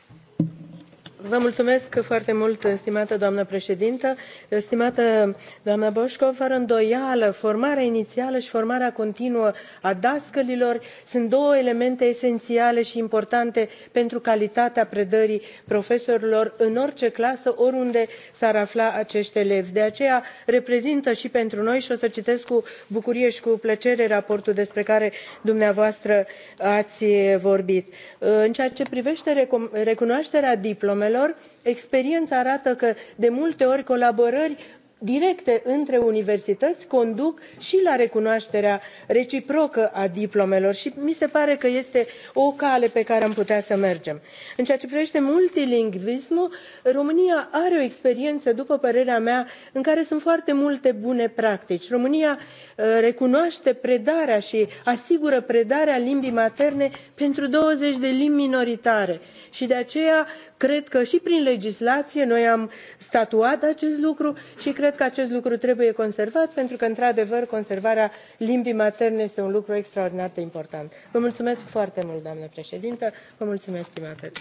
Vă mulțumesc foarte mult, stimată doamnă președintă. Stimată doamnă Boșco, fără îndoială, formarea inițială și formarea continuă a dascălilor sunt două elemente esențiale și importante pentru calitatea predării profesorilor în orice clasă, oriunde s-ar afla acești elevi. De aceea reprezintă și pentru noi și o să citesc cu bucurie și cu plăcere raportul despre care dumneavoastră ați vorbit. În ceea ce privește recunoașterea diplomelor, problemelor, experiența arată că de multe ori colaborări directe între universități conduc și la recunoașterea reciprocă a diplomelor și mi se pare că este o cale pe care am putea să mergem. În ceea ce privește multilingvismul, România are o experiență, după părerea mea, în care sunt foarte multe bune practici. România uh, recunoaște predarea și asigură predarea limbii materne pentru 20 de limbi minoritare și de aceea cred că și prin legislație noi am statuat acest lucru și cred că acest lucru trebuie conservat pentru că, într-adevăr, conservarea limbii materne este un lucru extraordinar de important. Vă mulțumesc foarte mult, doamnă președintă, vă mulțumesc, stimate.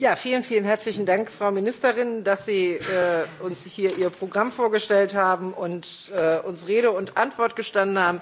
Ja, vielen, vielen herzlichen Dank, Frau Ministerin, dass Sie äh, uns hier Ihr Programm vorgestellt haben und äh, uns Rede und Antwort gestanden haben.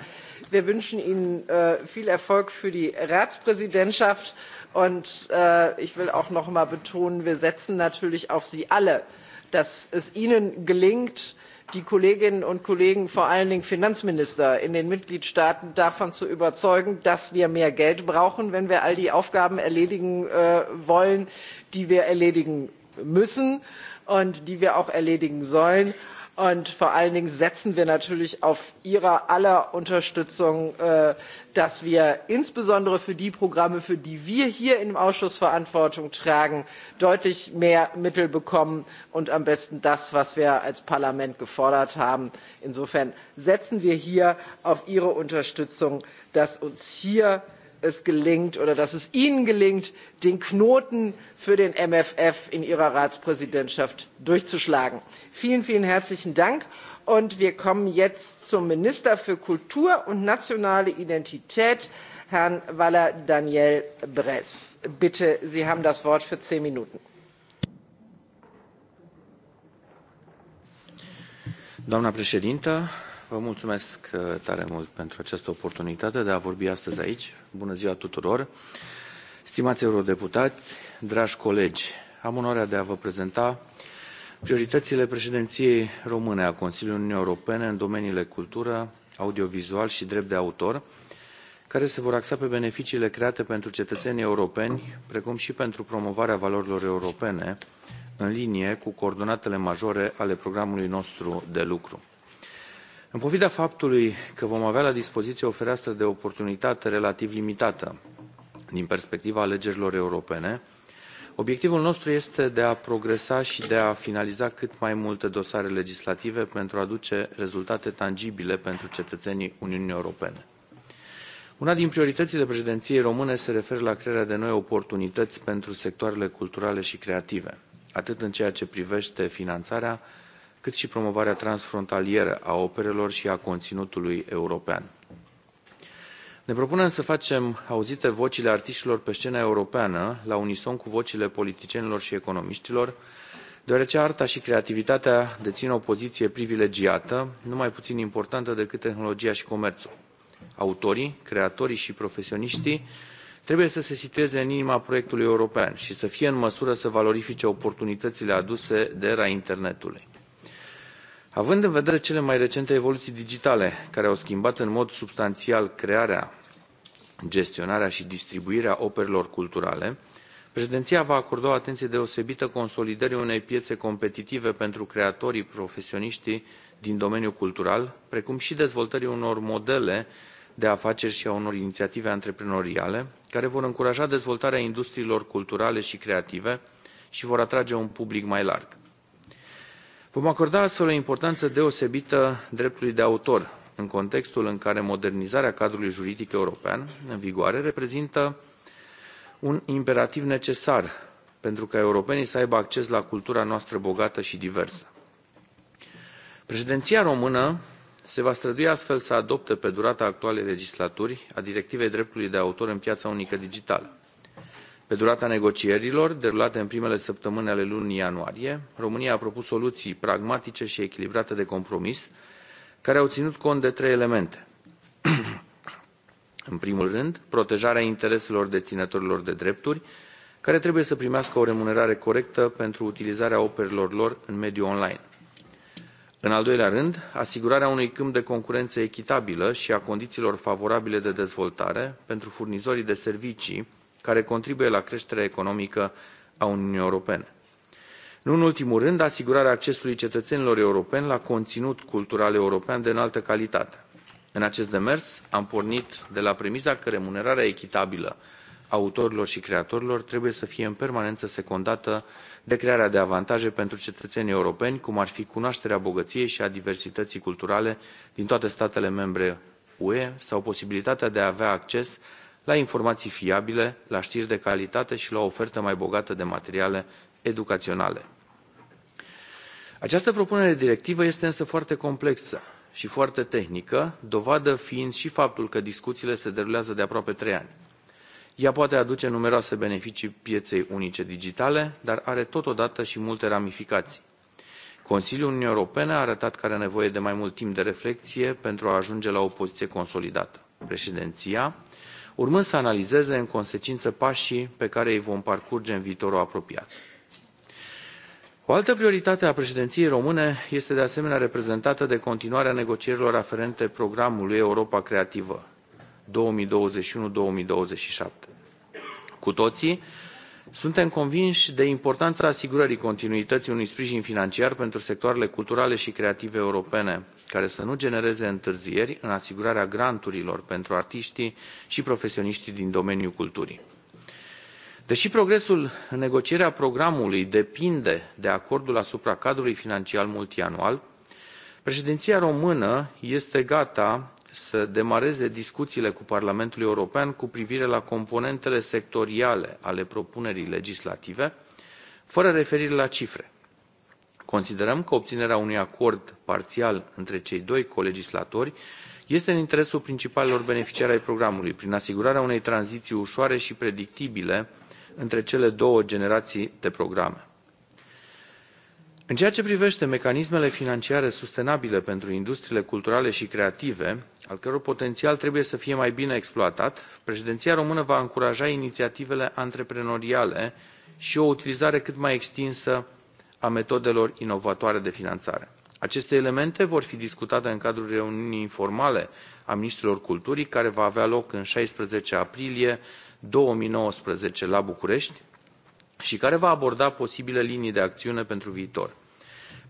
Wir wünschen Ihnen äh, viel Erfolg für die Ratspräsidentschaft. Und äh, ich will auch noch mal betonen, wir setzen natürlich auf Sie alle, dass es Ihnen gelingt, die Kolleginnen und Kollegen, vor allen Dingen Finanzminister in den Mitgliedstaaten, davon zu überzeugen, dass wir mehr Geld brauchen, wenn wir all die Aufgaben erledigen äh, wollen, die wir erledigen müssen und die wir auch erledigen sollen Und vor allen Dingen setzen wir natürlich auf Ihre aller Unterstützung, äh, dass wir insbesondere für die Programme, für die wir hier im Ausschuss Verantwortung tragen, deutlich mehr Mittel bekommen und am besten das, was wir als Parlament gefordert haben. Insofern setzen wir hier auf Ihre Unterstützung, dass uns hier es gelingt oder dass es Ihnen gelingt, den Knoten für den MFF in Ihrer Ratspräsidentschaft durchzuschlagen. Vielen, vielen herzlichen Dank. Und wir kommen jetzt zum Minister für Kultur und nationale Identität, Herrn Waller Daniel Bress. Bitte, Sie haben das Wort für zehn Minuten. Doamna președintă, Vă mulțumesc eh, tare mult pentru această oportunitate de a vorbi astăzi aici. Bună ziua tuturor! Stimați eurodeputați, dragi colegi, am onoarea de a vă prezenta prioritățile președinției române a Consiliului Uniunii Europene în domeniile cultură, audiovizual și drept de autor, care se vor axa pe beneficiile create pentru cetățenii europeni, precum și pentru promovarea valorilor europene, în linie cu coordonatele majore ale programului nostru de lucru în pofida faptului că vom avea la dispoziție o fereastră de oportunitate relativ limitată din perspectiva alegerilor europene obiectivul nostru este de a progresa și de a finaliza cât mai multe dosare legislative pentru a aduce rezultate tangibile pentru cetățenii uniunii europene. una din prioritățile președinției române se referă la crearea de noi oportunități pentru sectoarele culturale și creative atât în ceea ce privește finanțarea cât și promovarea transfrontalieră a operelor și a conținutului european. Ne propunem să facem auzite vocile artiștilor pe scena europeană, la unison cu vocile politicienilor și economiștilor, deoarece arta și creativitatea dețin o poziție privilegiată, nu mai puțin importantă decât tehnologia și comerțul. Autorii, creatorii și profesioniștii trebuie să se situeze în inima proiectului european și să fie în măsură să valorifice oportunitățile aduse de era internetului. Având în vedere cele mai recente evoluții digitale, care au schimbat în mod substanțial crearea, gestionarea și distribuirea operelor culturale, Președinția va acorda o atenție deosebită consolidării unei piețe competitive pentru creatorii profesioniștii din domeniul cultural, precum și dezvoltării unor modele de afaceri și a unor inițiative antreprenoriale, care vor încuraja dezvoltarea industriilor culturale și creative și vor atrage un public mai larg. Vom acorda astfel o importanță deosebită dreptului de autor, în contextul în care modernizarea cadrului juridic european în vigoare reprezintă un imperativ necesar pentru ca europenii să aibă acces la cultura noastră bogată și diversă. Președinția română se va strădui astfel să adopte pe durata actualei legislaturi a directivei dreptului de autor în piața unică digitală. Pe durata negocierilor, derulate în primele săptămâni ale lunii ianuarie, România a propus soluții pragmatice și echilibrate de compromis, care au ținut cont de trei elemente. în primul rând, protejarea intereselor deținătorilor de drepturi, care trebuie să primească o remunerare corectă pentru utilizarea operelor lor în mediul online. În al doilea rând, asigurarea unui câmp de concurență echitabilă și a condițiilor favorabile de dezvoltare pentru furnizorii de servicii care contribuie la creșterea economică a Uniunii Europene. Nu în ultimul rând, asigurarea accesului cetățenilor europeni la conținut cultural european de înaltă calitate. În acest demers am pornit de la premisa că remunerarea echitabilă a autorilor și creatorilor trebuie să fie în permanență secundată de crearea de avantaje pentru cetățenii europeni, cum ar fi cunoașterea bogăției și a diversității culturale din toate statele membre UE sau posibilitatea de a avea acces la informații fiabile, la știri de calitate și la o ofertă mai bogată de materiale educaționale. Această propunere de directivă este însă foarte complexă și foarte tehnică, dovadă fiind și faptul că discuțiile se derulează de aproape trei ani. Ea poate aduce numeroase beneficii pieței unice digitale, dar are totodată și multe ramificații. Consiliul Uniunii Europene a arătat că are nevoie de mai mult timp de reflexie pentru a ajunge la o poziție consolidată. Președinția urmând să analizeze în consecință pașii pe care îi vom parcurge în viitorul apropiat. O altă prioritate a președinției române este de asemenea reprezentată de continuarea negocierilor aferente programului Europa Creativă 2021-2027. Cu toții, suntem convinși de importanța asigurării continuității unui sprijin financiar pentru sectoarele culturale și creative europene care să nu genereze întârzieri în asigurarea granturilor pentru artiștii și profesioniștii din domeniul culturii. Deși progresul în negocierea programului depinde de acordul asupra cadrului financiar multianual, președinția română este gata să demareze discuțiile cu Parlamentul European cu privire la componentele sectoriale ale propunerii legislative, fără referire la cifre Considerăm că obținerea unui acord parțial între cei doi colegislatori este în interesul principalilor beneficiari ai programului, prin asigurarea unei tranziții ușoare și predictibile între cele două generații de programe. În ceea ce privește mecanismele financiare sustenabile pentru industriile culturale și creative, al căror potențial trebuie să fie mai bine exploatat, președinția română va încuraja inițiativele antreprenoriale și o utilizare cât mai extinsă a metodelor inovatoare de finanțare. Aceste elemente vor fi discutate în cadrul reuniunii informale a ministrilor culturii, care va avea loc în 16 aprilie 2019 la București și care va aborda posibile linii de acțiune pentru viitor.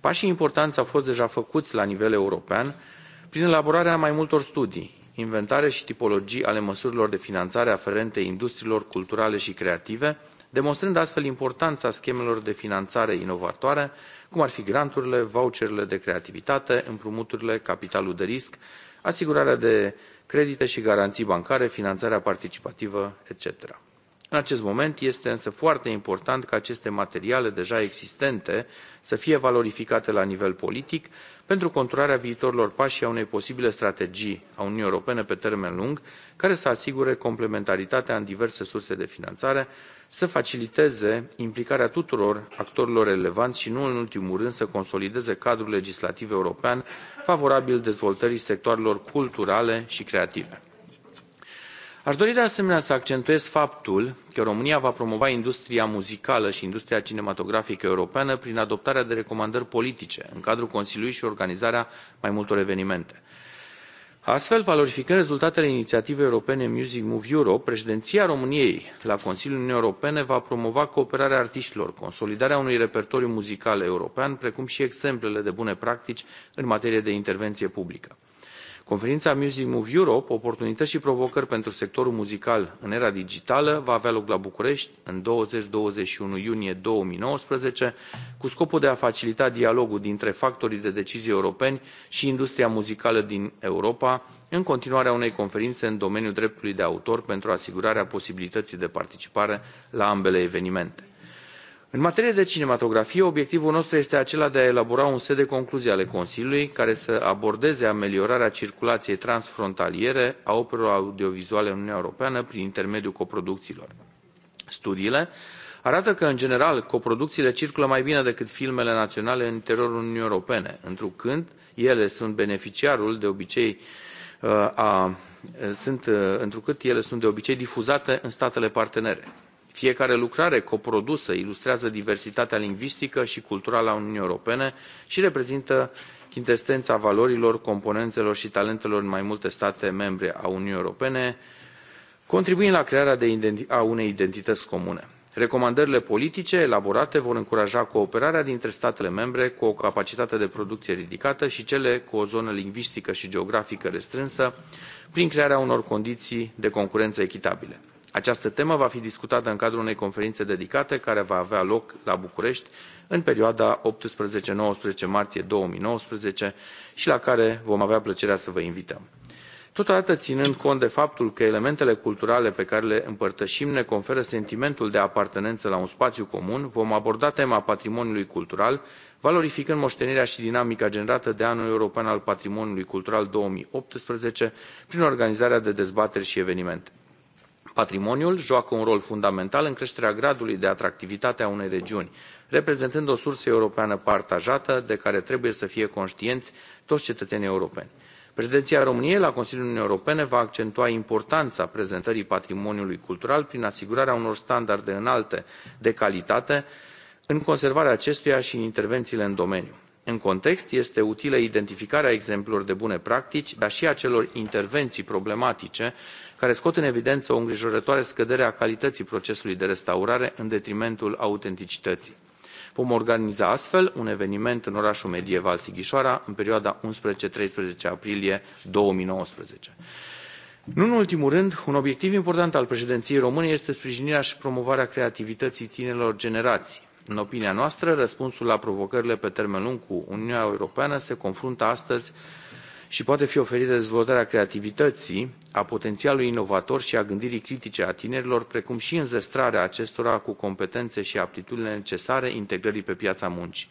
Pașii importanți au fost deja făcuți la nivel european prin elaborarea mai multor studii, inventare și tipologii ale măsurilor de finanțare aferente industriilor culturale și creative, demonstrând astfel importanța schemelor de finanțare inovatoare, cum ar fi granturile, voucherele de creativitate, împrumuturile, capitalul de risc, asigurarea de credite și garanții bancare, finanțarea participativă, etc. În acest moment este însă foarte important ca aceste materiale deja existente să fie valorificate la nivel politic, pentru conturarea viitorilor pași a unei posibile strategii a Uniunii Europene pe termen lung, care să asigure complementaritatea în diverse surse de finanțare, să faciliteze implicarea tuturor actorilor relevanți și, nu în ultimul rând, să consolideze cadrul legislativ european favorabil dezvoltării sectoarelor culturale și creative. Aș dori de asemenea să accentuez faptul că România va promova industria muzicală și industria cinematografică europeană prin adoptarea de recomandări politice în cadrul Consiliului și organizarea mai multor evenimente. Astfel, valorificând rezultatele inițiativei europene Music Move Europe, președinția României la Consiliul Uniunii Europene va promova cooperarea artiștilor, consolidarea unui repertoriu muzical european, precum și exemplele de bune practici în materie de intervenție publică. Conferința Music Move Europe, oportunități și provocări pentru sectorul muzical în era digitală, va avea loc la București în douăzeci douăzeci și unu iunie două mii nouăsprezece cu scopul de a facilita dialogul dintre factorii de decizie europeni și industria muzicală din Europa, în continuarea unei conferințe în domeniul dreptului de autor pentru asigurarea posibilității de participare la ambele evenimente. În materie de cinematografie, obiectivul nostru este acela de a elabora un set de concluzii ale Consiliului care să abordeze ameliorarea circulației transfrontaliere a operelor audiovizuale în Uniunea Europeană prin intermediul coproducțiilor. Studiile arată că, în general, coproducțiile circulă mai bine decât filmele naționale în interiorul Uniunii Europene, întrucât ele sunt beneficiarul de obicei uh, a, sunt, uh, întrucât ele sunt de obicei difuzate în statele partenere. Fiecare lucrare coprodusă ilustrează diversitatea lingvistică și culturală a Uniunii Europene și reprezintă chintestența valorilor, componențelor și talentelor în mai multe state membre a Uniunii Europene, contribuind la crearea de a unei identități comune. Recomandările politice elaborate vor încuraja cooperarea dintre statele membre cu o capacitate de producție ridicată și cele cu o zonă lingvistică și geografică restrânsă, prin crearea unor condiții de concurență echitabile. Această temă va fi discutată în cadrul unei conferințe dedicate care va avea loc la București în perioada 18-19 martie 2019 și la care vom avea plăcerea să vă invităm. Totodată ținând cont de faptul că elementele culturale pe care le împărtășim ne conferă sentimentul de apartenență la un spațiu comun, vom aborda tema patrimoniului cultural, valorificând moștenirea și dinamica generată de Anul European al Patrimoniului Cultural 2018 prin organizarea de dezbateri și evenimente. Patrimoniul joacă un rol fundamental în creșterea gradului de atractivitate a unei regiuni, reprezentând o sursă europeană partajată de care trebuie să fie conștienți toți cetățenii europeni. Președinția României la Consiliul Uniunii Europene va accentua importanța prezentării patrimoniului cultural prin asigurarea unor standarde înalte de calitate în conservarea acestuia și în intervențiile în domeniu. În context, este utilă identificarea exemplelor de bune practici, dar și a celor intervenții problematice care scot în evidență o îngrijorătoare scădere a calității procesului de restaurare în detrimentul autenticității. Vom organiza astfel un eveniment în orașul medieval Sighișoara în perioada 11-13 aprilie 2019. Nu în ultimul rând, un obiectiv important al președinției române este sprijinirea și promovarea creativității tinerilor generații. În opinia noastră, răspunsul la provocările pe termen lung cu Uniunea Europeană se confruntă astăzi și poate fi oferită dezvoltarea creativității, a potențialului inovator și a gândirii critice a tinerilor, precum și înzestrarea acestora cu competențe și aptitudinile necesare integrării pe piața muncii.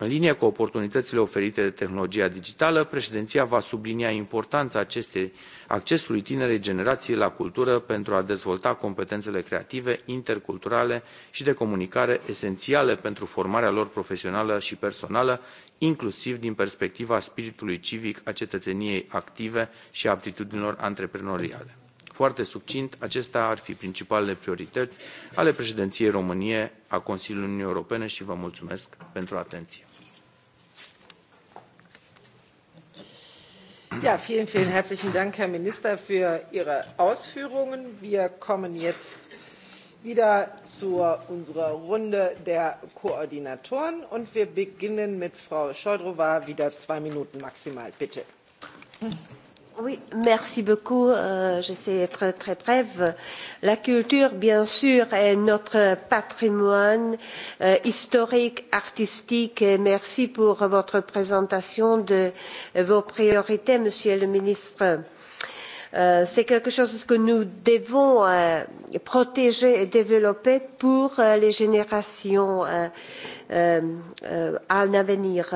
În linie cu oportunitățile oferite de tehnologia digitală, președinția va sublinia importanța acestei, accesului tinerei generații la cultură pentru a dezvolta competențele creative, interculturale și de comunicare esențiale pentru formarea lor profesională și personală, inclusiv din perspectiva spiritului civic, a cetățeniei active și a aptitudinilor antreprenoriale. Foarte succint, acestea ar fi principalele priorități ale președinției României a Consiliului Uniunii Europene și vă mulțumesc pentru atenție. Ja, vielen, vielen herzlichen Dank, Herr Minister, für Ihre Ausführungen. Wir kommen jetzt wieder zu unserer Runde der Koordinatoren und wir beginnen mit Frau Schodrova, wieder zwei Minuten maximal, bitte. Oui, merci beaucoup. Euh, J'essaie d'être très brève. La culture, bien sûr, est notre patrimoine euh, historique, artistique. Et merci pour votre présentation de vos priorités, Monsieur le Ministre. Euh, Euh, c'est quelque chose que nous devons euh, protéger et développer pour euh, les générations à venir.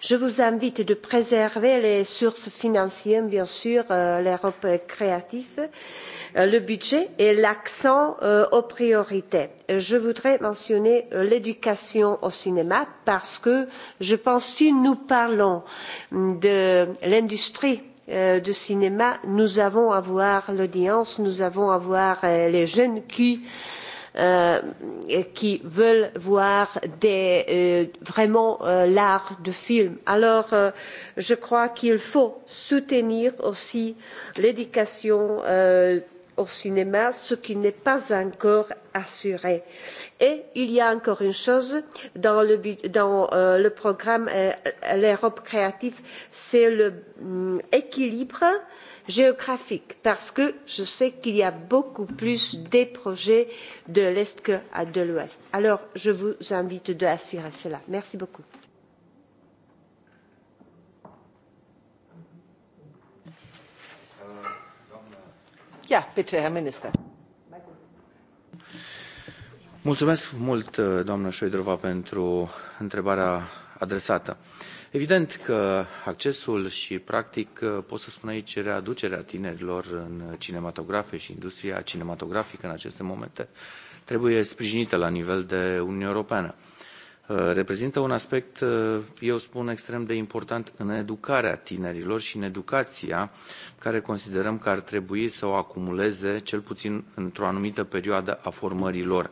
Je vous invite à préserver les sources financières, bien sûr, l'Europe créative, le budget et l'accent aux priorités. Je voudrais mentionner l'éducation au cinéma parce que je pense que si nous parlons de l'industrie euh, de cinéma, nous avons à voir l'audience, nous avons à voir euh, les jeunes qui, euh, qui veulent voir des, euh, vraiment euh, l'art de film. Alors, euh, je crois qu'il faut soutenir aussi l'éducation euh, au cinéma, ce qui n'est pas encore assuré. Et il y a encore une chose dans le, dans, euh, le programme euh, l'Europe créative, c'est l'équilibre mm, géographique, parce que je sais qu'il y a beaucoup plus des projets de l'Est que de l'Ouest. Alors, je vous invite de assurer cela. Merci beaucoup. Mulțumesc mult, uh, doamnă Șoidrova, pentru întrebarea adresată. Evident că accesul și, practic, uh, pot să spun aici, readucerea tinerilor în cinematografe și industria cinematografică în aceste momente trebuie sprijinită la nivel de Uniune Europeană. Eh, reprezintă un aspect, eh, eu spun, extrem de important în educarea tinerilor și în educația care considerăm că ar trebui să o acumuleze, cel puțin într-o anumită perioadă a formării lor.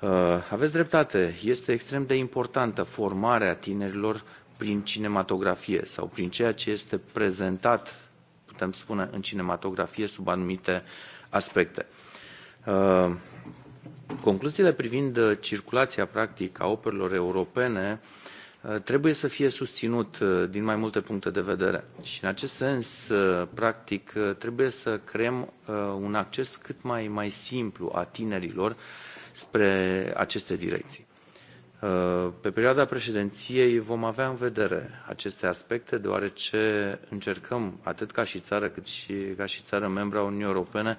Eh, aveți dreptate, este extrem de importantă formarea tinerilor prin cinematografie sau prin ceea ce este prezentat, putem spune, în cinematografie sub anumite aspecte. Concluziile privind uh, circulația practică a operelor europene uh, trebuie să fie susținut uh, din mai multe puncte de vedere și în acest sens, practic, trebuie să creăm un acces cât mai, mai simplu a tinerilor spre aceste direcții. Uh, pe perioada președinției vom avea în vedere aceste aspecte, deoarece încercăm, atât ca și țară, cât și ca și țară membra Uniunii Europene,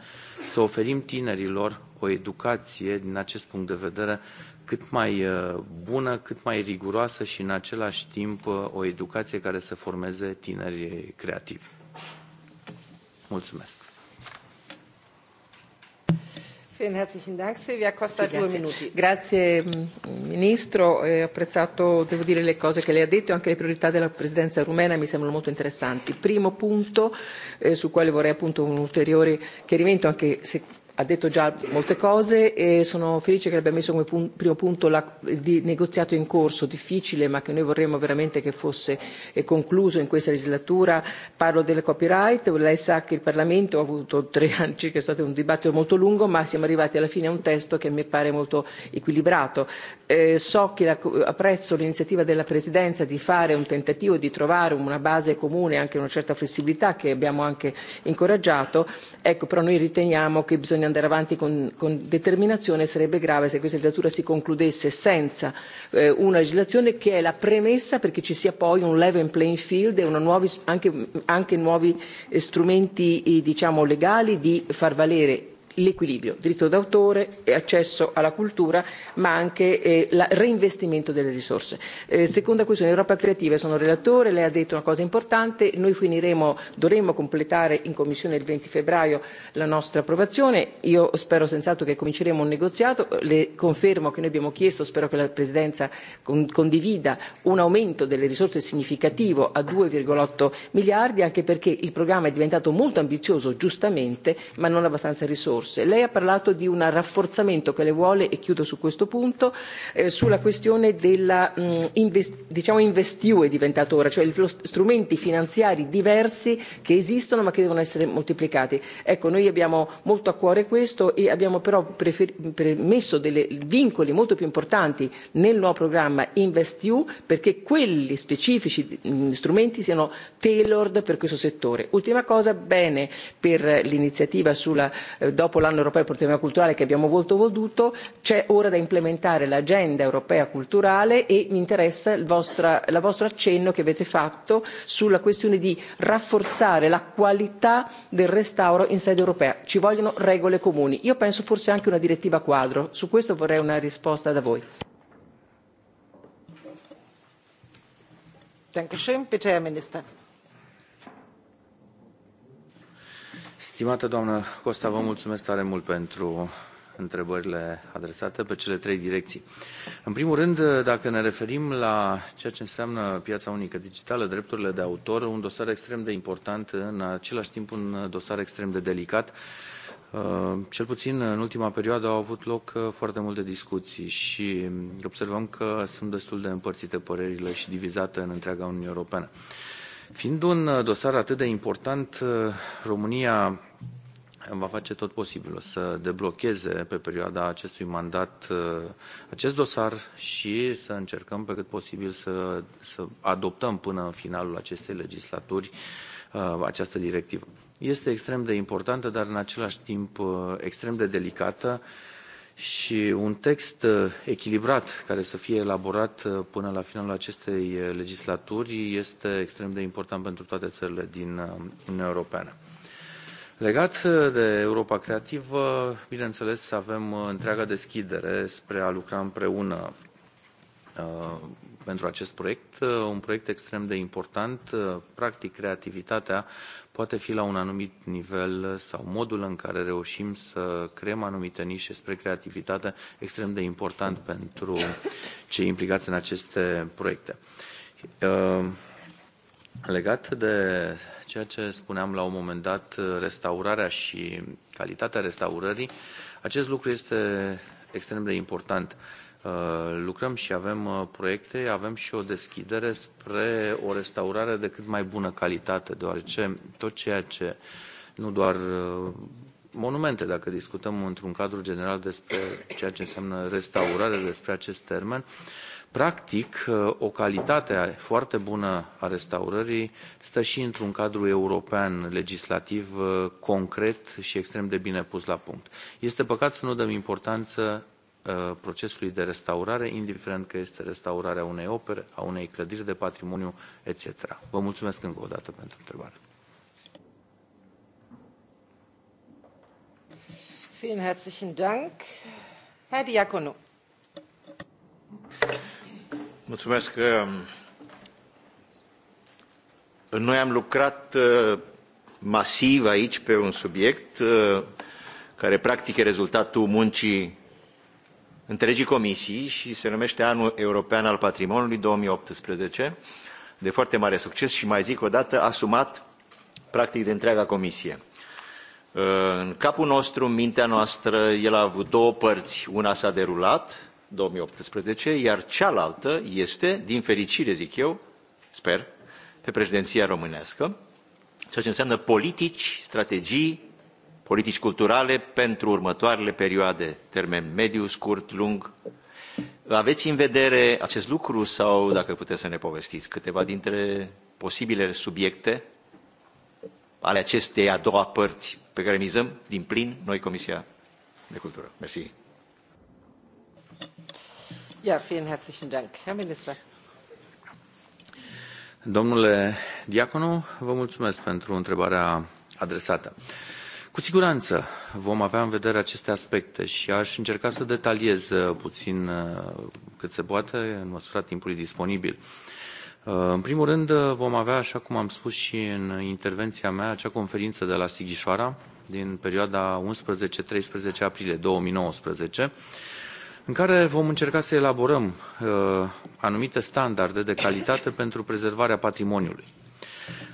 să oferim tinerilor o educație, din acest punct de vedere, cât mai uh, bună, cât mai riguroasă și, în același timp, uh, o educație care să formeze tinerii creativi. Mulțumesc! Vielen herzlichen Dank. Silvia Costa, sì, due minuti. Grazie mm, Ministro, eh, ho apprezzato, devo dire, le cose che lei ha detto, e anche le priorità della Presidenza rumena mi sembrano molto interessanti. Primo punto, eh, su quale vorrei appunto un ulteriore chiarimento, anche se ha detto già molte cose e sono felice che abbia messo come pun- primo punto la, il negoziato in corso, difficile ma che noi vorremmo veramente che fosse eh, concluso in questa legislatura. Parlo del copyright, lei sa che il Parlamento ha avuto tre anni circa, è stato un dibattito molto lungo ma siamo arrivati alla fine a un testo che mi pare molto equilibrato. Eh, so che la, apprezzo l'iniziativa della Presidenza di fare un tentativo di trovare una base comune, anche una certa flessibilità che abbiamo anche incoraggiato, ecco però noi riteniamo che bisogna andare avanti con, con determinazione, sarebbe grave se questa legislatura si concludesse senza eh, una legislazione che è la premessa perché ci sia poi un level playing field e una nuovi, anche, anche nuovi strumenti eh, diciamo, legali di far valere l'equilibrio diritto d'autore e accesso alla cultura ma anche eh, il reinvestimento delle risorse. Eh, seconda questione Europa creativa sono relatore lei ha detto una cosa importante noi finiremo dovremmo completare in commissione il 20 febbraio la nostra approvazione io spero senz'altro che cominceremo un negoziato le confermo che noi abbiamo chiesto spero che la presidenza con, condivida un aumento delle risorse significativo a 2,8 miliardi anche perché il programma è diventato molto ambizioso giustamente ma non abbastanza risorse risorse. Lei ha parlato di un rafforzamento che le vuole, e chiudo su questo punto, eh, sulla questione della mh, mm, invest, diciamo InvestEU è diventato ora, cioè lo, strumenti finanziari diversi che esistono ma che devono essere moltiplicati. Ecco, noi abbiamo molto a cuore questo e abbiamo però prefer, pre, messo dei vincoli molto più importanti nel nuovo programma InvestEU perché quelli specifici mh, mm, strumenti siano tailored per questo settore. Ultima cosa, bene per l'iniziativa sulla eh, dopo l'anno europeo per patrimonio culturale che abbiamo molto voluto, c'è ora da implementare l'agenda europea culturale e mi interessa il vostra, la vostro accenno che avete fatto sulla questione di rafforzare la qualità del restauro in sede europea. Ci vogliono regole comuni. Io penso forse anche una direttiva quadro. Su questo vorrei una risposta da voi. Dankeschön. Bitte, Herr Minister. Stimată doamnă Costa, vă mulțumesc tare mult pentru întrebările adresate pe cele trei direcții. În primul rând, dacă ne referim la ceea ce înseamnă piața unică digitală, drepturile de autor, un dosar extrem de important, în același timp un dosar extrem de delicat, uh, cel puțin în ultima perioadă au avut loc uh, foarte multe discuții și observăm că sunt destul de împărțite părerile și divizate în întreaga Uniune Europeană. Fiind un dosar atât de important, uh, România va face tot posibilul să deblocheze pe perioada acestui mandat uh, acest dosar și să încercăm pe cât posibil să, să adoptăm până în finalul acestei legislaturi uh, această directivă. Este extrem de importantă, dar în același timp uh, extrem de delicată și un text echilibrat care să fie elaborat până la finalul acestei legislaturi este extrem de important pentru toate țările din Uniunea Europeană. Legat eh, de Europa Creativă, bineînțeles, avem eh, întreaga deschidere spre a lucra împreună eh, pentru acest proiect, un proiect extrem de important. Practic, creativitatea poate fi la un anumit nivel sau modul în care reușim să creăm anumite nișe spre creativitate extrem de important pentru cei implicați în aceste proiecte. Legat de ceea ce spuneam la un moment dat, uh, restaurarea și calitatea restaurării, acest lucru este extrem de important. Uh, lucrăm și avem uh, proiecte, avem și o deschidere spre o restaurare de cât mai bună calitate, deoarece tot ceea ce, nu doar monumente, dacă discutăm într-un cadru general despre ceea ce înseamnă restaurare, despre acest termen, Practic, e, o calitate foarte bună a restaurării stă și într-un cadru european legislativ e, concret și extrem de bine pus la punct. Este păcat să nu dăm importanță e, procesului de restaurare, indiferent că este restaurarea unei opere, a unei clădiri de patrimoniu, etc. Vă mulțumesc încă o dată pentru întrebare. Vielen herzlichen Dank. Herr Diacono. Mulțumesc. Ehm, noi am lucrat ehm, masiv aici pe un subiect ehm, care practic e rezultatul muncii întregii comisii și se numește Anul European al Patrimoniului 2018, de foarte mare succes și mai zic o dată asumat practic de întreaga comisie. În capul nostru, în mintea noastră, el a avut două părți. Una s-a derulat, 2018, iar cealaltă este, din fericire zic eu, sper, pe președinția românească, ceea ce înseamnă politici, strategii, politici culturale pentru următoarele perioade, termen mediu, scurt, lung. Aveți în vedere acest lucru sau, dacă puteți să ne povestiți, câteva dintre posibilele subiecte ale acestei a doua părți pe care mizăm din plin noi Comisia de Cultură. Mersi. Domnule Diaconu, vă mulțumesc pentru întrebarea adresată. Cu siguranță vom avea în vedere aceste aspecte și aș încerca să detaliez uh, puțin uh, cât se poate în măsura timpului disponibil. Uh, în primul rând vom avea, așa cum am spus și în intervenția mea, acea conferință de la Sighișoara din perioada 11-13 aprilie 2019, în care vom încerca să elaborăm uh, anumite standarde de calitate pentru prezervarea patrimoniului.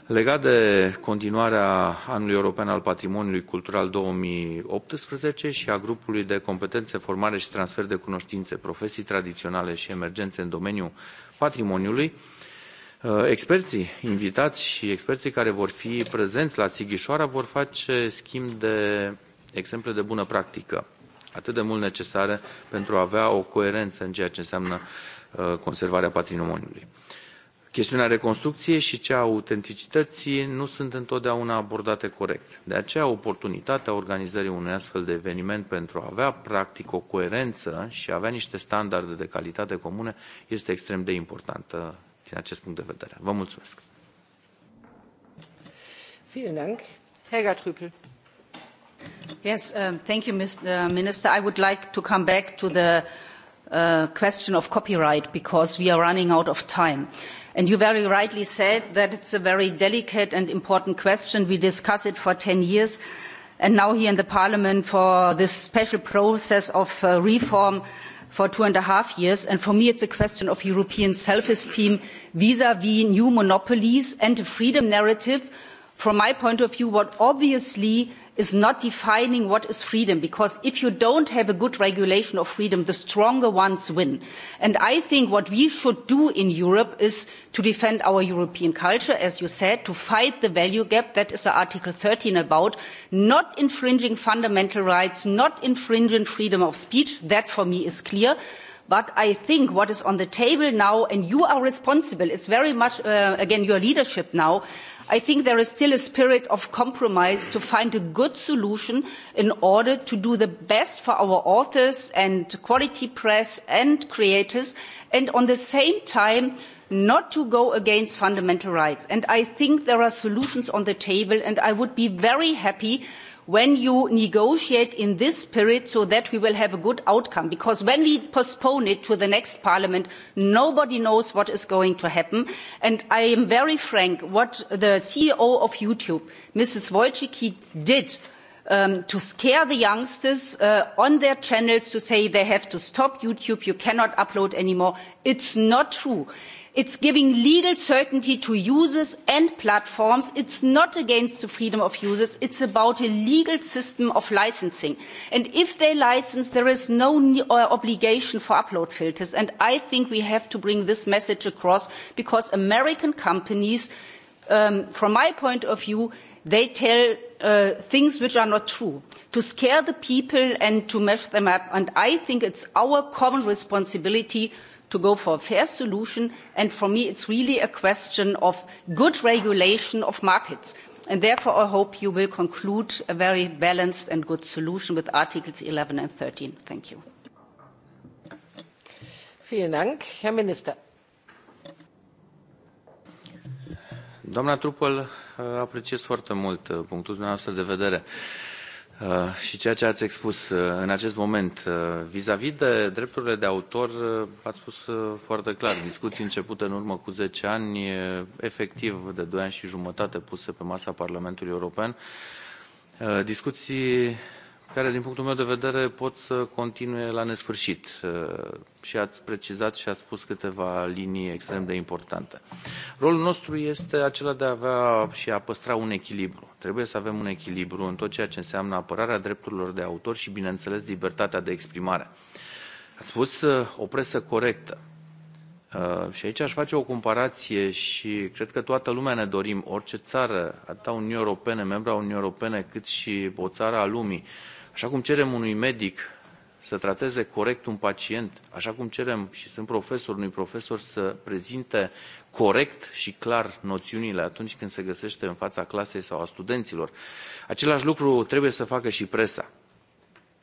Legat de continuarea Anului European al Patrimoniului Cultural 2018 și a grupului de competențe, formare și transfer de cunoștințe, profesii tradiționale și emergențe în domeniul patrimoniului, uh, Experții invitați și experții care vor fi prezenți la Sighișoara vor face schimb de exemple de bună practică atât de mult necesare pentru a avea o coerență în ceea ce înseamnă uh, conservarea patrimoniului. Chestiunea reconstrucției și cea a autenticității nu sunt întotdeauna abordate corect. De aceea, oportunitatea organizării unui astfel de eveniment pentru a avea practic o coerență și a avea niște standarde de calitate comune este extrem de importantă din acest punct de vedere. Vă mulțumesc! Vielen Dank. Helga Trüpel. Yes, um, thank you, Mr. Uh, Minister. I would like to come back to the uh, question of copyright because we are running out of time. And you very rightly said that it's a very delicate and important question. We discuss it for 10 years. And now here in the Parliament for this special process of uh, reform for two and a half years. And for me, it's a question of European self-esteem vis-à-vis new monopolies and a freedom narrative, from my point of view, what obviously is not defining what is freedom because if you don't have a good regulation of freedom the stronger ones win and i think what we should do in europe is to defend our european culture as you said to fight the value gap that is article 13 about not infringing fundamental rights not infringing freedom of speech that for me is clear but i think what is on the table now and you are responsible it's very much uh, again your leadership now i think there is still a spirit of compromise to find a good solution in order to do the best for our authors and quality press and creators, and on the same time, not to go against fundamental rights. And I think there are solutions on the table, and I would be very happy when you negotiate in this spirit so that we will have a good outcome. Because when we postpone it to the next parliament, nobody knows what is going to happen. And I am very frank, what the CEO of YouTube, Mrs. Wojcicki, did um, to scare the youngsters uh, on their channels to say they have to stop YouTube, you cannot upload anymore. It's not true it's giving legal certainty to users and platforms it's not against the freedom of users it's about a legal system of licensing and if they license there is no uh, obligation for upload filters and i think we have to bring this message across because american companies um, from my point of view they tell uh, things which are not true to scare the people and to mess them up and i think it's our common responsibility to go for a fair solution and for me it's really a question of good regulation of markets and therefore i hope you will conclude a very balanced and good solution with articles 11 and 13 thank you vielen dank herr minister doamna truppel apreciez foarte mult uh, punctul dumneavoastră de vedere. Uh, și ceea ce ați expus uh, în acest moment. Uh, vis-a-vis -vis de drepturile de autor, ați spus foarte clar, discuții începute în urmă cu 10 ani, efectiv de 2 ani și jumătate puse pe masa Parlamentului European, discuții care, din punctul meu de vedere, pot să continue la nesfârșit. Și ați precizat și ați spus câteva linii extrem de importante. Rolul nostru este acela de a avea și a păstra un echilibru. Trebuie să avem un echilibru în tot ceea ce înseamnă apărarea drepturilor de autor și, bineînțeles, libertatea de exprimare. Ați spus uh, o presă corectă. Uh, și aici aș face o comparație și cred că toată lumea ne dorim, orice țară, atâta Uniunii Europene, membra Uniunii Europene, cât și o țară a lumii, Așa cum cerem unui medic să trateze corect un pacient, așa cum cerem și sunt profesor unui profesor să prezinte corect și clar noțiunile atunci când se găsește în fața clasei sau a studenților. Același lucru trebuie să facă și presa.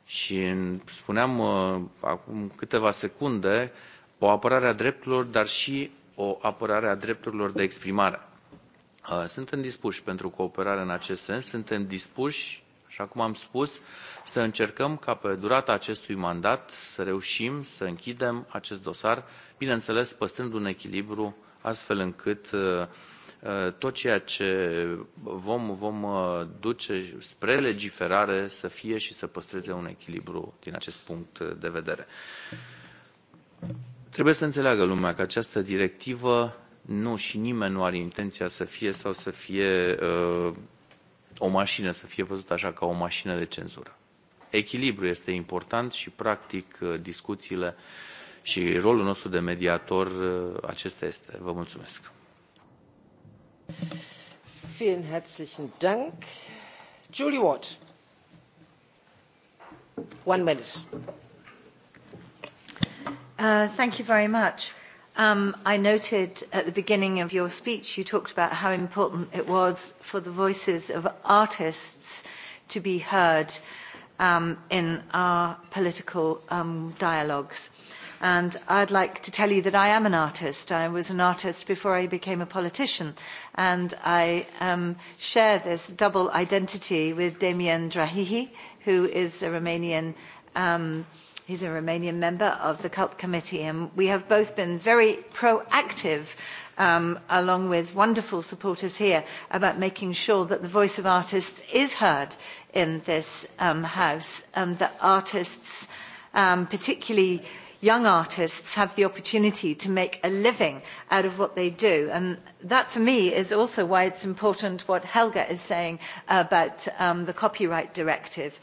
Și spuneam uh, acum câteva secunde o apărare a drepturilor, dar și o apărare a drepturilor de exprimare. Uh, suntem dispuși pentru cooperare în acest sens, suntem dispuși Așa cum am spus, să încercăm ca pe durata acestui mandat să reușim să închidem acest dosar, bineînțeles păstrând un echilibru astfel încât uh, uh, tot ceea ce vom, vom uh, duce spre legiferare să fie și să păstreze un echilibru din acest punct de vedere. Trebuie să înțeleagă lumea că această directivă nu și nimeni nu are intenția să fie sau să fie uh, o mașină să fie văzută așa ca o mașină de cenzură. Echilibru este important și, practic, discuțiile și rolul nostru de mediator acesta este. Vă mulțumesc. Vielen herzlichen Dank. Julie Ward. One minute. Uh, thank you very much. Um, I noted at the beginning of your speech, you talked about how important it was for the voices of artists to be heard um, in our political um, dialogues. And I'd like to tell you that I am an artist. I was an artist before I became a politician. And I um, share this double identity with Damien Drahihi, who is a Romanian um, He's a Romanian member of the CULT committee, and we have both been very proactive um, along with wonderful supporters here, about making sure that the voice of artists is heard in this um, House and that artists, um, particularly young artists, have the opportunity to make a living out of what they do. And that, for me, is also why it's important what Helga is saying about um, the copyright directive.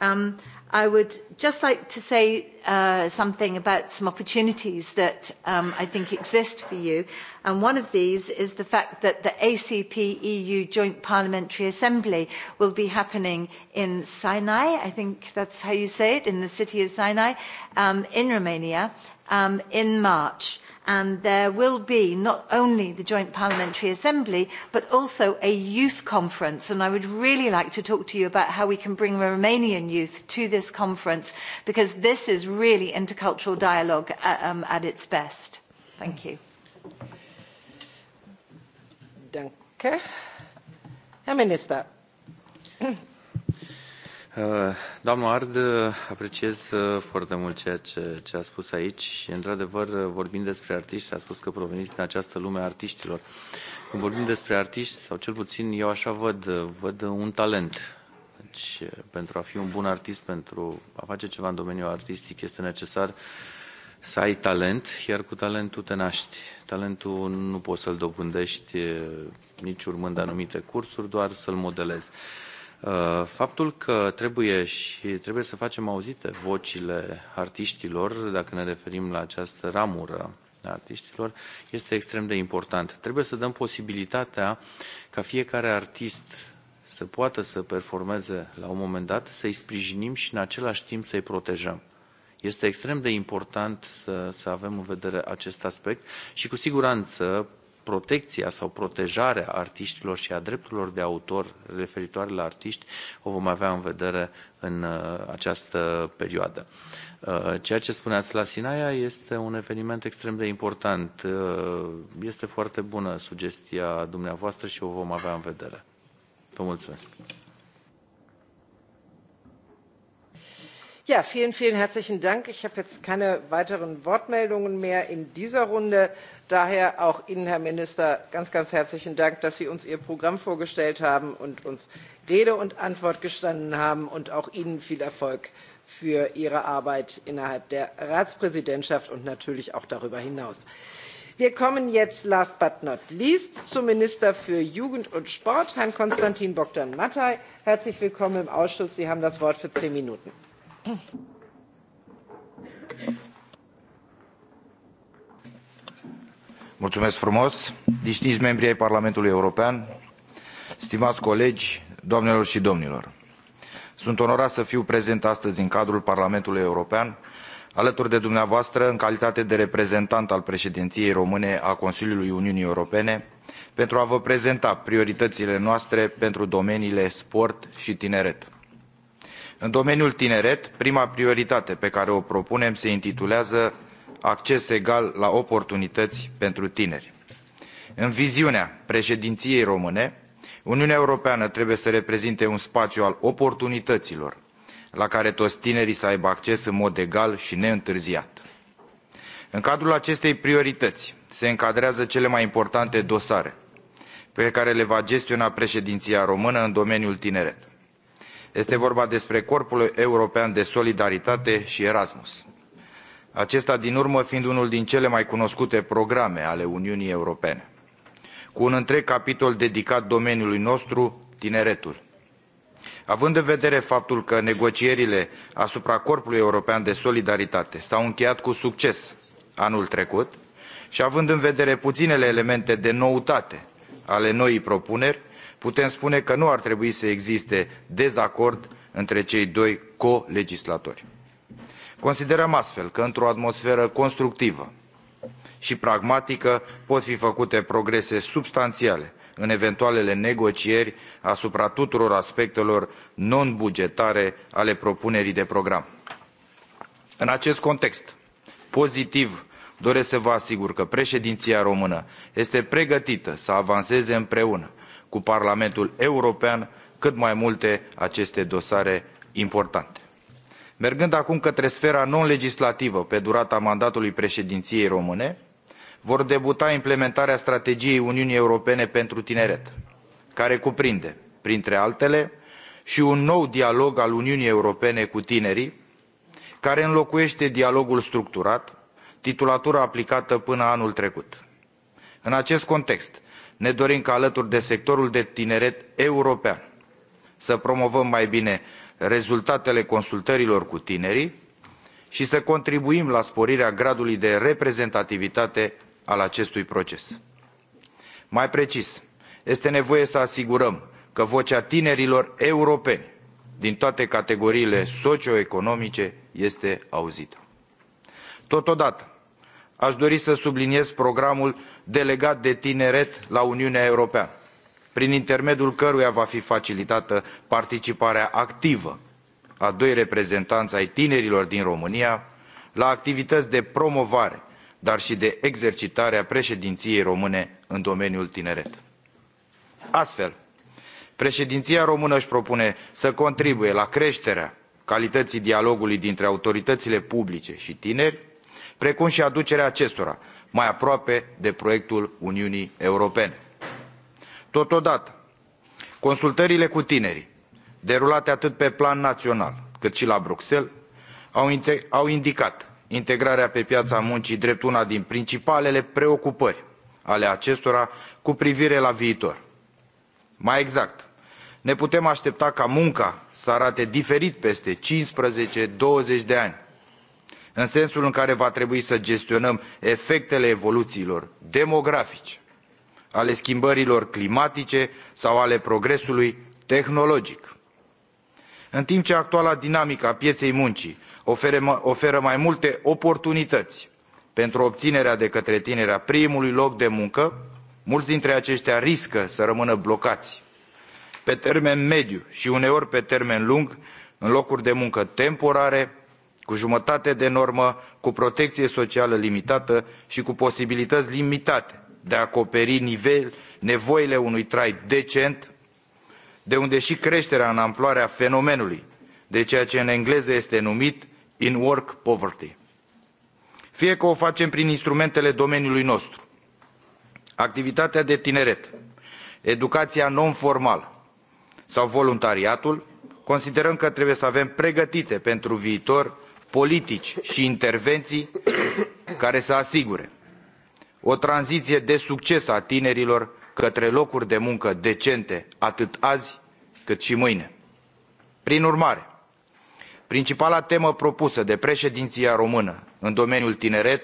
Um, i would just like to say uh, something about some opportunities that um, I think exist for you. And one of these is the fact that the ACP EU Joint Parliamentary Assembly will be happening in Sinai, I think that's how you say it, in the city of Sinai, um, in Romania, um, in March and there will be not only the Joint Parliamentary Assembly but also a youth conference and I would really like to talk to you about how we can bring Romanian youth to this conference because this is really intercultural dialogue at, uh, um, at its best. Thank you. Danke. Herr Minister. Eh, Doamna Ard, eh, apreciez eh, foarte mult ceea ce, ce a spus aici și, într-adevăr, vorbind despre artiști, a spus că proveniți din această lume a artiștilor. Când vorbim despre artiști, sau cel puțin eu așa văd, văd un talent. Deci, pentru a fi un bun artist, pentru a face ceva în domeniul artistic, este necesar să ai talent, iar cu talentul te naști. Talentul nu poți să-l dobândești nici urmând anumite cursuri, doar să-l modelezi. Uh, faptul că trebuie și trebuie să facem auzite vocile artiștilor, dacă ne referim la această ramură a artiștilor, este extrem de important. Trebuie să dăm posibilitatea ca fiecare artist să poată să performeze la un moment dat, să-i sprijinim și în același timp să-i protejăm. Este extrem de important să, să avem în vedere acest aspect și cu siguranță protecția sau protejarea artiștilor și a drepturilor de autor referitoare la artiști o vom avea în vedere în uh, această perioadă. Uh, ceea ce spuneați la Sinaia este un eveniment extrem de important. Uh, este foarte bună sugestia dumneavoastră și o vom avea în vedere. Vă mulțumesc. Ja, vielen, vielen herzlichen Dank. Ich habe jetzt keine weiteren Wortmeldungen mehr in dieser Runde. Daher auch Ihnen, Herr Minister, ganz, ganz herzlichen Dank, dass Sie uns Ihr Programm vorgestellt haben und uns Rede und Antwort gestanden haben. Und auch Ihnen viel Erfolg für Ihre Arbeit innerhalb der Ratspräsidentschaft und natürlich auch darüber hinaus. Wir kommen jetzt last but not least zum Minister für Jugend und Sport, Herrn Konstantin Bogdan Mattei. Herzlich willkommen im Ausschuss. Sie haben das Wort für zehn Minuten. distinși membri ai Parlamentului European, stimați colegi, doamnelor și domnilor. Sunt onorat să fiu prezent astăzi în cadrul Parlamentului European, alături de dumneavoastră în calitate de reprezentant al președinției române a Consiliului Uniunii Europene, pentru a vă prezenta prioritățile noastre pentru domeniile sport și tineret. În domeniul tineret, prima prioritate pe care o propunem se intitulează acces egal la oportunități pentru tineri. În viziunea președinției române, Uniunea Europeană trebuie să reprezinte un spațiu al oportunităților, la care toți tinerii să aibă acces în mod egal și neîntârziat. În cadrul acestei priorități se încadrează cele mai importante dosare pe care le va gestiona președinția română în domeniul tineret. Este vorba despre Corpul European de Solidaritate și Erasmus acesta din urmă fiind unul din cele mai cunoscute programe ale uniunii europene cu un întreg capitol dedicat domeniului nostru tineretul. având în vedere faptul că negocierile asupra corpului european de solidaritate s au încheiat cu succes anul trecut și având în vedere puținele elemente de noutate ale noii propuneri putem spune că nu ar trebui să existe dezacord între cei doi colegislatori. Considerăm astfel că într-o atmosferă constructivă și pragmatică pot fi făcute progrese substanțiale în eventualele negocieri asupra tuturor aspectelor non bugetare ale propunerii de program. În acest context pozitiv doresc să vă asigur că președinția română este pregătită să avanseze împreună cu Parlamentul European cât mai multe aceste dosare importante mergând acum către sfera non legislativă pe durata mandatului președinției române vor debuta implementarea strategiei uniunii europene pentru tineret care cuprinde printre altele și un nou dialog al uniunii europene cu tinerii care înlocuiește dialogul structurat titulatura aplicată până anul trecut. în acest context ne dorim ca alături de sectorul de tineret european să promovăm mai bine rezultatele consultărilor cu tinerii și să contribuim la sporirea gradului de reprezentativitate al acestui proces. Mai precis, este nevoie să asigurăm că vocea tinerilor europeni din toate categoriile socioeconomice este auzită. Totodată, aș dori să subliniez programul delegat de tineret la Uniunea Europeană prin intermediul căruia va fi facilitată participarea activă a doi reprezentanți ai tinerilor din România la activități de promovare, dar și de exercitare a președinției române în domeniul tineret. Astfel, președinția română își propune să contribuie la creșterea calității dialogului dintre autoritățile publice și tineri, precum și aducerea acestora mai aproape de proiectul Uniunii Europene totodată consultările cu tinerii derulate atât pe plan național cât și la bruxelles au, au indicat integrarea pe piața muncii drept una din principalele preocupări ale acestora cu privire la viitor. mai exact ne putem aștepta ca munca să arate diferit peste 15-20 de ani, în sensul în care va trebui să gestionăm efectele evoluțiilor demografice, ale schimbărilor climatice sau ale progresului tehnologic. În timp ce actuala dinamică a pieței muncii oferă mai multe oportunități pentru obținerea de către tineri a primului loc de muncă, mulți dintre aceștia riscă să rămână blocați pe termen mediu și uneori pe termen lung în locuri de muncă temporare, cu jumătate de normă, cu protecție socială limitată și cu posibilități limitate de a acoperi nivel, nevoile unui trai decent, de unde și creșterea în amploarea fenomenului, de ceea ce în engleză este numit in work poverty. Fie că o facem prin instrumentele domeniului nostru, activitatea de tineret, educația non-formală sau voluntariatul, considerăm că trebuie să avem pregătite pentru viitor politici și intervenții care să asigure o tranziție de succes a tinerilor către locuri de muncă decente atât azi cât și mâine. Prin urmare, principala temă propusă de președinția română în domeniul tineret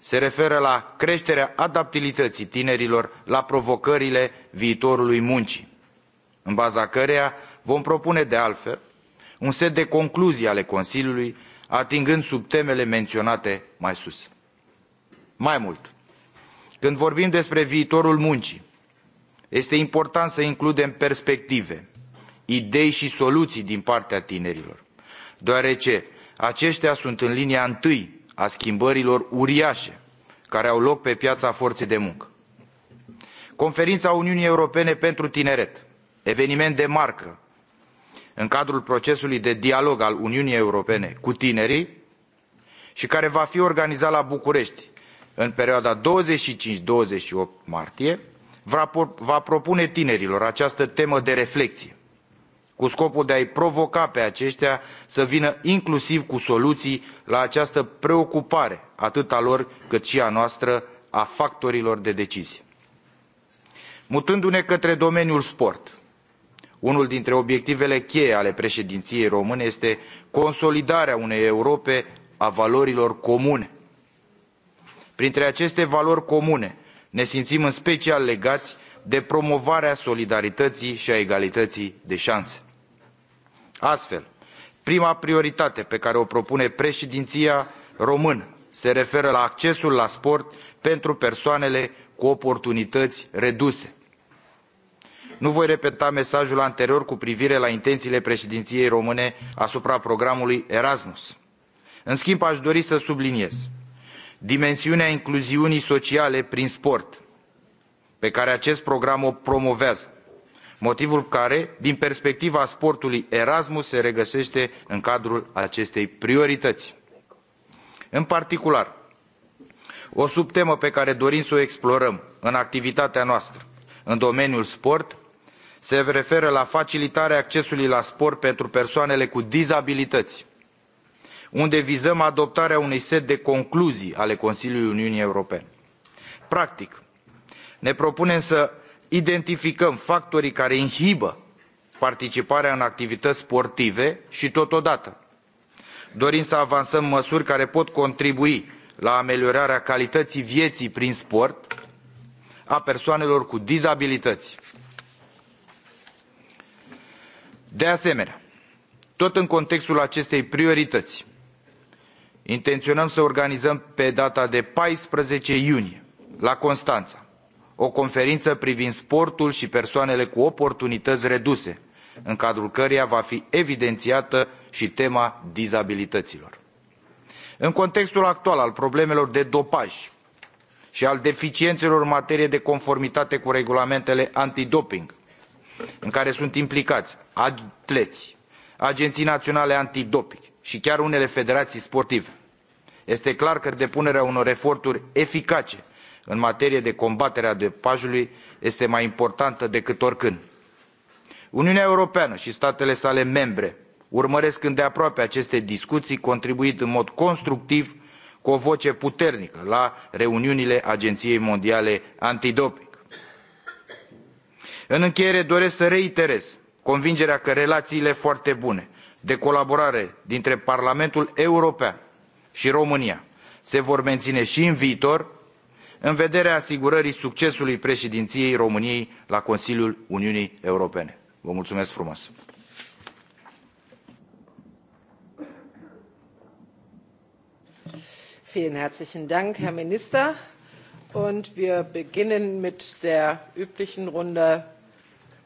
se referă la creșterea adaptabilității tinerilor la provocările viitorului muncii, în baza căreia vom propune de altfel un set de concluzii ale Consiliului atingând subtemele menționate mai sus. Mai mult, când vorbim despre viitorul muncii este important să includem perspective idei și soluții din partea tinerilor deoarece aceștia sunt în linia întâi a schimbărilor uriașe care au loc pe piața forței de muncă. Conferința Uniunii Europene pentru Tineret, eveniment de marcă în cadrul procesului de dialog al Uniunii Europene cu tinerii și care va fi organizat la București în perioada 25-28 martie, va propune tinerilor această temă de reflexie, cu scopul de a-i provoca pe aceștia să vină inclusiv cu soluții la această preocupare, atât a lor cât și a noastră, a factorilor de decizie. Mutându-ne către domeniul sport, unul dintre obiectivele cheie ale președinției române este consolidarea unei Europe a valorilor comune printre aceste valori comune ne simțim în special legați de promovarea solidarității și a egalității de șanse. astfel prima prioritate pe care o propune președinția română se referă la accesul la sport pentru persoanele cu oportunități reduse. nu voi repeta mesajul anterior cu privire la intențiile președinției române asupra programului erasmus. în schimb aș dori să subliniez dimensiunea incluziunii sociale prin sport pe care acest program o promovează motiv pentru care din perspectiva sportului erasmus se regăsește în cadrul acestei priorități. în particular o subtemă pe care dorim să o explorăm în activitatea noastră în domeniul sport se referă la facilitarea accesului la sport pentru persoanele cu dizabilități unde vizăm adoptarea unui set de concluzii ale consiliului uniunii europene. practic ne propunem să identificăm factorii care inhibă participarea în activități sportive și totodată dorim să avansăm măsuri care pot contribui la ameliorarea calității vieții prin sport a persoanelor cu dizabilități. de asemenea tot în contextul acestei priorități intenționăm să organizăm pe data de paisprezece iunie la constanța o conferință privind sportul și persoanele cu oportunități reduse în cadrul căreia va fi evidențiată și tema dizabilităților. în contextul actual al problemelor de dopaj și al deficiențelor în materie de conformitate cu regulamentele antidoping în care sunt implicați atleți agenții naționale antidoping și chiar unele federații sportive. Este clar că depunerea unor eforturi eficace în materie de combatere a dopajului este mai importantă decât oricând. Uniunea Europeană și statele sale membre urmăresc îndeaproape aceste discuții, contribuind în mod constructiv cu o voce puternică la reuniunile Agenției Mondiale Antidoping. În încheiere doresc să reiterez convingerea că relațiile foarte bune de colaborare dintre Parlamentul European și România se vor menține și în viitor, în vederea asigurării succesului președinției României la Consiliul Uniunii Europene. Vă mulțumesc frumos! Vielen herzlichen Dank, Herr Minister. Und wir beginnen mit der üblichen Runde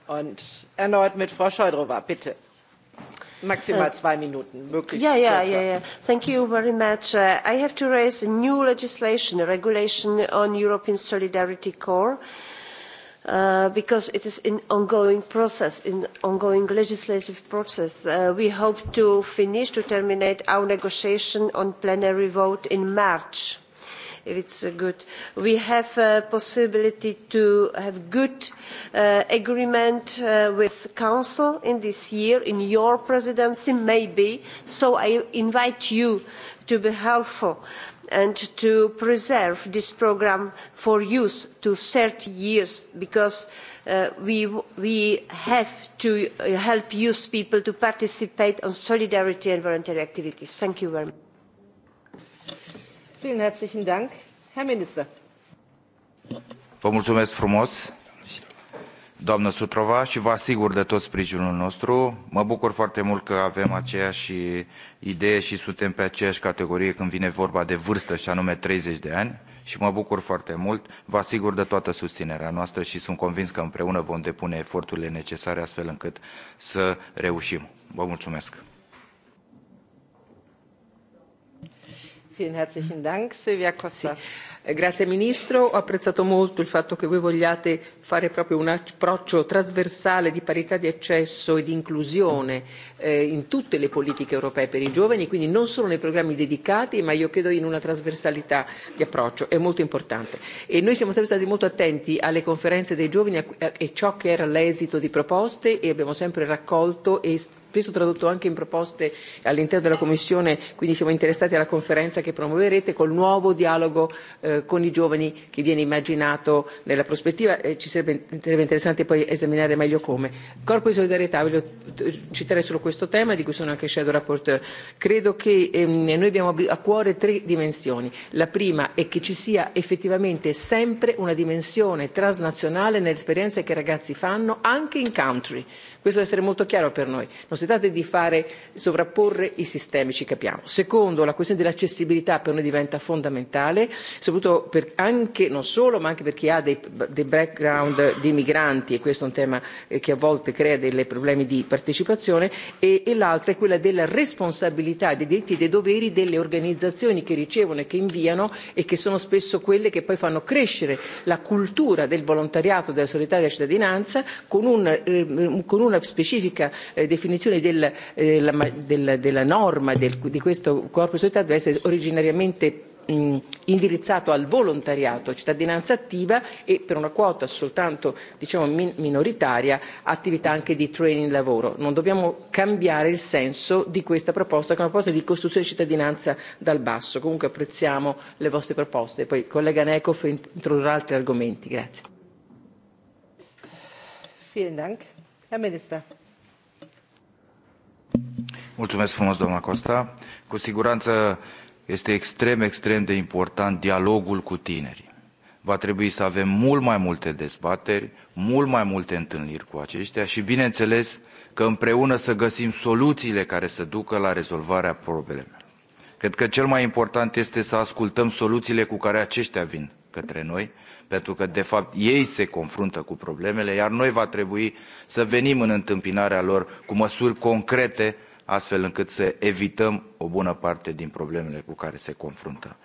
und erneut mit Frau Scheudrova, bitte. Maximal uh, zwei Minuten, möglichst yeah, yeah, kürzer. Yeah, yeah. Thank you very much. Uh, I have to raise new legislation, a regulation on European Solidarity Corps, uh, because it is an ongoing process, an ongoing legislative process. Uh, we hope to finish, to terminate our negotiation on plenary vote in March if it's uh, good. We have a possibility to have good uh, agreement uh, with Council in this year, in your presidency maybe, so I invite you to be helpful and to preserve this programme for youth to 30 years because uh, we, we have to help youth people to participate on solidarity and voluntary activities. Thank you very much. Vielen herzlichen Dank. Herr Minister. Vă mulțumesc frumos, doamnă Sutrova, și vă asigur de tot sprijinul nostru. Mă bucur foarte mult că avem aceeași idee și suntem pe aceeași categorie când vine vorba de vârstă, și anume 30 de ani și mă bucur foarte mult. Vă asigur de toată susținerea noastră și sunt convins că împreună vom depune eforturile necesare astfel încât să reușim. Vă mulțumesc! Vielen herzlichen Dank, Silvia Costa. Eh, grazie Ministro, ho apprezzato molto il fatto che voi vogliate fare proprio un approccio trasversale di parità di accesso e di inclusione eh, in tutte le politiche europee per i giovani, quindi non solo nei programmi dedicati, ma io credo in una trasversalità di approccio, è molto importante. E noi siamo sempre stati molto attenti alle conferenze dei giovani e ciò che era l'esito di proposte e abbiamo sempre raccolto e spesso tradotto anche in proposte all'interno della Commissione, quindi siamo interessati alla conferenza che promuoverete col nuovo dialogo eh, con i giovani che viene immaginato nella prospettiva e ci sarebbe, sarebbe interessante poi esaminare meglio come. Corpo di solidarietà, voglio citare solo questo tema di cui sono anche shadow rapporteur. Credo che ehm, noi abbiamo a cuore tre dimensioni. La prima è che ci sia effettivamente sempre una dimensione transnazionale nelle esperienze che i ragazzi fanno anche in country Questo deve essere molto chiaro per noi. Non si tratta di fare sovrapporre i sistemi, ci capiamo. Secondo, la questione dell'accessibilità per noi diventa fondamentale, soprattutto per anche, non solo, ma anche per chi ha dei, dei background di migranti, e questo è un tema eh, che a volte crea dei problemi di partecipazione, e, e l'altra è quella della responsabilità, dei diritti e dei doveri delle organizzazioni che ricevono e che inviano e che sono spesso quelle che poi fanno crescere la cultura del volontariato, della solidarietà e della cittadinanza con un, ehm, con un una specifica eh, definizione del, eh, del, della norma del, di questo corpo di solidarietà deve essere originariamente mh, indirizzato al volontariato, cittadinanza attiva e per una quota soltanto diciamo, min- minoritaria attività anche di training lavoro. Non dobbiamo cambiare il senso di questa proposta che è una proposta di costruzione di cittadinanza dal basso. Comunque apprezziamo le vostre proposte. Poi il collega Nekov introdurrà altri argomenti. Grazie. Vielen Dank doamnă Costa. Cu siguranță este extrem, extrem de important dialogul cu tinerii. Va trebui să avem mult mai multe dezbateri, mult mai multe întâlniri cu aceștia și, bineînțeles, că împreună să găsim soluțiile care să ducă la rezolvarea problemelor. Cred că cel mai important este să ascultăm soluțiile cu care aceștia vin către noi pentru că, de fapt, ei se confruntă cu problemele, iar noi va trebui să venim în întâmpinarea lor cu măsuri concrete, astfel încât să evităm o bună parte din problemele cu care se confruntă.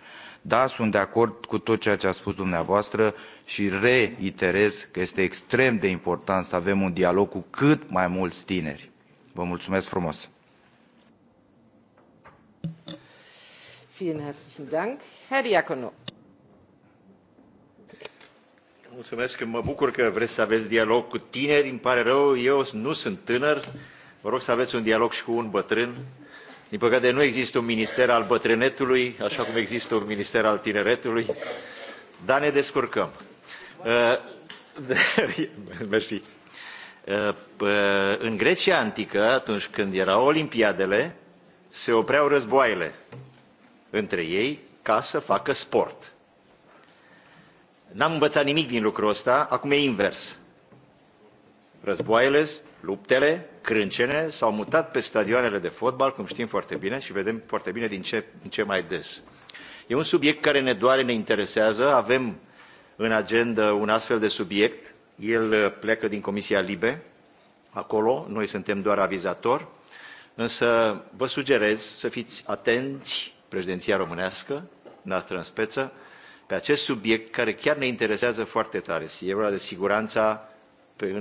Da, sunt de acord cu tot ceea ce a spus dumneavoastră și reiterez că este extrem de important să avem un dialog cu cât mai mulți tineri. Vă mulțumesc frumos! Vielen herzlichen Dank. Herr Diakono. Mulțumesc, mă bucur că vreți să aveți dialog cu tineri, îmi pare rău, eu nu sunt tânăr, vă rog să aveți un dialog și cu un bătrân. Din păcate nu există un minister al bătrânetului, așa cum există un minister al tineretului, dar ne descurcăm. Uh, Mersi. Uh, uh, în Grecia antică, atunci când erau olimpiadele, se opreau războaiele între ei ca să facă sport. N-am învățat nimic din lucrul ăsta, acum e invers. Războaiele, luptele, crâncene s-au mutat pe stadioanele de fotbal, cum știm foarte bine și vedem foarte bine din ce, din ce mai des. E un subiect care ne doare, ne interesează, avem în agenda un astfel de subiect, el uh, pleacă din Comisia Libe, acolo, noi suntem doar avizator, însă vă sugerez să fiți atenți, președinția românească, noastră în speță, pe acest subiect care chiar ne interesează foarte tare. Este vorba de siguranța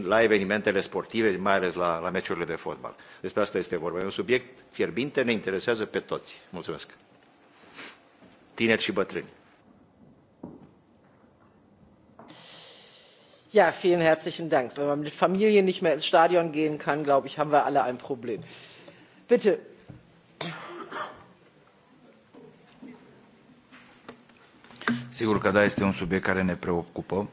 la evenimentele sportive, mai ales la, la meciurile de fotbal. Despre asta este vorba. E un subiect fierbinte, ne interesează pe toți. Mulțumesc. Tineri și bătrâni. Ja, vielen herzlichen Dank. Wenn man mit Familie nicht mehr ins Stadion gehen kann, glaube ich, haben wir alle ein Problem. Bitte. Sigur că da, este un subiect care ne preocupă.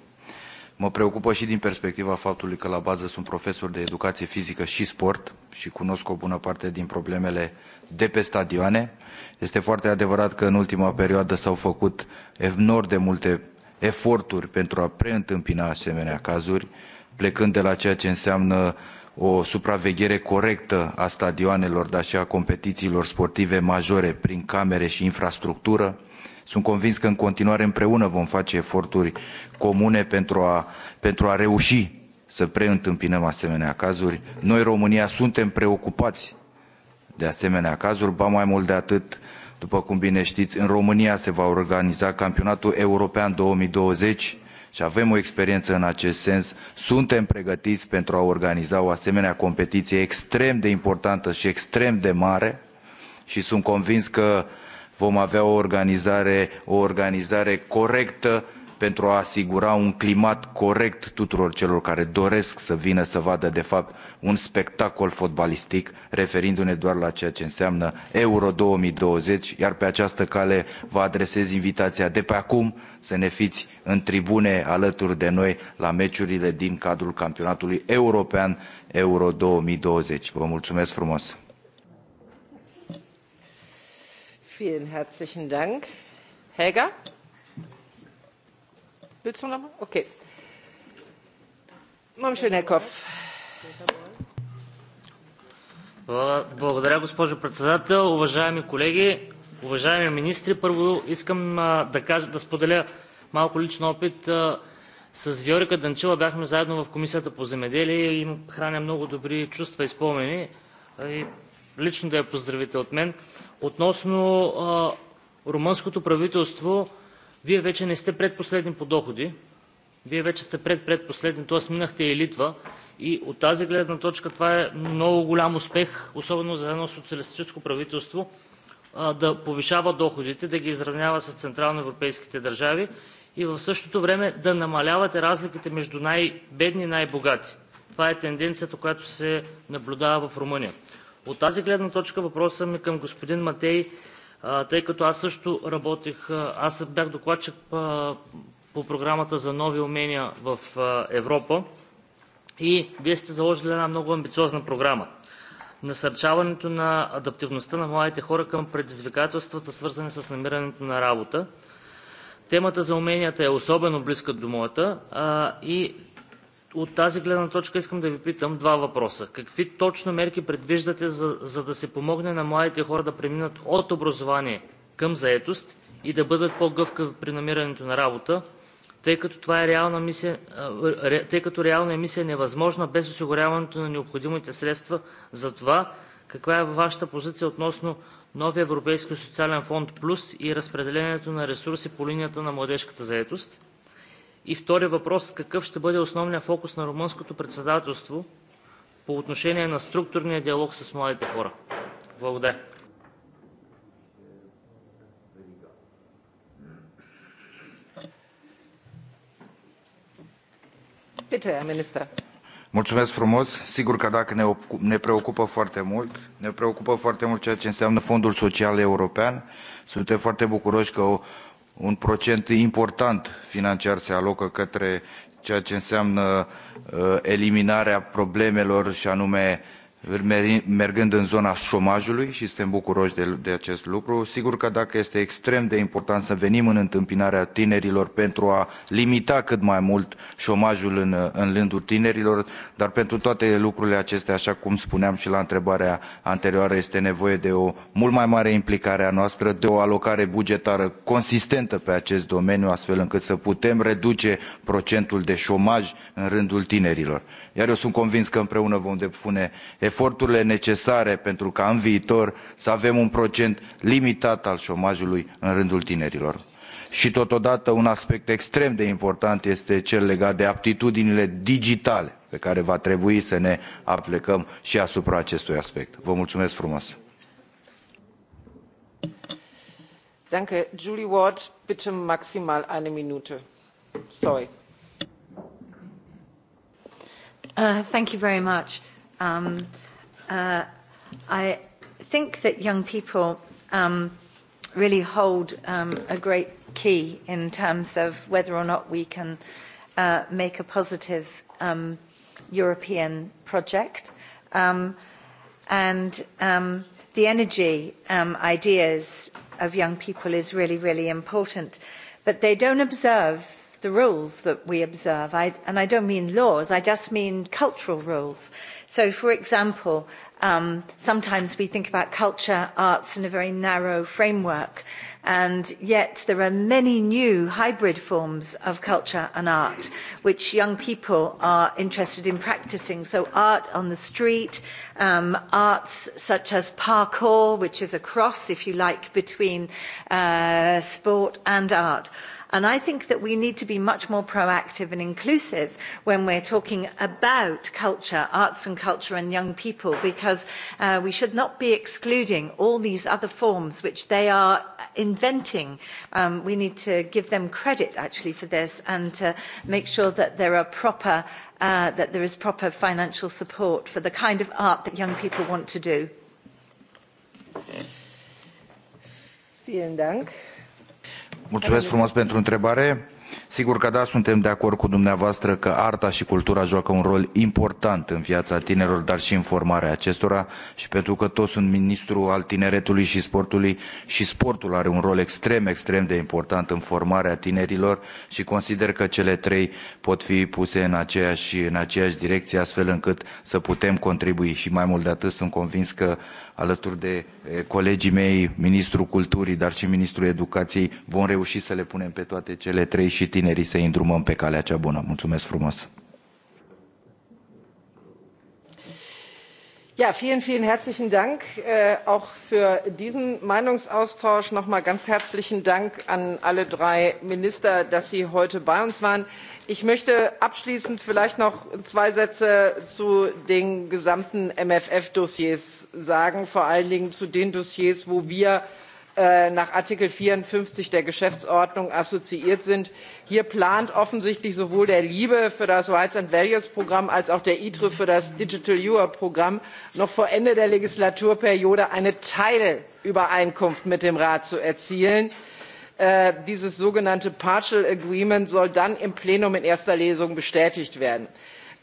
Mă preocupă și din perspectiva faptului că la bază sunt profesor de educație fizică și sport și cunosc o bună parte din problemele de pe stadioane. Este foarte adevărat că în ultima perioadă s-au făcut enorm de multe eforturi pentru a preîntâmpina asemenea cazuri, plecând de la ceea ce înseamnă o supraveghere corectă a stadioanelor, dar și a competițiilor sportive majore prin camere și infrastructură, Sunt convins că în continuare împreună vom face eforturi comune pentru a, pentru a reuși să preîntâmpinăm asemenea cazuri. Noi, România, suntem preocupați de asemenea cazuri, ba mai mult de atât, după cum bine știți, în România se va organiza campionatul european 2020 și avem o experiență în acest sens. Suntem pregătiți pentru a organiza o asemenea competiție extrem de importantă și extrem de mare și sunt convins că vom avea o organizare, o organizare corectă pentru a asigura un climat corect tuturor celor care doresc să vină să vadă, de fapt, un spectacol fotbalistic, referindu-ne doar la ceea ce înseamnă Euro 2020, iar pe această cale vă adresez invitația de pe acum să ne fiți în tribune alături de noi la meciurile din cadrul campionatului european Euro 2020. Vă mulțumesc frumos! Vielen herzlichen Dank. Helga? Willst du noch mal? Okay. Мам Шенеков. Благодаря, госпожо председател. Уважаеми колеги, уважаеми министри, първо искам да кажа, да споделя малко личен опит. с Виорика Данчила бяхме заедно в Комисията по земеделие и им храня много добри чувства и спомени. И лично да я поздравите от мен. Относно а, румънското правителство, вие вече не сте предпоследни по доходи, вие вече сте предпредпоследни, т.е. минахте и Литва. И от тази гледна точка това е много голям успех, особено за едно социалистическо правителство, а, да повишава доходите, да ги изравнява с централноевропейските държави и в същото време да намалявате разликите между най-бедни и най-богати. Това е тенденцията, която се наблюдава в Румъния. От тази гледна точка въпросът ми към господин Матей, тъй като аз също работих, аз бях докладчик по програмата за нови умения в Европа и вие сте заложили една много амбициозна програма. Насърчаването на адаптивността на младите хора към предизвикателствата, свързани с намирането на работа. Темата за уменията е особено близка до моята и от тази гледна точка искам да ви питам два въпроса. Какви точно мерки предвиждате, за, за да се помогне на младите хора да преминат от образование към заетост и да бъдат по-гъвкави при намирането на работа, тъй като, това е реална мисия, тъй като реална мисия е невъзможна без осигуряването на необходимите средства за това, каква е вашата позиция относно новия Европейски социален фонд Плюс и разпределението на ресурси по линията на младежката заетост? И втори въпрос, какъв ще бъде основният фокус на румънското председателство по отношение на структурния диалог с младите хора? Благодаря. Mulțumesc frumos. Sigur că dacă ne, ne preocupă foarte mult, ne preocupă foarte mult ceea ce înseamnă Fondul Social European. Suntem foarte bucuroși că un procent important financiar se alocă către ceea ce înseamnă uh, eliminarea problemelor și anume mergând în zona șomajului și suntem bucuroși de, de acest lucru. Sigur că dacă este extrem de important să venim în întâmpinarea tinerilor pentru a limita cât mai mult șomajul în, în lândul tinerilor, dar pentru toate lucrurile acestea, așa cum spuneam și la întrebarea anterioară, este nevoie de o mult mai mare implicare a noastră, de o alocare bugetară consistentă pe acest domeniu, astfel încât să putem reduce procentul de șomaj în rândul tinerilor iar eu sunt convins că împreună vom depune eforturile necesare pentru ca în viitor să avem un procent limitat al șomajului în rândul tinerilor și totodată un aspect extrem de important este cel legat de aptitudinile digitale pe care va trebui să ne aplicăm și asupra acestui aspect. Vă mulțumesc frumos! Danke. Julie Ward, bitte maximal eine Minute. Sorry. Uh, thank you very much. Um, uh, I think that young people um, really hold um, a great key in terms of whether or not we can uh, make a positive um, European project. Um, and um, the energy um, ideas of young people is really, really important. But they don't observe the rules that we observe. I, and I don't mean laws, I just mean cultural rules. So, for example, um, sometimes we think about culture, arts in a very narrow framework. And yet there are many new hybrid forms of culture and art, which young people are interested in practicing. So art on the street, um, arts such as parkour, which is a cross, if you like, between uh, sport and art And I think that we need to be much more proactive and inclusive when we're talking about culture, arts and culture and young people, because uh, we should not be excluding all these other forms which they are inventing. Um, we need to give them credit actually for this and to make sure that there are proper uh, that there is proper financial support for the kind of art that young people want to do. Vielen Dank. Mulțumesc frumos pentru întrebare. Sigur că da, suntem de acord cu dumneavoastră că arta și cultura joacă un rol important în viața tinerilor, dar și în formarea acestora și pentru că toți sunt ministru al tineretului și sportului și sportul are un rol extrem, extrem de important în formarea tinerilor și consider că cele trei pot fi puse în aceeași, în aceeași direcție astfel încât să putem contribui și mai mult de atât sunt convins că alături de e, colegii mei, Ministrul Culturii, dar și Ministrul Educației, vom reuși să le punem pe toate cele trei și tinerii să i îndrumăm pe calea cea bună. Mulțumesc frumos! Ja, vielen, vielen herzlichen Dank äh, auch für diesen Meinungsaustausch. Nochmal ganz herzlichen Dank an alle drei Minister, dass sie heute bei uns waren ich möchte abschließend vielleicht noch zwei sätze zu den gesamten mfr dossiers sagen vor allen dingen zu den dossiers wo wir äh, nach artikel vierundfünfzig der geschäftsordnung assoziiert sind. hier plant offensichtlich sowohl der libe für das rights and values programm als auch der itre für das digital europe programm noch vor ende der legislaturperiode eine teilübereinkunft mit dem rat zu erzielen. Äh, dieses sogenannte Partial Agreement soll dann im Plenum in erster Lesung bestätigt werden.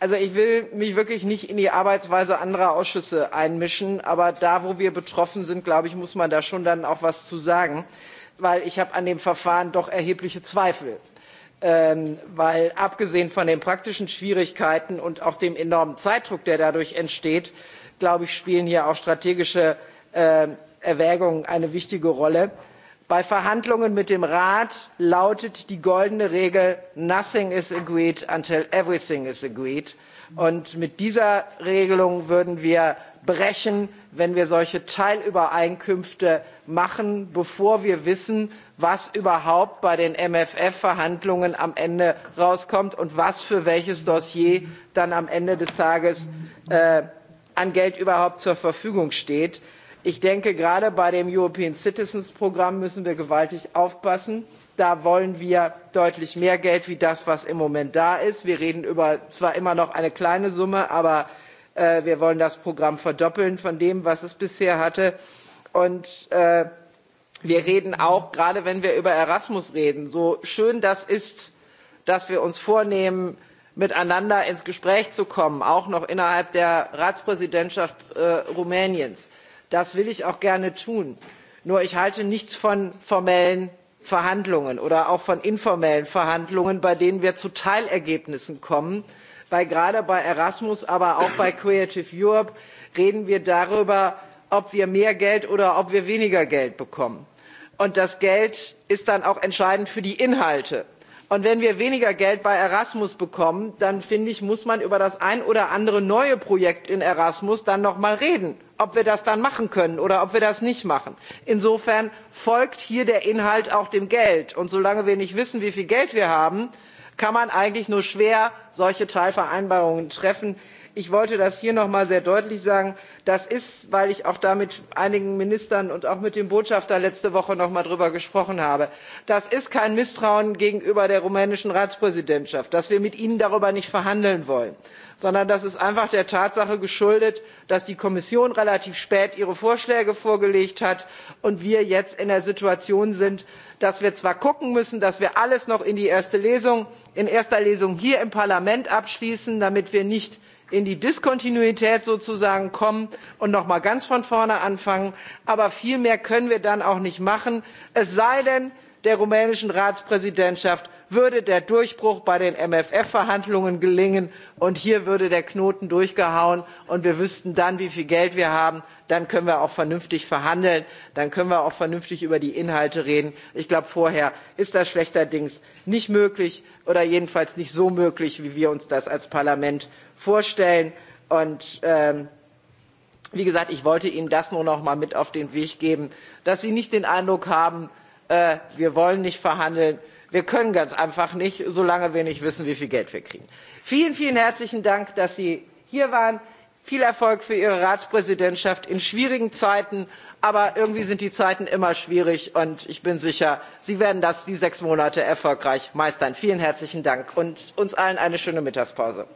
Also ich will mich wirklich nicht in die Arbeitsweise anderer Ausschüsse einmischen, aber da, wo wir betroffen sind, glaube ich, muss man da schon dann auch was zu sagen, weil ich habe an dem Verfahren doch erhebliche Zweifel. Ähm, weil abgesehen von den praktischen Schwierigkeiten und auch dem enormen Zeitdruck, der dadurch entsteht, glaube ich, spielen hier auch strategische äh, Erwägungen eine wichtige Rolle bei verhandlungen mit dem rat lautet die goldene regel nothing is agreed until everything is agreed und mit dieser regelung würden wir brechen wenn wir solche teilübereinkünfte machen bevor wir wissen was überhaupt bei den mfr verhandlungen am ende rauskommt und was für welches dossier dann am ende des tages äh, an geld überhaupt zur verfügung steht ich denke gerade bei dem european citizens programm müssen wir gewaltig aufpassen da wollen wir deutlich mehr geld als das was im moment da ist. wir reden über zwar immer noch eine kleine summe aber äh, wir wollen das programm verdoppeln von dem was es bisher hatte und äh, wir reden auch gerade wenn wir über erasmus reden so schön das ist dass wir uns vornehmen miteinander ins gespräch zu kommen auch noch innerhalb der ratspräsidentschaft äh, rumäniens das will ich auch gerne tun nur ich halte nichts von formellen verhandlungen oder auch von informellen verhandlungen bei denen wir zu teilergebnissen kommen weil gerade bei erasmus aber auch bei creative europe reden wir darüber ob wir mehr geld oder ob wir weniger geld bekommen. und das geld ist dann auch entscheidend für die inhalte. und wenn wir weniger geld bei erasmus bekommen dann finde ich muss man über das ein oder andere neue projekt in erasmus dann noch mal reden ob wir das dann machen können oder ob wir das nicht machen. insofern folgt hier der inhalt auch dem geld und solange wir nicht wissen wie viel geld wir haben kann man eigentlich nur schwer solche teilvereinbarungen treffen ich wollte das hier noch mal sehr deutlich sagen das ist weil ich auch da mit einigen ministern und auch mit dem botschafter letzte woche noch mal darüber gesprochen habe das ist kein misstrauen gegenüber der rumänischen ratspräsidentschaft dass wir mit ihnen darüber nicht verhandeln wollen sondern das ist einfach der tatsache geschuldet dass die kommission relativ spät ihre vorschläge vorgelegt hat und wir jetzt in der situation sind dass wir zwar gucken müssen dass wir alles noch in erster lesung hier im parlament abschließen damit wir nicht in die Diskontinuität sozusagen kommen und nochmal ganz von vorne anfangen. Aber viel mehr können wir dann auch nicht machen. Es sei denn, der rumänischen ratspräsidentschaft würde der durchbruch bei den mfr verhandlungen gelingen und hier würde der knoten durchgehauen und wir wüssten dann wie viel geld wir haben dann können wir auch vernünftig verhandeln dann können wir auch vernünftig über die inhalte reden. ich glaube vorher ist das schlechterdings nicht möglich oder jedenfalls nicht so möglich wie wir uns das als parlament vorstellen. und ähm, wie gesagt ich wollte ihnen das nur noch mal mit auf den weg geben dass sie nicht den eindruck haben äh, wir wollen nicht verhandeln. Wir können ganz einfach nicht, solange wir nicht wissen, wie viel Geld wir kriegen. Vielen, vielen herzlichen Dank, dass Sie hier waren. Viel Erfolg für Ihre Ratspräsidentschaft in schwierigen Zeiten. Aber irgendwie sind die Zeiten immer schwierig und ich bin sicher, Sie werden das die sechs Monate erfolgreich meistern. Vielen herzlichen Dank und uns allen eine schöne Mittagspause.